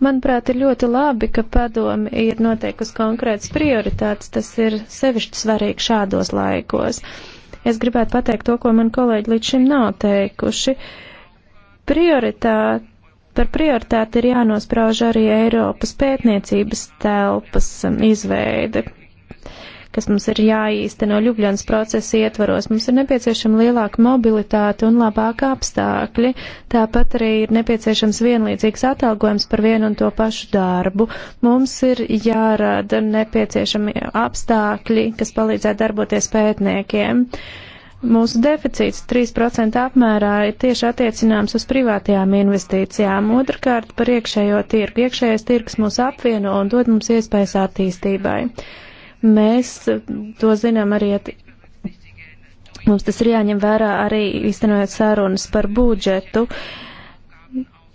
B: Manuprāt, ir ļoti labi, ka padomi ir noteikusi konkrētas prioritātes. Tas ir sevišķi svarīgi šādos laikos. Es gribētu pateikt to, ko man kolēģi līdz šim nav teikuši. Prioritāte par prioritāti ir jānosprauž arī Eiropas pētniecības telpas um, izveide kas mums ir jāīsteno Ljubļans procesa ietvaros. Mums ir nepieciešama lielāka mobilitāte un labāka apstākļi, tāpat arī ir nepieciešams vienlīdzīgs atalgojums par vienu un to pašu darbu. Mums ir jārada nepieciešami apstākļi, kas palīdzētu darboties pētniekiem. Mūsu deficīts 3% apmērā ir tieši attiecināms uz privātajām investīcijām, otrkārt par iekšējo tirgu. Iekšējais tirgs mūs apvieno un dod mums iespējas attīstībai. Mēs to zinām arī Mums tas ir jāņem vērā arī iztenojot sārunas par budžetu,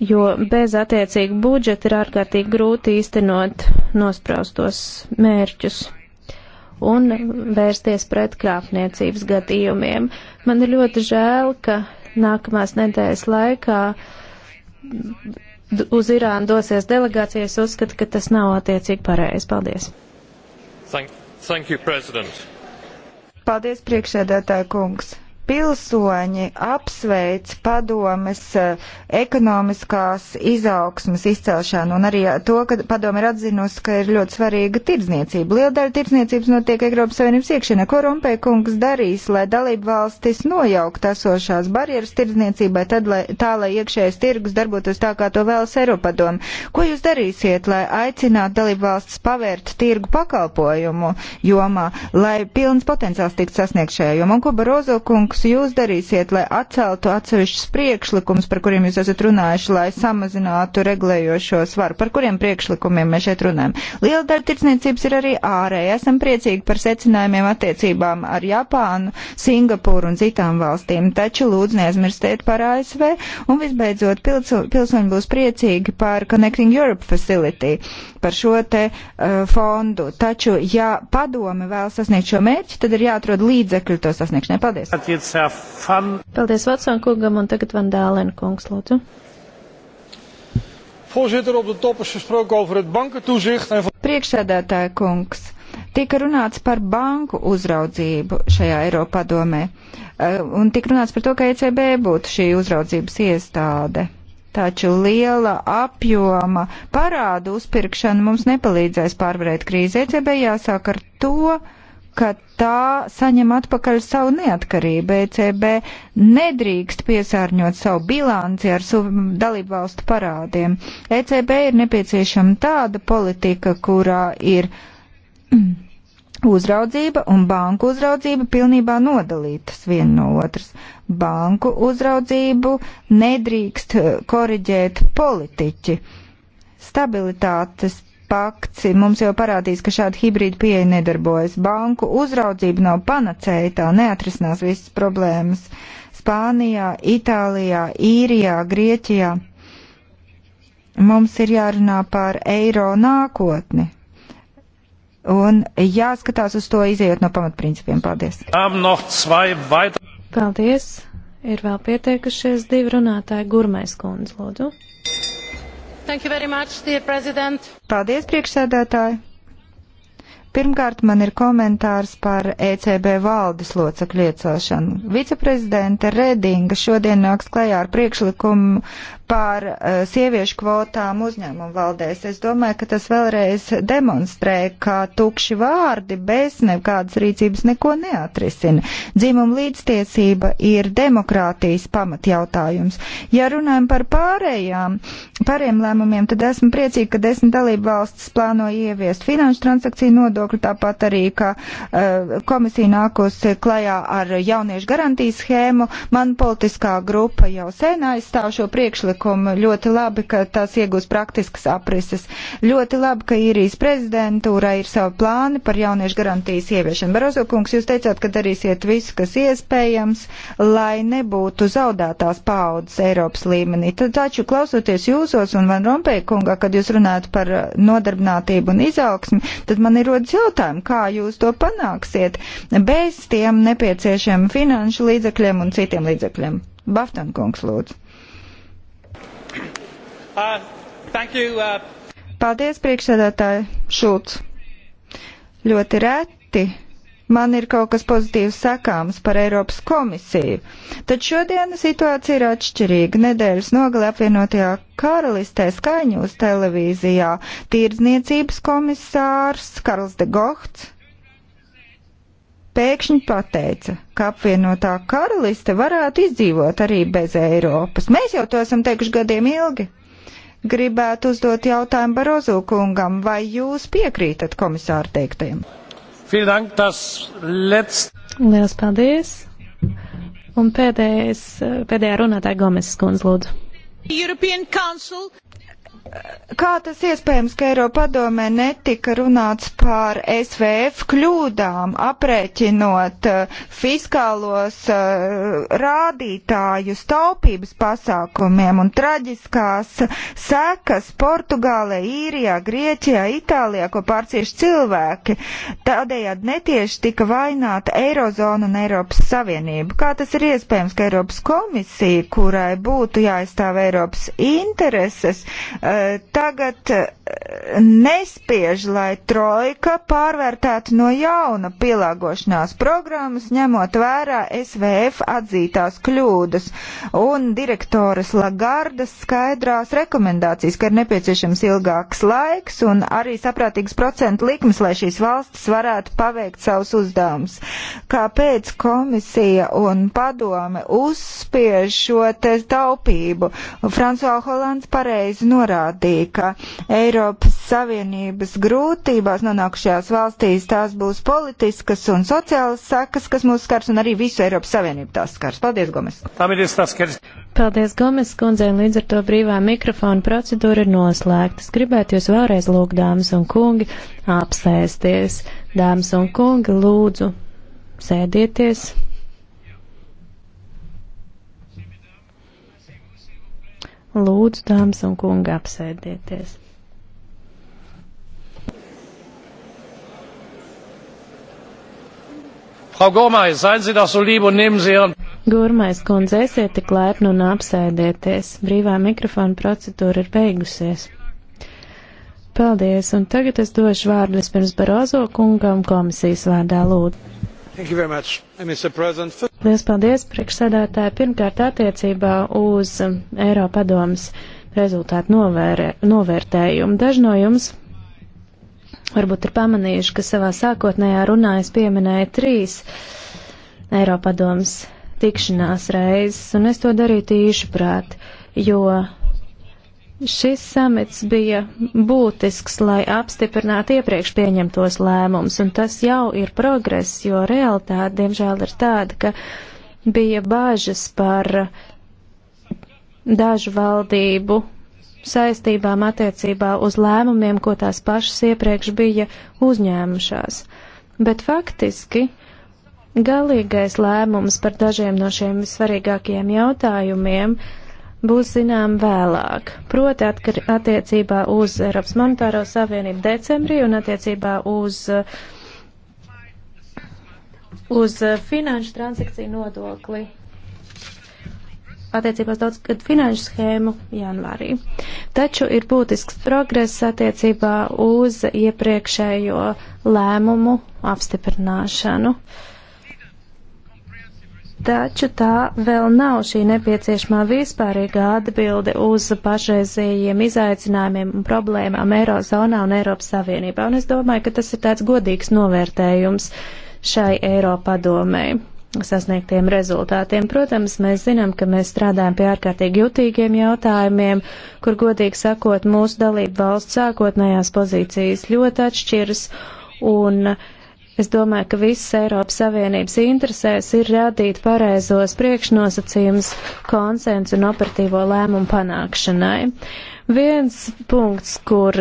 B: jo bez attiecīga budžeta ir ārkārtīgi grūti iztenot nospraustos mērķus un vērsties pret krāpniecības gadījumiem. Man ir ļoti žēl, ka nākamās nedēļas laikā uz Irānu dosies delegācijas uzskata, ka tas nav attiecīgi pareizi. Paldies!
A: Thank, thank you, President.
B: Paldies, priekšsēdētāja kungs. Pilsoņi
F: apsveic padomes eh, ekonomiskās izaugsmas izcelšanu un arī to, ka padome ir atzinusi, ka ir ļoti svarīga tirdzniecība. Liela daļa tirdzniecības notiek Eiropas Savienības iekšienē. Ko Rumpēja kungs darīs, lai dalību valstis nojaukt esošās barjeras tirdzniecībai, tad lai, tā, lai iekšējais tirgus darbotos tā, kā to vēlas Eiropadome? Ko jūs darīsiet, lai aicinātu dalību valstis pavērt tirgu pakalpojumu jomā, lai pilns potenciāls tiktu sasniegts šajā jomā? Un ko Barozo kungs kungs, jūs darīsiet, lai atceltu atsevišķus priekšlikumus, par kuriem jūs esat runājuši, lai samazinātu regulējošo svaru? Par kuriem priekšlikumiem mēs šeit runājam? Liela daļa tirdzniecības ir arī ārēja. Esam priecīgi par secinājumiem attiecībām ar Japānu, Singapūru un citām valstīm, taču lūdzu neaizmirstiet par ASV. Un visbeidzot, pilsoņi būs priecīgi par Connecting Europe Facility, par šo te uh, fondu. Taču, ja padomi vēl sasniegt šo mērķi, tad ir jāatrod līdzekļi to sasniegšanai.
A: Paldies! Paldies, Herr Van.
F: Paldies,
B: Vatsona kungam, un tagad Van Dālēna kungs, lūdzu.
C: Voorzitter, op de top is gesproken over het bankentoezicht en...
B: Priekšsēdētāja kungs, tika runāts par
F: banku uzraudzību šajā Eiropadomē, eh, un tika runāts par to, ka ECB būtu šī uzraudzības iestāde. Taču liela apjoma parādu uzpirkšana mums nepalīdzēs pārvarēt krīzi. ECB jāsāk ar to, ka tā saņem atpakaļ savu neatkarību. ECB nedrīkst piesārņot savu bilanci ar dalību valstu parādiem. ECB ir nepieciešama tāda politika, kurā ir uzraudzība un banku uzraudzība pilnībā nodalītas viena no otras. Banku uzraudzību nedrīkst eh, koriģēt politiķi. Stabilitātes pakts mums jau parādīs, ka šāda hibrīda pieeja nedarbojas. Banku uzraudzība nav panacēja, tā neatrisinās visas problēmas. Spānijā, Itālijā, Īrijā, Grieķijā mums ir jārunā par eiro nākotni. Un jāskatās uz to
B: izējot no pamatprincipiem. Paldies! Paldies! Ir vēl pieteikušies divi runātāji. Gurmais kundze, lūdzu. Much, Paldies, priekšsēdētāji! Pirmkārt, man ir
F: komentārs par ECB valdes locekļu iecelšanu. Viceprezidente Redinga šodien nāks klajā ar priekšlikumu par uh, sieviešu kvotām uzņēmumu valdēs. Es domāju, ka tas vēlreiz demonstrē, ka tukši vārdi bez nekādas rīcības neko neatrisina. Dzimuma līdztiesība ir demokrātijas pamatjautājums. Ja runājam par pārējām, pārējiem lēmumiem, tad esmu priecīgi, ka desmit dalību valstis plāno ieviest finanšu transakciju nodokļu viedokļu, tāpat arī, ka uh, komisija nākos klajā ar jauniešu garantijas schēmu. Man politiskā grupa jau sen aizstāv šo priekšlikumu. Ļoti labi, ka tas iegūs praktiskas aprises. Ļoti labi, ka īrijas prezidentūrā ir savi plāni par jauniešu garantijas ieviešanu. Barozo kungs, jūs teicāt, ka darīsiet visu, kas iespējams, lai nebūtu zaudētās paudzes Eiropas līmenī. Tad, taču, klausoties jūsos un Van Rompēja kungā, kad jūs runājat par nodarbinātību un izaugsmi, tad man ir rodas jautājumu, kā jūs to panāksiet bez tiem nepieciešiem finanšu līdzekļiem un citiem līdzekļiem. Baftankungs, lūdzu.
A: Uh, you, uh...
F: Paldies, priekšsēdētāji Šulc. Ļoti reti man ir kaut kas pozitīvs sakāms par Eiropas komisiju. Tad šodien situācija ir atšķirīga. Nedēļas nogalē apvienotajā karalistē skaņūs televīzijā tirdzniecības komisārs Karls de Gohts pēkšņi pateica, ka apvienotā karaliste varētu izdzīvot arī bez Eiropas. Mēs jau to esam teikuši gadiem ilgi. Gribētu uzdot jautājumu Barozu kungam, vai jūs piekrītat komisāru teiktajiem?
A: Lielas
B: paldies! Un pēdējais, pēdējā runātāja Gomes skundz lūdzu.
A: Kā
F: tas iespējams, ka Eiropadomē netika runāts par SVF kļūdām, aprēķinot uh, fiskālos uh, rādītājus taupības pasākumiem un traģiskās sekas Portugālē, Īrijā, Grieķijā, Itālijā, ko pārcieš cilvēki? Tādējādi netieši tika vaināta Eirozona un Eiropas Savienība. Kā tas ir iespējams, ka Eiropas komisija, kurai būtu jāizstāv Eiropas intereses, uh, Eh, tagad eh, nespiež, lai trojka pārvērtētu no jauna pielāgošanās programmas, ņemot vērā SVF atzītās kļūdas un direktoras Lagardas skaidrās rekomendācijas, ka ir nepieciešams ilgāks laiks un arī saprātīgs procentu likmes, lai šīs valstis varētu paveikt savus uzdevumus. Kāpēc komisija un padome uzspiež šo te taupību? François Hollands pareizi norāda norādīja, ka Eiropas Savienības grūtībās nonākušajās valstīs tās būs politiskas un sociālas sekas, kas mūs skars, un arī visu Eiropas Savienību tās skars. Paldies, Gomes!
B: Paldies, Gomes kundzei, un līdz ar to brīvā mikrofona procedūra ir noslēgta. Es gribētu jūs vēlreiz lūgt, dāmas un kungi, apsēsties. Dāmas un kungi, lūdzu, sēdieties! Lūdzu, dāmas un kungi, apsēdieties.
A: Frau Gormai, seien Sie doch so lieb un nehmen Sie Ihren.
B: Gormais kundze, esiet tik laipni un apsēdieties. Brīvā mikrofona procedūra ir beigusies. Paldies, un tagad es došu vārdu vispirms Barozo kungam komisijas vārdā lūdzu.
A: Lielas
B: paldies, priekšsēdētāji. Pirmkārt, attiecībā uz um, Eiropadomas rezultātu novērē, novērtējumu. Daži no jums varbūt ir pamanījuši, ka savā sākotnējā runā es pieminēju trīs Eiropadomas tikšanās reizes, un es to darīju tīši prāt, jo Šis samits bija būtisks, lai apstiprinātu iepriekš pieņemtos lēmumus, un tas jau ir progress, jo realitāte, diemžēl, ir tāda, ka bija bāžas par dažu valdību saistībām attiecībā uz lēmumiem, ko tās pašas iepriekš bija uzņēmušās. Bet faktiski galīgais lēmums par dažiem no šiem visvarīgākajiem jautājumiem būs zinām vēlāk. Proti atkar, attiecībā uz Eiropas monetāro savienību decembrī un attiecībā uz, uz finanšu transakciju nodokli attiecībās daudz gadu finanšu schēmu janvārī. Taču ir būtisks progress attiecībā uz iepriekšējo lēmumu apstiprināšanu. Uh, taču tā vēl nav šī nepieciešamā vispārīgā atbilde uz pašreizējiem izaicinājumiem un problēmām Eirozonā un Eiropas Savienībā. Un es domāju, ka tas ir tāds godīgs novērtējums šai Eiropadomei sasniegtiem rezultātiem. Protams, mēs zinām, ka mēs strādājam pie ārkārtīgi jutīgiem jautājumiem, kur godīgi sakot, mūsu dalību valsts sākotnējās pozīcijas ļoti atšķiras un uh, Es domāju, ka visas Eiropas Savienības interesēs ir radīt pareizos priekšnosacījumus konsensu un operatīvo lēmumu panākšanai. Viens punkts, kur,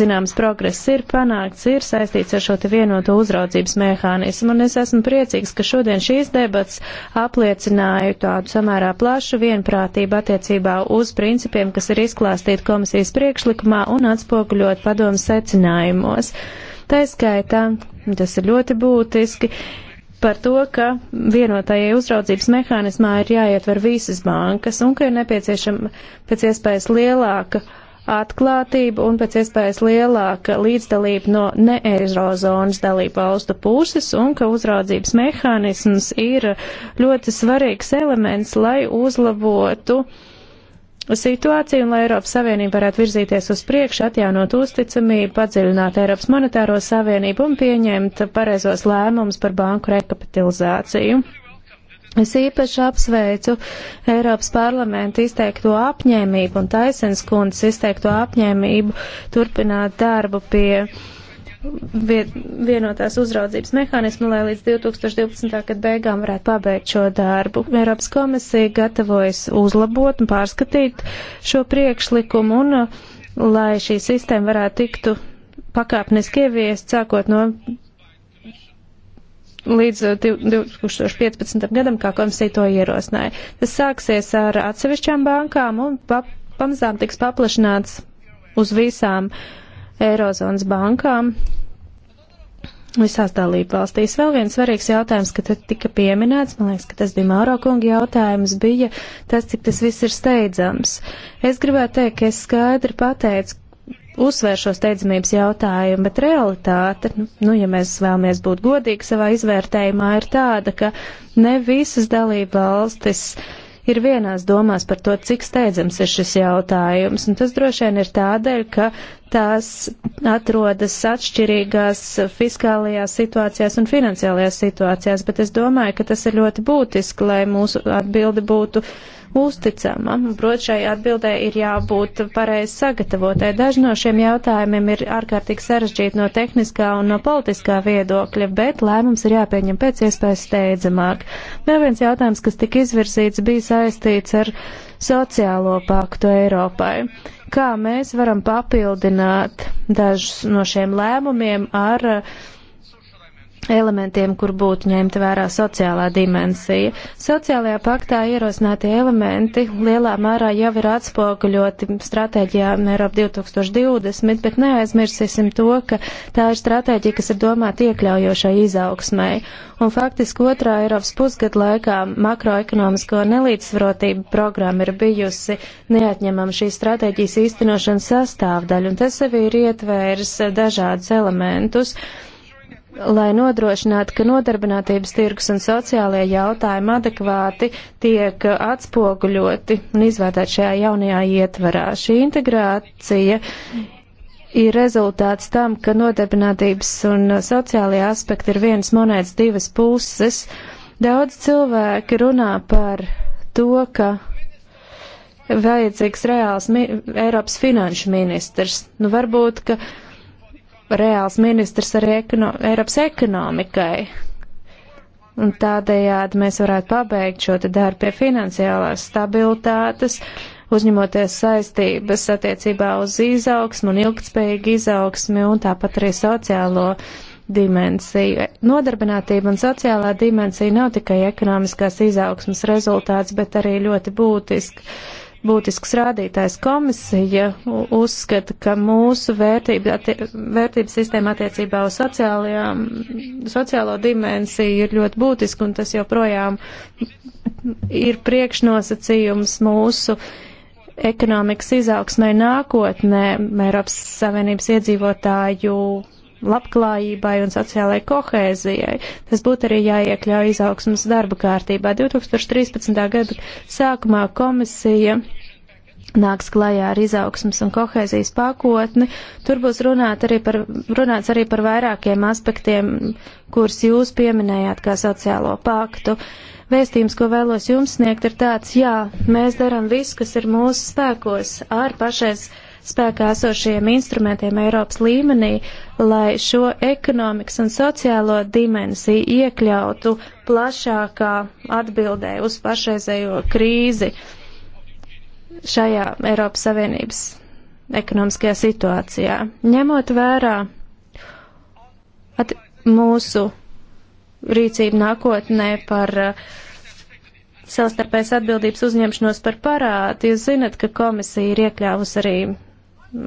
B: zināms, progress ir panākts, ir saistīts ar šo te vienoto uzraudzības mehānismu, un es esmu priecīgs, ka šodien šīs debats apliecināja tādu samērā plašu vienprātību attiecībā uz principiem, kas ir izklāstīti komisijas priekšlikumā un atspoguļot padomu secinājumos. Tā skaitā, tas ir ļoti būtiski, par to, ka vienotajai uzraudzības mehānismā ir jāietver visas bankas un ka ir nepieciešama pēc iespējas lielāka atklātība un pēc iespējas lielāka līdzdalība no neeirozonas dalību valstu puses un ka uzraudzības mehānisms ir ļoti svarīgs elements, lai uzlabotu uh, situāciju un lai Eiropas Savienība varētu virzīties uz priekšu, atjaunot uzticamību, padziļināt Eiropas monetāro savienību un pieņemt pareizos lēmumus par banku rekapitalizāciju. Es īpaši apsveicu Eiropas parlamentu izteikto apņēmību un Taisens kundas izteikto apņēmību turpināt darbu pie uh, vienotās uzraudzības mehānismu, lai līdz 2012. gada beigām varētu pabeigt šo darbu. Eiropas komisija gatavojas uzlabot un pārskatīt šo priekšlikumu un, uh, lai šī sistēma varētu tiktu pakāpeniski ieviest, sākot no līdz 2015. Uh, gadam, kā komisija to ierosināja. Tas sāksies ar atsevišķām bankām un pa, pamazām tiks paplašināts uz visām uh, Eirozonas bankām visās dalību valstīs. Vēl viens svarīgs jautājums, ka tad tika pieminēts, man liekas, ka tas bija Māro kunga jautājums, bija tas, cik tas viss ir steidzams. Es gribētu teikt, ka es skaidri pateicu, uzsvēršos steidzamības jautājumu, bet realitāte, nu, nu, ja mēs vēlamies būt godīgi savā izvērtējumā, ir tāda, ka ne visas dalība valstis uh, ir vienās domās par to, cik steidzams ir šis jautājums, un tas droši vien ir tādēļ, ka tās atrodas atšķirīgās fiskālajās situācijās un finansiālajās situācijās, bet es domāju, ka tas ir ļoti būtiski, lai mūsu atbildi būtu uh, uzticama. Protams, šai atbildē ir jābūt pareizi sagatavotai. Daži no šiem jautājumiem ir ārkārtīgi sarežģīti no tehniskā un no politiskā viedokļa, bet lēmums ir jāpieņem pēc iespējas steidzamāk. Vēl viens jautājums, kas tika izvirzīts, bija saistīts ar sociālo paktu Eiropai. Kā mēs varam papildināt dažus no šiem lēmumiem ar uh, elementiem, kur būtu ņemta vērā sociālā dimensija. Sociālajā paktā ierosinātie elementi lielā mērā jau ir atspoguļoti stratēģijā Eiropa 2020, bet neaizmirsīsim to, ka tā ir stratēģija, kas ir domāta iekļaujošai izaugsmai. Un faktiski otrā Eiropas pusgada laikā makroekonomisko nelīdzsvarotību programma ir bijusi neatņemama šīs stratēģijas īstenošanas sastāvdaļa, un tas sevi ir ietvērs dažādus elementus. Thank you lai nodrošinātu, ka nodarbinātības tirgus un sociālajie jautājumi adekvāti tiek atspoguļoti un izvērtēti šajā jaunajā ietvarā. Šī integrācija ir rezultāts tam, ka nodarbinātības un sociālajie aspekti ir vienas monētas divas puses. Daudz cilvēki runā par to, ka vajadzīgs reāls mi Eiropas finanšu ministrs. Nu, varbūt, ka reāls ministrs arī ekono Eiropas ekonomikai. Un tādējādi mēs varētu pabeigt šo te darbu pie finansiālās stabilitātes, uzņemoties saistības attiecībā uz izaugsmu un ilgtspējīgu izaugsmi un tāpat arī sociālo dimensiju. Nodarbinātība un sociālā dimensija nav tikai ekonomiskās izaugsmas rezultāts, bet arī ļoti būtiski būtisks rādītājs. Komisija uzskata, ka mūsu vērtība, attie, vērtības sistēma attiecībā uz sociālajām, sociālo dimensiju ir ļoti būtiska, un tas joprojām ir priekšnosacījums mūsu ekonomikas izaugsmai nākotnē Eiropas Savienības iedzīvotāju labklājībai un sociālajai kohēzijai. Tas būtu arī jāiekļauj izaugsmas darba kārtībā. 2013. gada sākumā komisija nāks klajā ar izaugsmas un kohēzijas pakotni. Tur būs runāt arī par, runāts arī par vairākiem aspektiem, kurus jūs pieminējāt kā sociālo paktu. Vēstījums, ko vēlos jums sniegt, ir tāds, jā, mēs darām visu, kas ir mūsu spēkos ar pašais spēkā esošajiem instrumentiem Eiropas līmenī, lai šo ekonomikas un sociālo dimensiju iekļautu plašākā atbildē uz pašreizējo krīzi šajā Eiropas Savienības ekonomiskajā situācijā. Ņemot vērā at, mūsu rīcību nākotnē par uh, savstarpējas atbildības uzņemšanos par parādu, jūs zinat, ka komisija ir iekļāvusi arī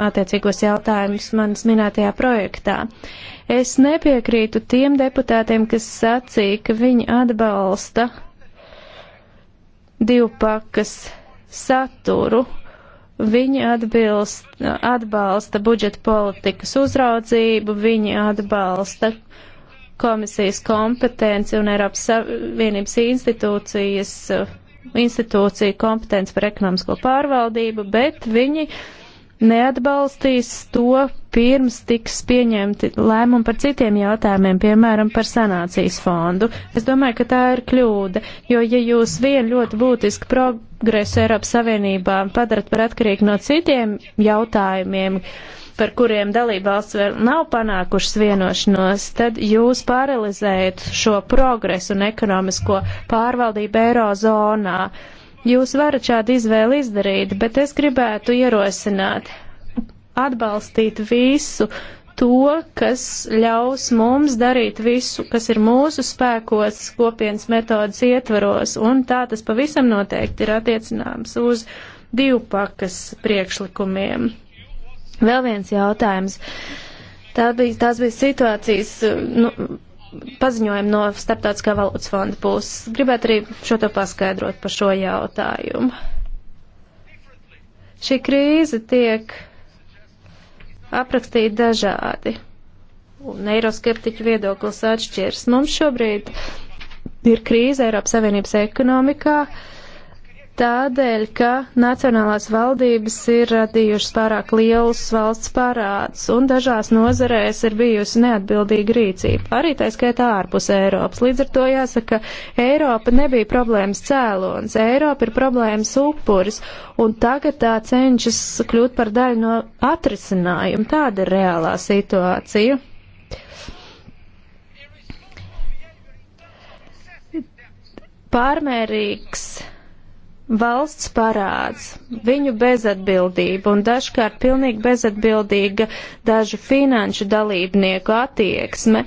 B: attiecīgos jautājumus manas minētajā projektā. Es nepiekrītu tiem deputātiem, kas sacīja, ka viņi atbalsta divpakas saturu. Viņi atbilst, atbalsta budžeta politikas uzraudzību, viņi atbalsta komisijas kompetenci un Eiropas Savienības institūcijas, institūciju kompetenci par ekonomisko pārvaldību, bet viņi uh, neatbalstīs to, pirms tiks pieņemti lēmumi par citiem jautājumiem, piemēram, par sanācijas fondu. Es domāju, ka tā ir kļūda, jo ja jūs vienu ļoti būtisku progresu Eiropas Savienībā padarat par atkarīgu no citiem jautājumiem, par kuriem dalībvalsts vēl nav panākušas vienošanos, tad jūs paralizējat šo progresu un ekonomisko pārvaldību Eirozonā. Uh, Jūs varat šādu izvēli izdarīt, bet es gribētu ierosināt atbalstīt visu to, kas ļaus mums darīt visu, kas ir mūsu spēkos kopienas metodas ietvaros, un tā tas pavisam noteikti ir attiecināms uz divu pakas priekšlikumiem. Vēl viens jautājums. Tā bija, tās bija situācijas, nu, paziņojumu no Starptautiskā valūtas fonda puses. Gribētu arī šo to paskaidrot par šo jautājumu. Šī krīze tiek aprakstīta dažādi, un eiroskeptiķu viedoklis atšķirs. Mums šobrīd ir krīze Eiropas Savienības ekonomikā. Uh, tādēļ, ka nacionālās valdības ir radījušas pārāk lielus valsts parādus, un dažās nozarēs ir bijusi neatbildīga rīcība, arī tā skaitā ārpus Eiropas. Līdz ar to jāsaka, ka Eiropa nebija problēmas cēlons, Eiropa ir problēmas upuris, un tagad tā cenšas kļūt par daļu no atrisinājuma. Tāda ir reālā situācija. Pārmērīgs valsts parāds, viņu bezatbildība un dažkārt pilnīgi bezatbildīga dažu finanšu dalībnieku attieksme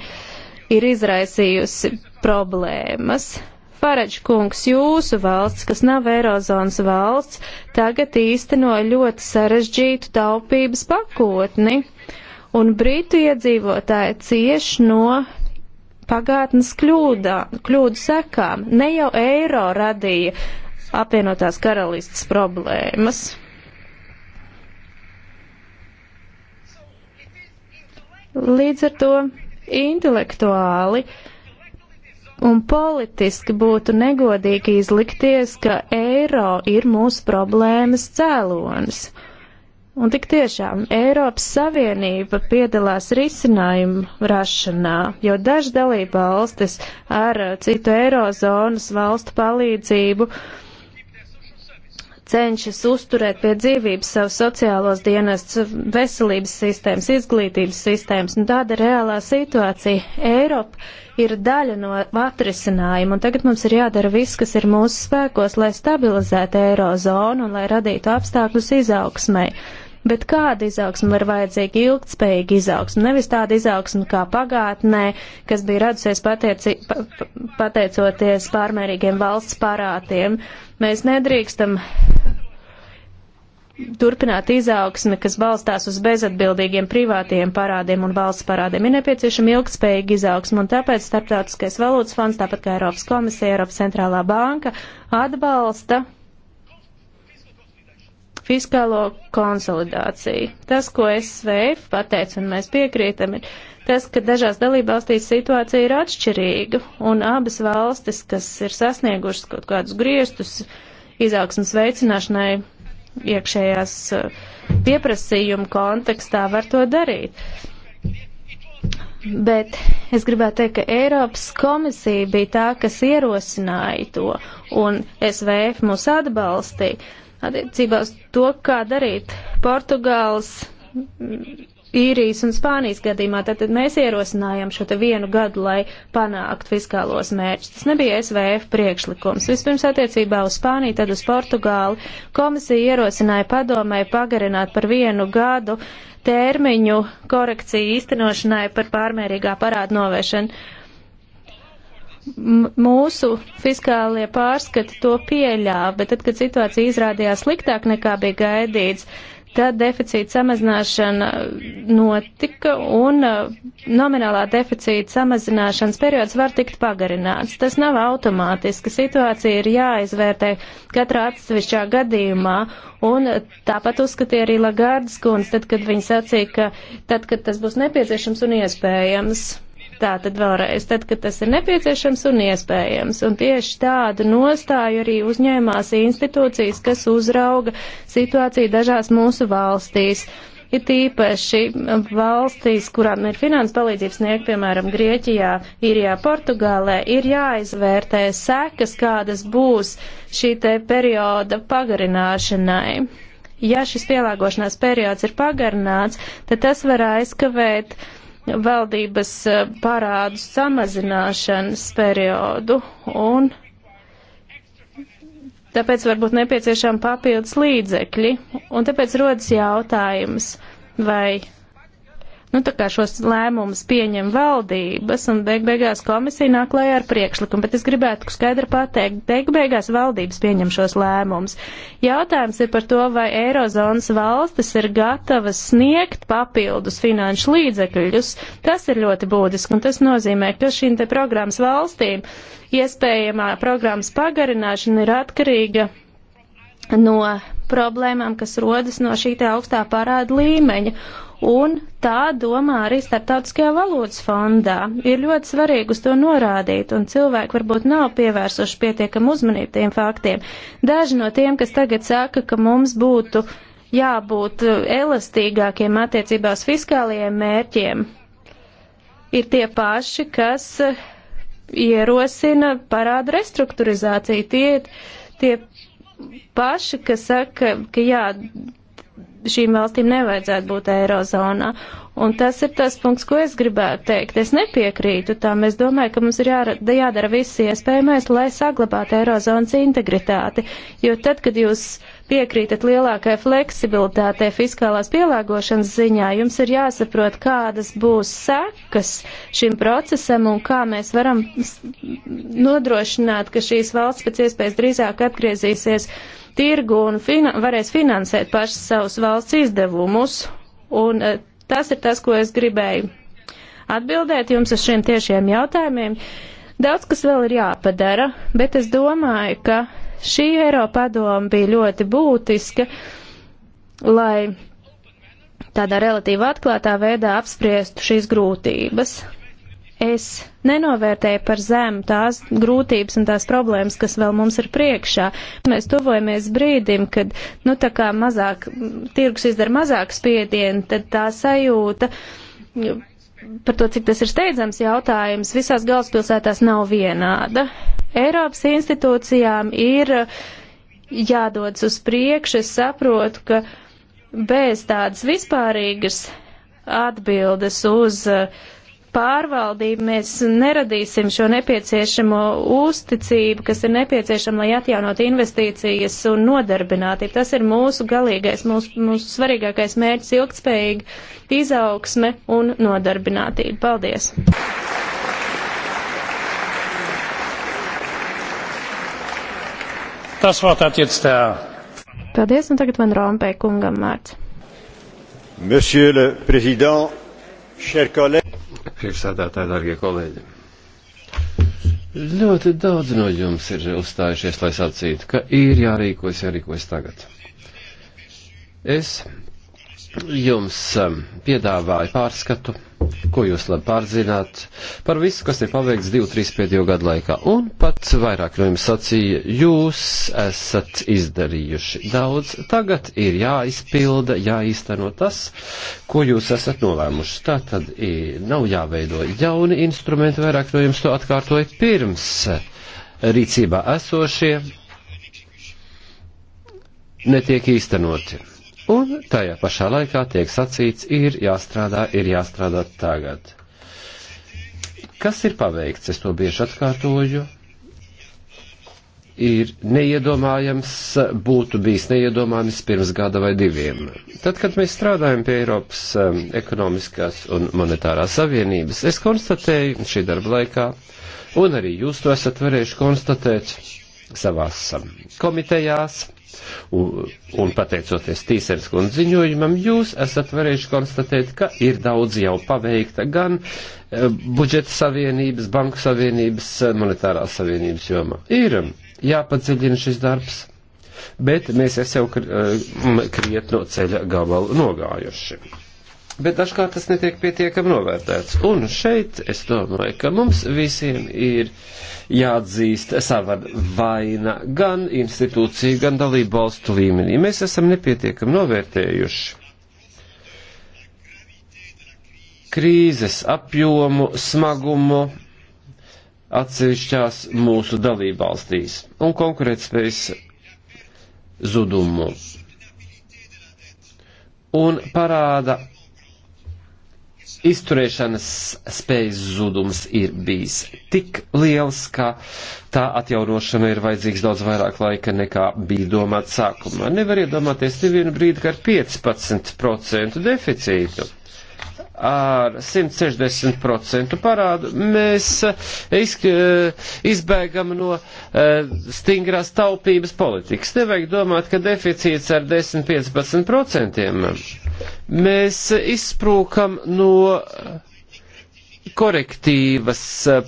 B: ir izraisījusi problēmas. Faraģ kungs, jūsu valsts, kas nav Eirozonas valsts, tagad īsteno ļoti sarežģītu taupības pakotni, un Britu iedzīvotāji cieši no pagātnes kļūdā, kļūdu sekām. Ne jau eiro radīja apvienotās karalistas problēmas. Līdz ar to intelektuāli un politiski būtu negodīgi izlikties, ka eiro ir mūsu problēmas cēlonis. Un tik tiešām Eiropas Savienība piedalās risinājumu rašanā, jo daži dalība valstis ar citu eirozonas valstu palīdzību uh, cenšas uzturēt pie dzīvības savus sociālos dienestus, veselības sistēmas, izglītības sistēmas. Un tāda reālā situācija. Eiropa ir daļa no atrisinājuma, un tagad mums ir jādara viss, kas ir mūsu spēkos, lai stabilizētu eirozonu un lai radītu apstākļus izaugsmai bet kāda izaugsme var vajadzīga ilgtspējīga izaugsme, nevis tāda izaugsme kā pagātnē, kas bija radusies patieci, pa, pateicoties pārmērīgiem valsts parātiem. Mēs nedrīkstam turpināt izaugsmi, kas balstās uz bezatbildīgiem privātiem parādiem un valsts parādiem. Ir nepieciešama ilgspējīga izaugsma, un tāpēc Starptautiskais valūtas fonds, tāpat kā Eiropas komisija, Eiropas centrālā banka atbalsta fiskālo konsolidāciju. Tas, ko SVF pateica, un mēs piekrītam, ir tas, ka dažās dalībvalstīs situācija ir atšķirīga, un abas valstis, kas ir sasniegušas kaut kādus griestus izaugsmas veicināšanai iekšējās uh, pieprasījuma kontekstā, var to darīt. Bet es gribētu teikt, ka Eiropas komisija bija tā, kas ierosināja to, un SVF mūs atbalstīja attiecībā uz to, kā darīt Portugāles, īrijas un Spānijas gadījumā. Tātad mēs ierosinājām šo te vienu gadu, lai panāktu fiskālos mērķus. Tas nebija SVF priekšlikums. Vispirms attiecībā uz Spāniju, tad uz Portugāli. Komisija ierosināja padomē pagarināt par vienu gadu termiņu korekciju īstenošanai par pārmērīgā parāda novēršanu mūsu fiskālie pārskati to pieļāva, bet tad, kad situācija izrādījās sliktāk nekā bija gaidīts, tad deficīta samazināšana notika un uh, nominālā deficīta samazināšanas periods var tikt pagarināts. Tas nav automātiski. Situācija ir jāizvērtē katrā atsevišķā gadījumā un tāpat uzskatīja arī Lagardas kundze, tad, kad viņa sacīja, ka tad, kad tas būs nepieciešams un iespējams. Tā tad vēlreiz, tad, kad tas ir nepieciešams un iespējams. Un tieši tādu nostāju arī uzņēmās institūcijas, kas uzrauga situāciju dažās mūsu valstīs. Ir tīpaši valstīs, kurām ir finanses palīdzības sniegt, piemēram, Grieķijā, Irijā, Portugālē, ir jāizvērtē sekas, kādas būs šī te perioda pagarināšanai. Ja šis pielāgošanās periods ir pagarināts, tad tas var aizkavēt uh, valdības eh, parādu samazināšanas periodu un tāpēc varbūt nepieciešām papildus līdzekļi. Un tāpēc rodas jautājums, vai Nu, tā kā šos lēmumus pieņem valdības, un beig beigās komisija nāk klajā ar priekšlikumu, bet es gribētu skaidri pateikt, beig beigās valdības pieņem šos lēmumus. Jautājums ir par to, vai Eirozonas valstis ir gatavas sniegt papildus finanšu līdzekļus. Tas ir ļoti būtiski, un tas nozīmē, ka šīm te programmas valstīm iespējamā programmas pagarināšana ir atkarīga no problēmām, kas rodas no šī augstā parāda līmeņa un tā domā arī Startautiskajā valūtas fondā. Ir ļoti svarīgi uz to norādīt, un cilvēki varbūt nav pievērsuši pietiekam uzmanību tiem faktiem. Daži no tiem, kas tagad saka, ka mums būtu jābūt uh, elastīgākiem attiecībās fiskālajiem mērķiem, ir tie paši, kas uh, ierosina parādu restruktūrizāciju. Tie ir tie paši, kas saka, ka jā, šīm valstīm nevajadzētu būt Eirozonā. Un tas ir tas punkts, ko es gribētu teikt. Es nepiekrītu tam. Es domāju, ka mums ir jādara, jādara viss iespējamais, lai saglabātu Eirozonas integritāti. Jo tad, kad jūs piekrītat lielākai fleksibilitātei fiskālās pielāgošanas ziņā, jums ir jāsaprot, kādas būs sekas šim procesam un kā mēs varam nodrošināt, ka šīs valsts pēc iespējas drīzāk atgriezīsies tirgu un fina varēs finansēt pašas savus valsts izdevumus. Un eh, tas ir tas, ko es gribēju atbildēt jums uz šiem tiešiem jautājumiem. Daudz kas vēl ir jāpadara, bet es domāju, ka šī Eiropa padoma bija ļoti būtiska, lai tādā relatīvi atklātā veidā apspriestu šīs grūtības es nenovērtēju par zemu tās grūtības un tās problēmas, kas vēl mums ir priekšā. Mēs tuvojamies brīdim, kad, nu, tā kā mazāk, tirgus izdara mazāk spiedienu, tad tā sajūta par to, cik tas ir steidzams jautājums, visās galvaspilsētās nav vienāda. Eiropas institūcijām ir jādodas uz priekšu, es saprotu, ka bez tādas vispārīgas atbildes uz uh, pārvaldību mēs neradīsim šo nepieciešamo uzticību, kas ir nepieciešama, lai atjaunot investīcijas un nodarbinātību. Tas ir mūsu galīgais, mūsu, mūsu svarīgākais mērķis - ilgtspējīga izaugsme un nodarbinātība. Paldies!
A: Tas Wort hat jetzt der.
B: Paldies, un tagad man Rompē kungam mārts.
E: Monsieur le Président, chers collègues. Priekšsādātāji, dārgie kolēģi.
C: Ļoti daudz no jums ir uzstājušies, lai sacītu, ka ir jārīkojas, jārīkojas tagad. Es jums um, piedāvāju pārskatu ko jūs labi pārzināt, par visu, kas ir paveikts 2-3 pēdējo gadu laikā. Un pat vairāk no jums sacīja, jūs esat izdarījuši daudz, tagad ir jāizpilda, jāīsteno tas, ko jūs esat nolēmuši. Tā tad nav jāveido jauni instrumenti, vairāk no jums to atkārtoja pirms rīcībā esošie netiek īstenoti. Un tajā pašā laikā tiek sacīts, ir jāstrādā, ir jāstrādā tagad. Kas ir paveikts? Es to bieži atkārtoju. Ir neiedomājams, būtu bijis neiedomājams pirms gada vai diviem. Tad, kad mēs strādājam pie Eiropas um, ekonomiskās un monetārās savienības, es konstatēju šī darba laikā, un arī jūs to esat varējuši konstatēt, savās um, komitejās, un, un pateicoties Tīsers kundz ziņojumam, jūs esat varējuši konstatēt, ka ir daudz jau paveikta gan eh, budžeta savienības, banku savienības, eh, monetārās savienības jomā. Ir um, jāpadziļina šis darbs, bet mēs esam eh, krietno ceļa gabalu nogājuši bet dažkārt tas netiek pietiekami novērtēts. Un šeit es domāju, ka mums visiem ir jāatzīst sava vaina gan institūcija, gan dalību valstu līmenī. Mēs esam nepietiekami novērtējuši krīzes apjomu, smagumu atsevišķās mūsu dalību valstīs un konkurētspējas zudumu un parāda izturēšanas spējas zudums ir bijis tik liels, ka tā atjaunošana ir vajadzīgs daudz vairāk laika nekā bija domāts sākumā. Nevar iedomāties nevienu brīdi, ka ar 15% deficītu ar 160% parādu, mēs eh, eh, izbēgam no eh, stingrās taupības politikas. Nevajag domāt, ka deficīts ar 10-15%. Mēs izsprūkam no korektīvas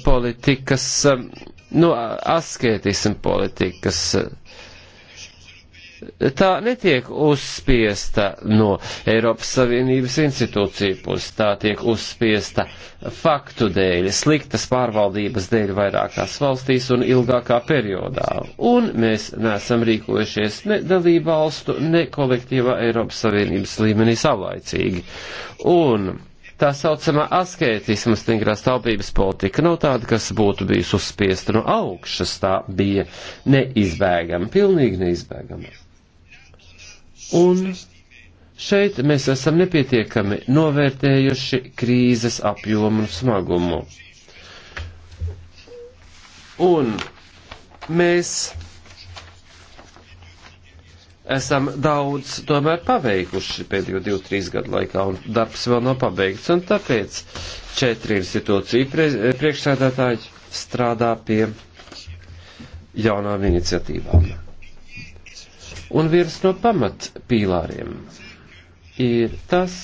C: politikas, no asketismu politikas tā netiek uzspiesta no Eiropas Savienības institūciju puses, tā tiek uzspiesta faktu dēļ, sliktas pārvaldības dēļ vairākās valstīs un ilgākā periodā. Un mēs neesam rīkojušies ne dalību valstu, ne kolektīvā Eiropas Savienības līmenī savlaicīgi. Un tā saucamā askētisma stingrā staupības politika nav tāda, kas būtu bijusi uzspiesta no augšas, tā bija neizbēgama, pilnīgi neizbēgama. Un šeit mēs esam nepietiekami novērtējuši krīzes apjomu un smagumu. Un mēs esam daudz tomēr paveikuši pēdējo 2-3 gadu laikā, un darbs vēl nav pabeigts, un tāpēc četri institūciju priekšsēdētāji strādā pie jaunām iniciatīvām. Un viens no pamatpīlāriem ir tas,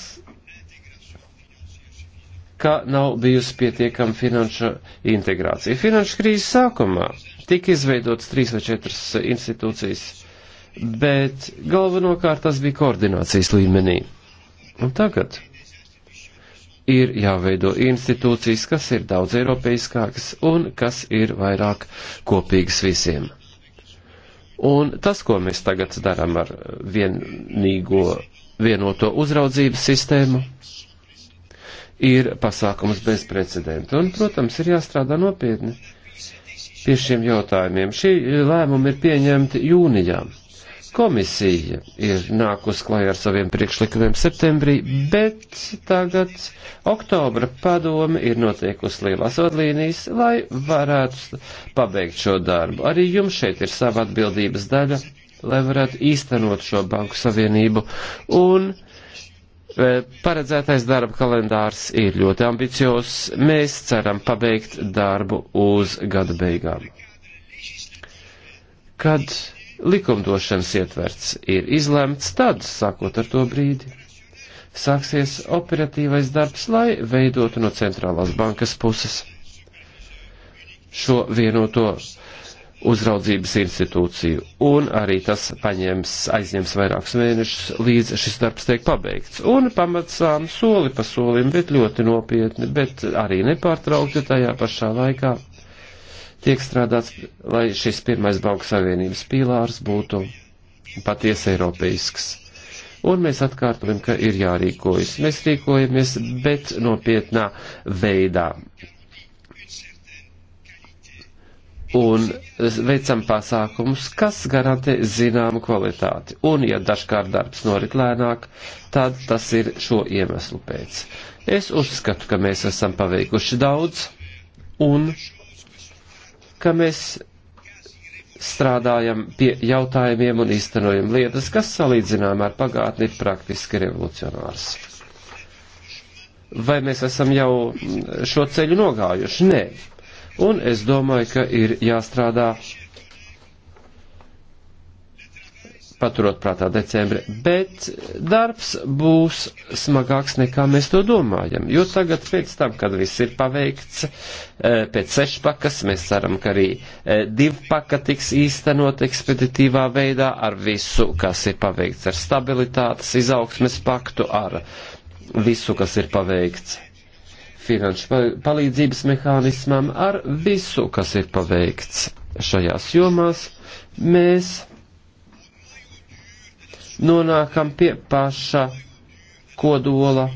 C: ka nav bijusi pietiekama finanšu integrācija. Finanšu krīzes sākumā tika izveidotas trīs vai četras institūcijas, bet galvenokārt tas bija koordinācijas līmenī. Un tagad ir jāveido institūcijas, kas ir daudz eiropeiskākas un kas ir vairāk kopīgas visiem. Un tas, ko mēs tagad darām ar vienīgo vienoto uzraudzības sistēmu, ir pasākums bez precedenta. Un, protams, ir jāstrādā nopietni pie šiem jautājumiem. Šie lēmumi ir pieņemti jūnijām komisija ir nākus klajā ar saviem priekšlikumiem septembrī, bet tagad oktobra padome ir noteikusi lielās vadlīnijas, lai varētu pabeigt šo darbu. Arī jums šeit ir sava atbildības daļa, lai varētu īstenot šo banku savienību un e, Paredzētais darba kalendārs ir ļoti ambiciozs. Mēs ceram pabeigt darbu uz gada beigām. Kad likumdošanas ietverts ir izlemts, tad, sākot ar to brīdi, sāksies operatīvais darbs, lai veidotu no centrālās bankas puses šo vienoto uzraudzības institūciju, un arī tas paņems, aizņems vairākus mēnešus, līdz šis darbs tiek pabeigts. Un pamatsām soli pa solim, bet ļoti nopietni, bet arī nepārtraukti tajā pašā laikā tiek strādāts, lai šis pirmais Banku Savienības pīlārs būtu patiesi eiropeisks. Un mēs atkārtojam, ka ir jārīkojas. Mēs rīkojamies, bet nopietnā veidā. Un veicam pasākumus, kas garantē zināmu kvalitāti. Un, ja dažkārt darbs norit lēnāk, tad tas ir šo iemeslu pēc. Es uzskatu, ka mēs esam paveikuši daudz, un ka mēs strādājam pie jautājumiem un īstenojam lietas, kas salīdzinām ar pagātni ir praktiski revolucionārs. Vai mēs esam jau šo ceļu nogājuši? Nē. Un es domāju, ka ir jāstrādā paturot prātā decembri, bet darbs būs smagāks nekā mēs to domājam, jo tagad pēc tam, kad viss ir paveikts, eh, pēc sešpakas mēs ceram, ka arī eh, divpaka tiks īstenot ekspeditīvā veidā ar visu, kas ir paveikts ar stabilitātes izaugsmes paktu, ar visu, kas ir paveikts finanšu palīdzības mehānismam, ar visu, kas ir paveikts šajās jomās. Mēs nonākam pie paša kodola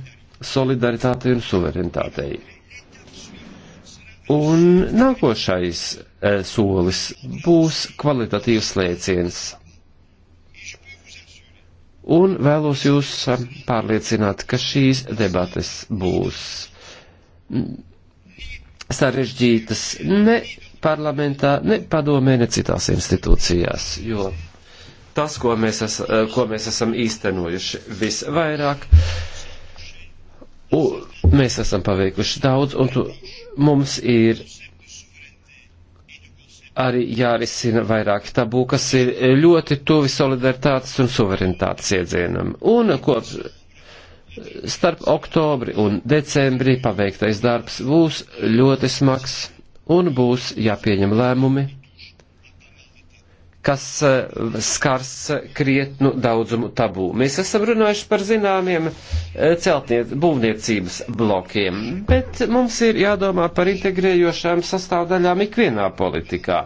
C: solidaritātei un suverenitātei. Un nākošais e, solis būs kvalitatīvs lēciens. Un vēlos jūs eh, pārliecināt, ka šīs debates būs mm, sarežģītas ne parlamentā, ne padomē, ne citās institūcijās, jo tas, ko mēs, es, eh, ko mēs esam īstenojuši visvairāk. U, mēs esam paveikuši daudz, un tu, mums ir arī jārisina vairāki tabū, kas ir ļoti tuvi solidaritātes un suverenitātes iedzienam. Un kopš starp oktobri un decembri paveiktais darbs būs ļoti smags un būs jāpieņem lēmumi kas eh, skars krietnu daudzumu tabū. Mēs esam runājuši par zināmiem eh, celtniec, būvniecības blokiem, bet mums ir jādomā par integrējošām sastāvdaļām ikvienā politikā.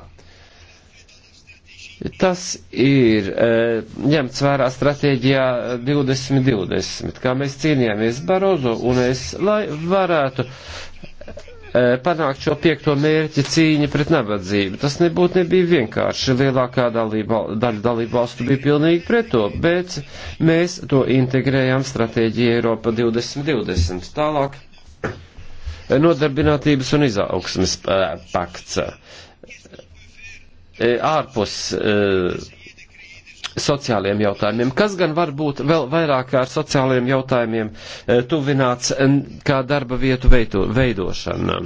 C: Tas ir eh, ņemts vērā stratēģijā 2020, kā mēs cīnījāmies Barozo un es, lai varētu E, panākt šo piekto mērķi cīņa pret nabadzību. Tas nebūtu nebija vienkārši. Lielākā dalība, daļa dalību valstu bija pilnīgi pret to, bet mēs to integrējām stratēģija Eiropa 2020. Tālāk e, nodarbinātības un izaugsmes e, pakts. Ārpus sociāliem jautājumiem, kas gan var būt vēl vairāk ar sociāliem jautājumiem e, tuvināts kā darba vietu veidošana.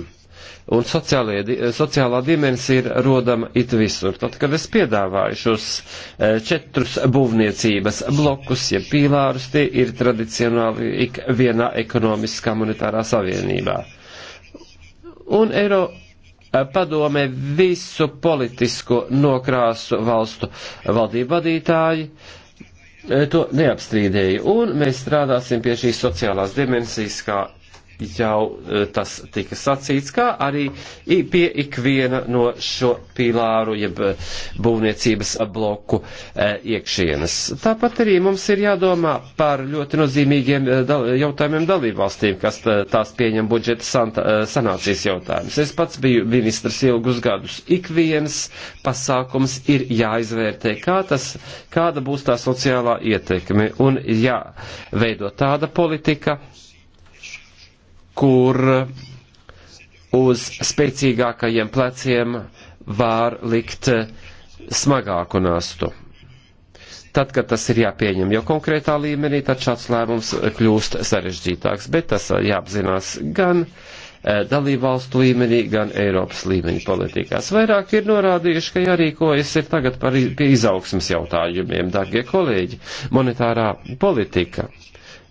C: Un sociālie, sociālā dimensija ir rodama it visur. Tad, kad es piedāvāju šos e, četrus būvniecības blokus, ja pīlārus, tie ir tradicionāli ik vienā ekonomiskā monetārā savienībā. Un Eiropa Eh, padomē visu politisko nokrāsu valstu valdību vadītāji eh, to neapstrīdēja. Un mēs strādāsim pie šīs sociālās dimensijas kā jau eh, tas tika sacīts, kā arī pie ikviena no šo pīlāru, jeb eh, būvniecības bloku eh, iekšienes. Tāpat arī mums ir jādomā par ļoti nozīmīgiem jautājumiem dalībvalstīm, kas tās pieņem budžeta sanācijas jautājumus. Es pats biju ministrs ilgus gadus. Ikviens pasākums ir jāizvērtē, kā tas, kāda būs tā sociālā ietekme un jāveido tāda politika, kur uz spēcīgākajiem pleciem var likt smagāku nastu. Tad, kad tas ir jāpieņem jau konkrētā līmenī, tad šāds lēmums kļūst sarežģītāks, bet tas jāapzinās gan e, dalībvalstu līmenī, gan Eiropas līmeņa politikās. Vairāk ir norādījuši, ka jārīkojas ir tagad par, pie izaugsmas jautājumiem, dārgie kolēģi, monetārā politika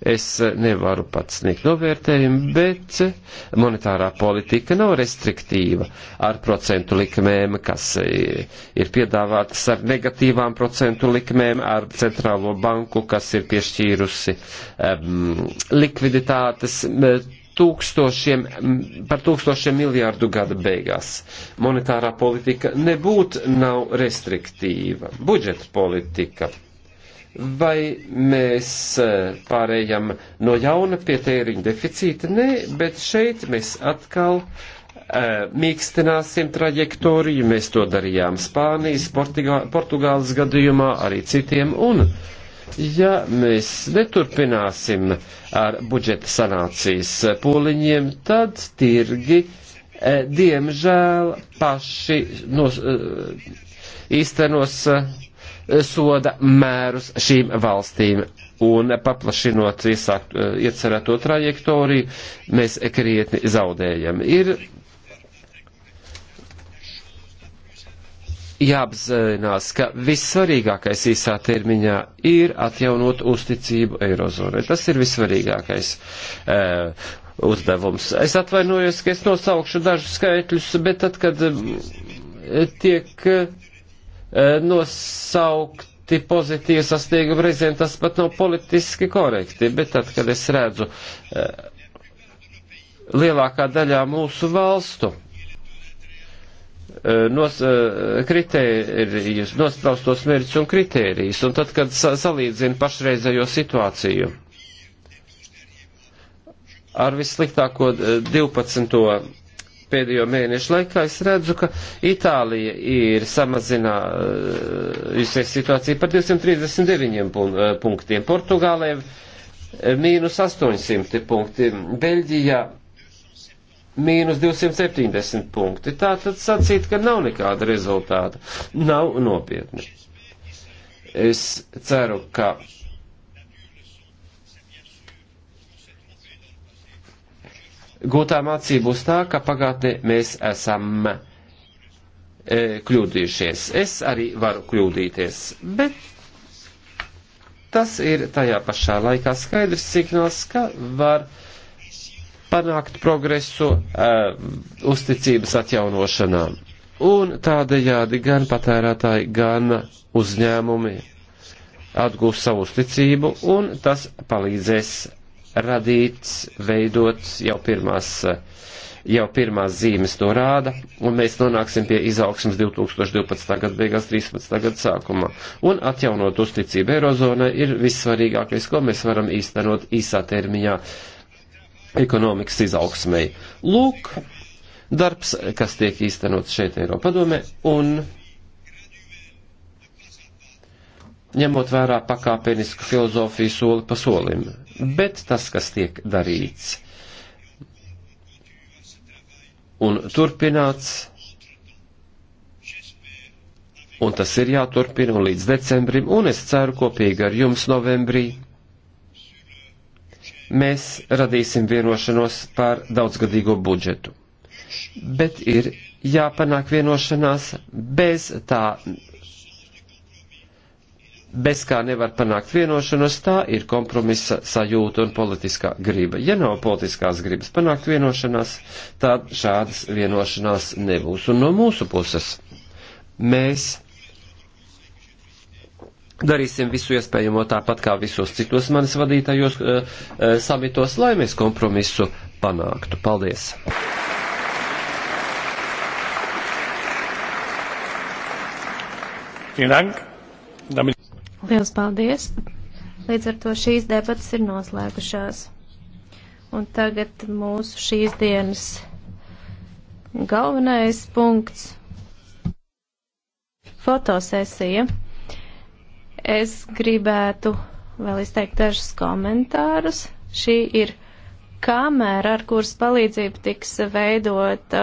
C: Es nevaru pats sniegt novērtējumu, bet monetārā politika nav restriktīva ar procentu likmēm, kas ir piedāvātas ar negatīvām procentu likmēm, ar centrālo banku, kas ir piešķīrusi um, likviditātes tūkstošiem, par tūkstošiem miljārdu gada beigās. Monetārā politika nebūt nav restriktīva. Budžeta politika vai mēs eh, pārējām no jauna pie tēriņa deficīta? Nē, bet šeit mēs atkal uh, mīkstināsim trajektoriju, mēs to darījām Spānijas, Portugā, Portugāles gadījumā, arī citiem, un ja mēs neturpināsim ar budžeta sanācijas eh, poliņiem, tad tirgi, uh, diemžēl, paši nos, uh, īstenos soda mērus šīm valstīm. Un paplašinot iesākt, iecerēto trajektoriju, mēs krietni zaudējam. Ir jāapzinās, ka vissvarīgākais īsā termiņā ir atjaunot uzticību Eirozonai. Tas ir vissvarīgākais. Uh, Uzdevums. Es atvainojos, ka es nosaukšu dažus skaitļus, bet tad, kad eh, tiek uh, Eh, nosaukti pozitīvi sasniegumi, reizēm tas pat nav politiski korekti, bet tad, kad es redzu eh, lielākā daļā mūsu valstu eh, nos, kritērijus, nospraustos mērķus un kritērijus, un tad, kad salīdzina pašreizējo situāciju ar vissliktāko 12 pēdējo mēnešu laikā es redzu, ka Itālija ir samazinājusies situāciju par 239 eh, punktiem, Portugālē eh, mīnus 800 punkti, Beļģijā mīnus 270 punkti. Tā tad sacīt, ka nav nekāda rezultāta. Nav nopietni. Es ceru, ka gūtā mācība būs tā, ka pagātnē mēs esam e, kļūdījušies. Es arī varu kļūdīties, bet tas ir tajā pašā laikā skaidrs signāls, ka var panākt progresu e, uzticības atjaunošanā. Un tādējādi gan patērētāji, gan uzņēmumi atgūs savu uzticību, un tas palīdzēs radīts, veidots jau pirmās, jau pirmās zīmes to rāda, un mēs nonāksim pie izaugsmas 2012. gada beigās, 13. gada sākumā. Un atjaunot uzticību Eirozonai ir vissvarīgākais, ko mēs varam īstenot īsā termiņā ekonomikas izaugsmēji. Lūk, darbs, kas tiek īstenots šeit Eiropadomē, un ņemot vērā pakāpenisku filozofiju soli pa solim bet tas, kas tiek darīts un turpināts, un tas ir jāturpina un līdz decembrim, un es ceru kopīgi ar jums novembrī. Mēs radīsim vienošanos par daudzgadīgo budžetu. Bet ir jāpanāk vienošanās bez tā bez kā nevar panākt vienošanos, tā ir kompromisa sajūta un politiskā griba. Ja nav politiskās gribas panākt vienošanās, tad šādas vienošanās nebūs. Un no mūsu puses mēs darīsim visu iespējamo tāpat kā visos citos manis vadītajos e, e, samitos, lai mēs kompromisu panāktu. Paldies!
A: Vielen Dank. Damit
B: Liels paldies! Līdz ar to šīs debatas ir noslēgušās. Un tagad mūsu šīs dienas galvenais punkts - fotosesija. Es gribētu vēl izteikt dažus komentārus. Šī ir kamera, ar kuras palīdzību tiks veidota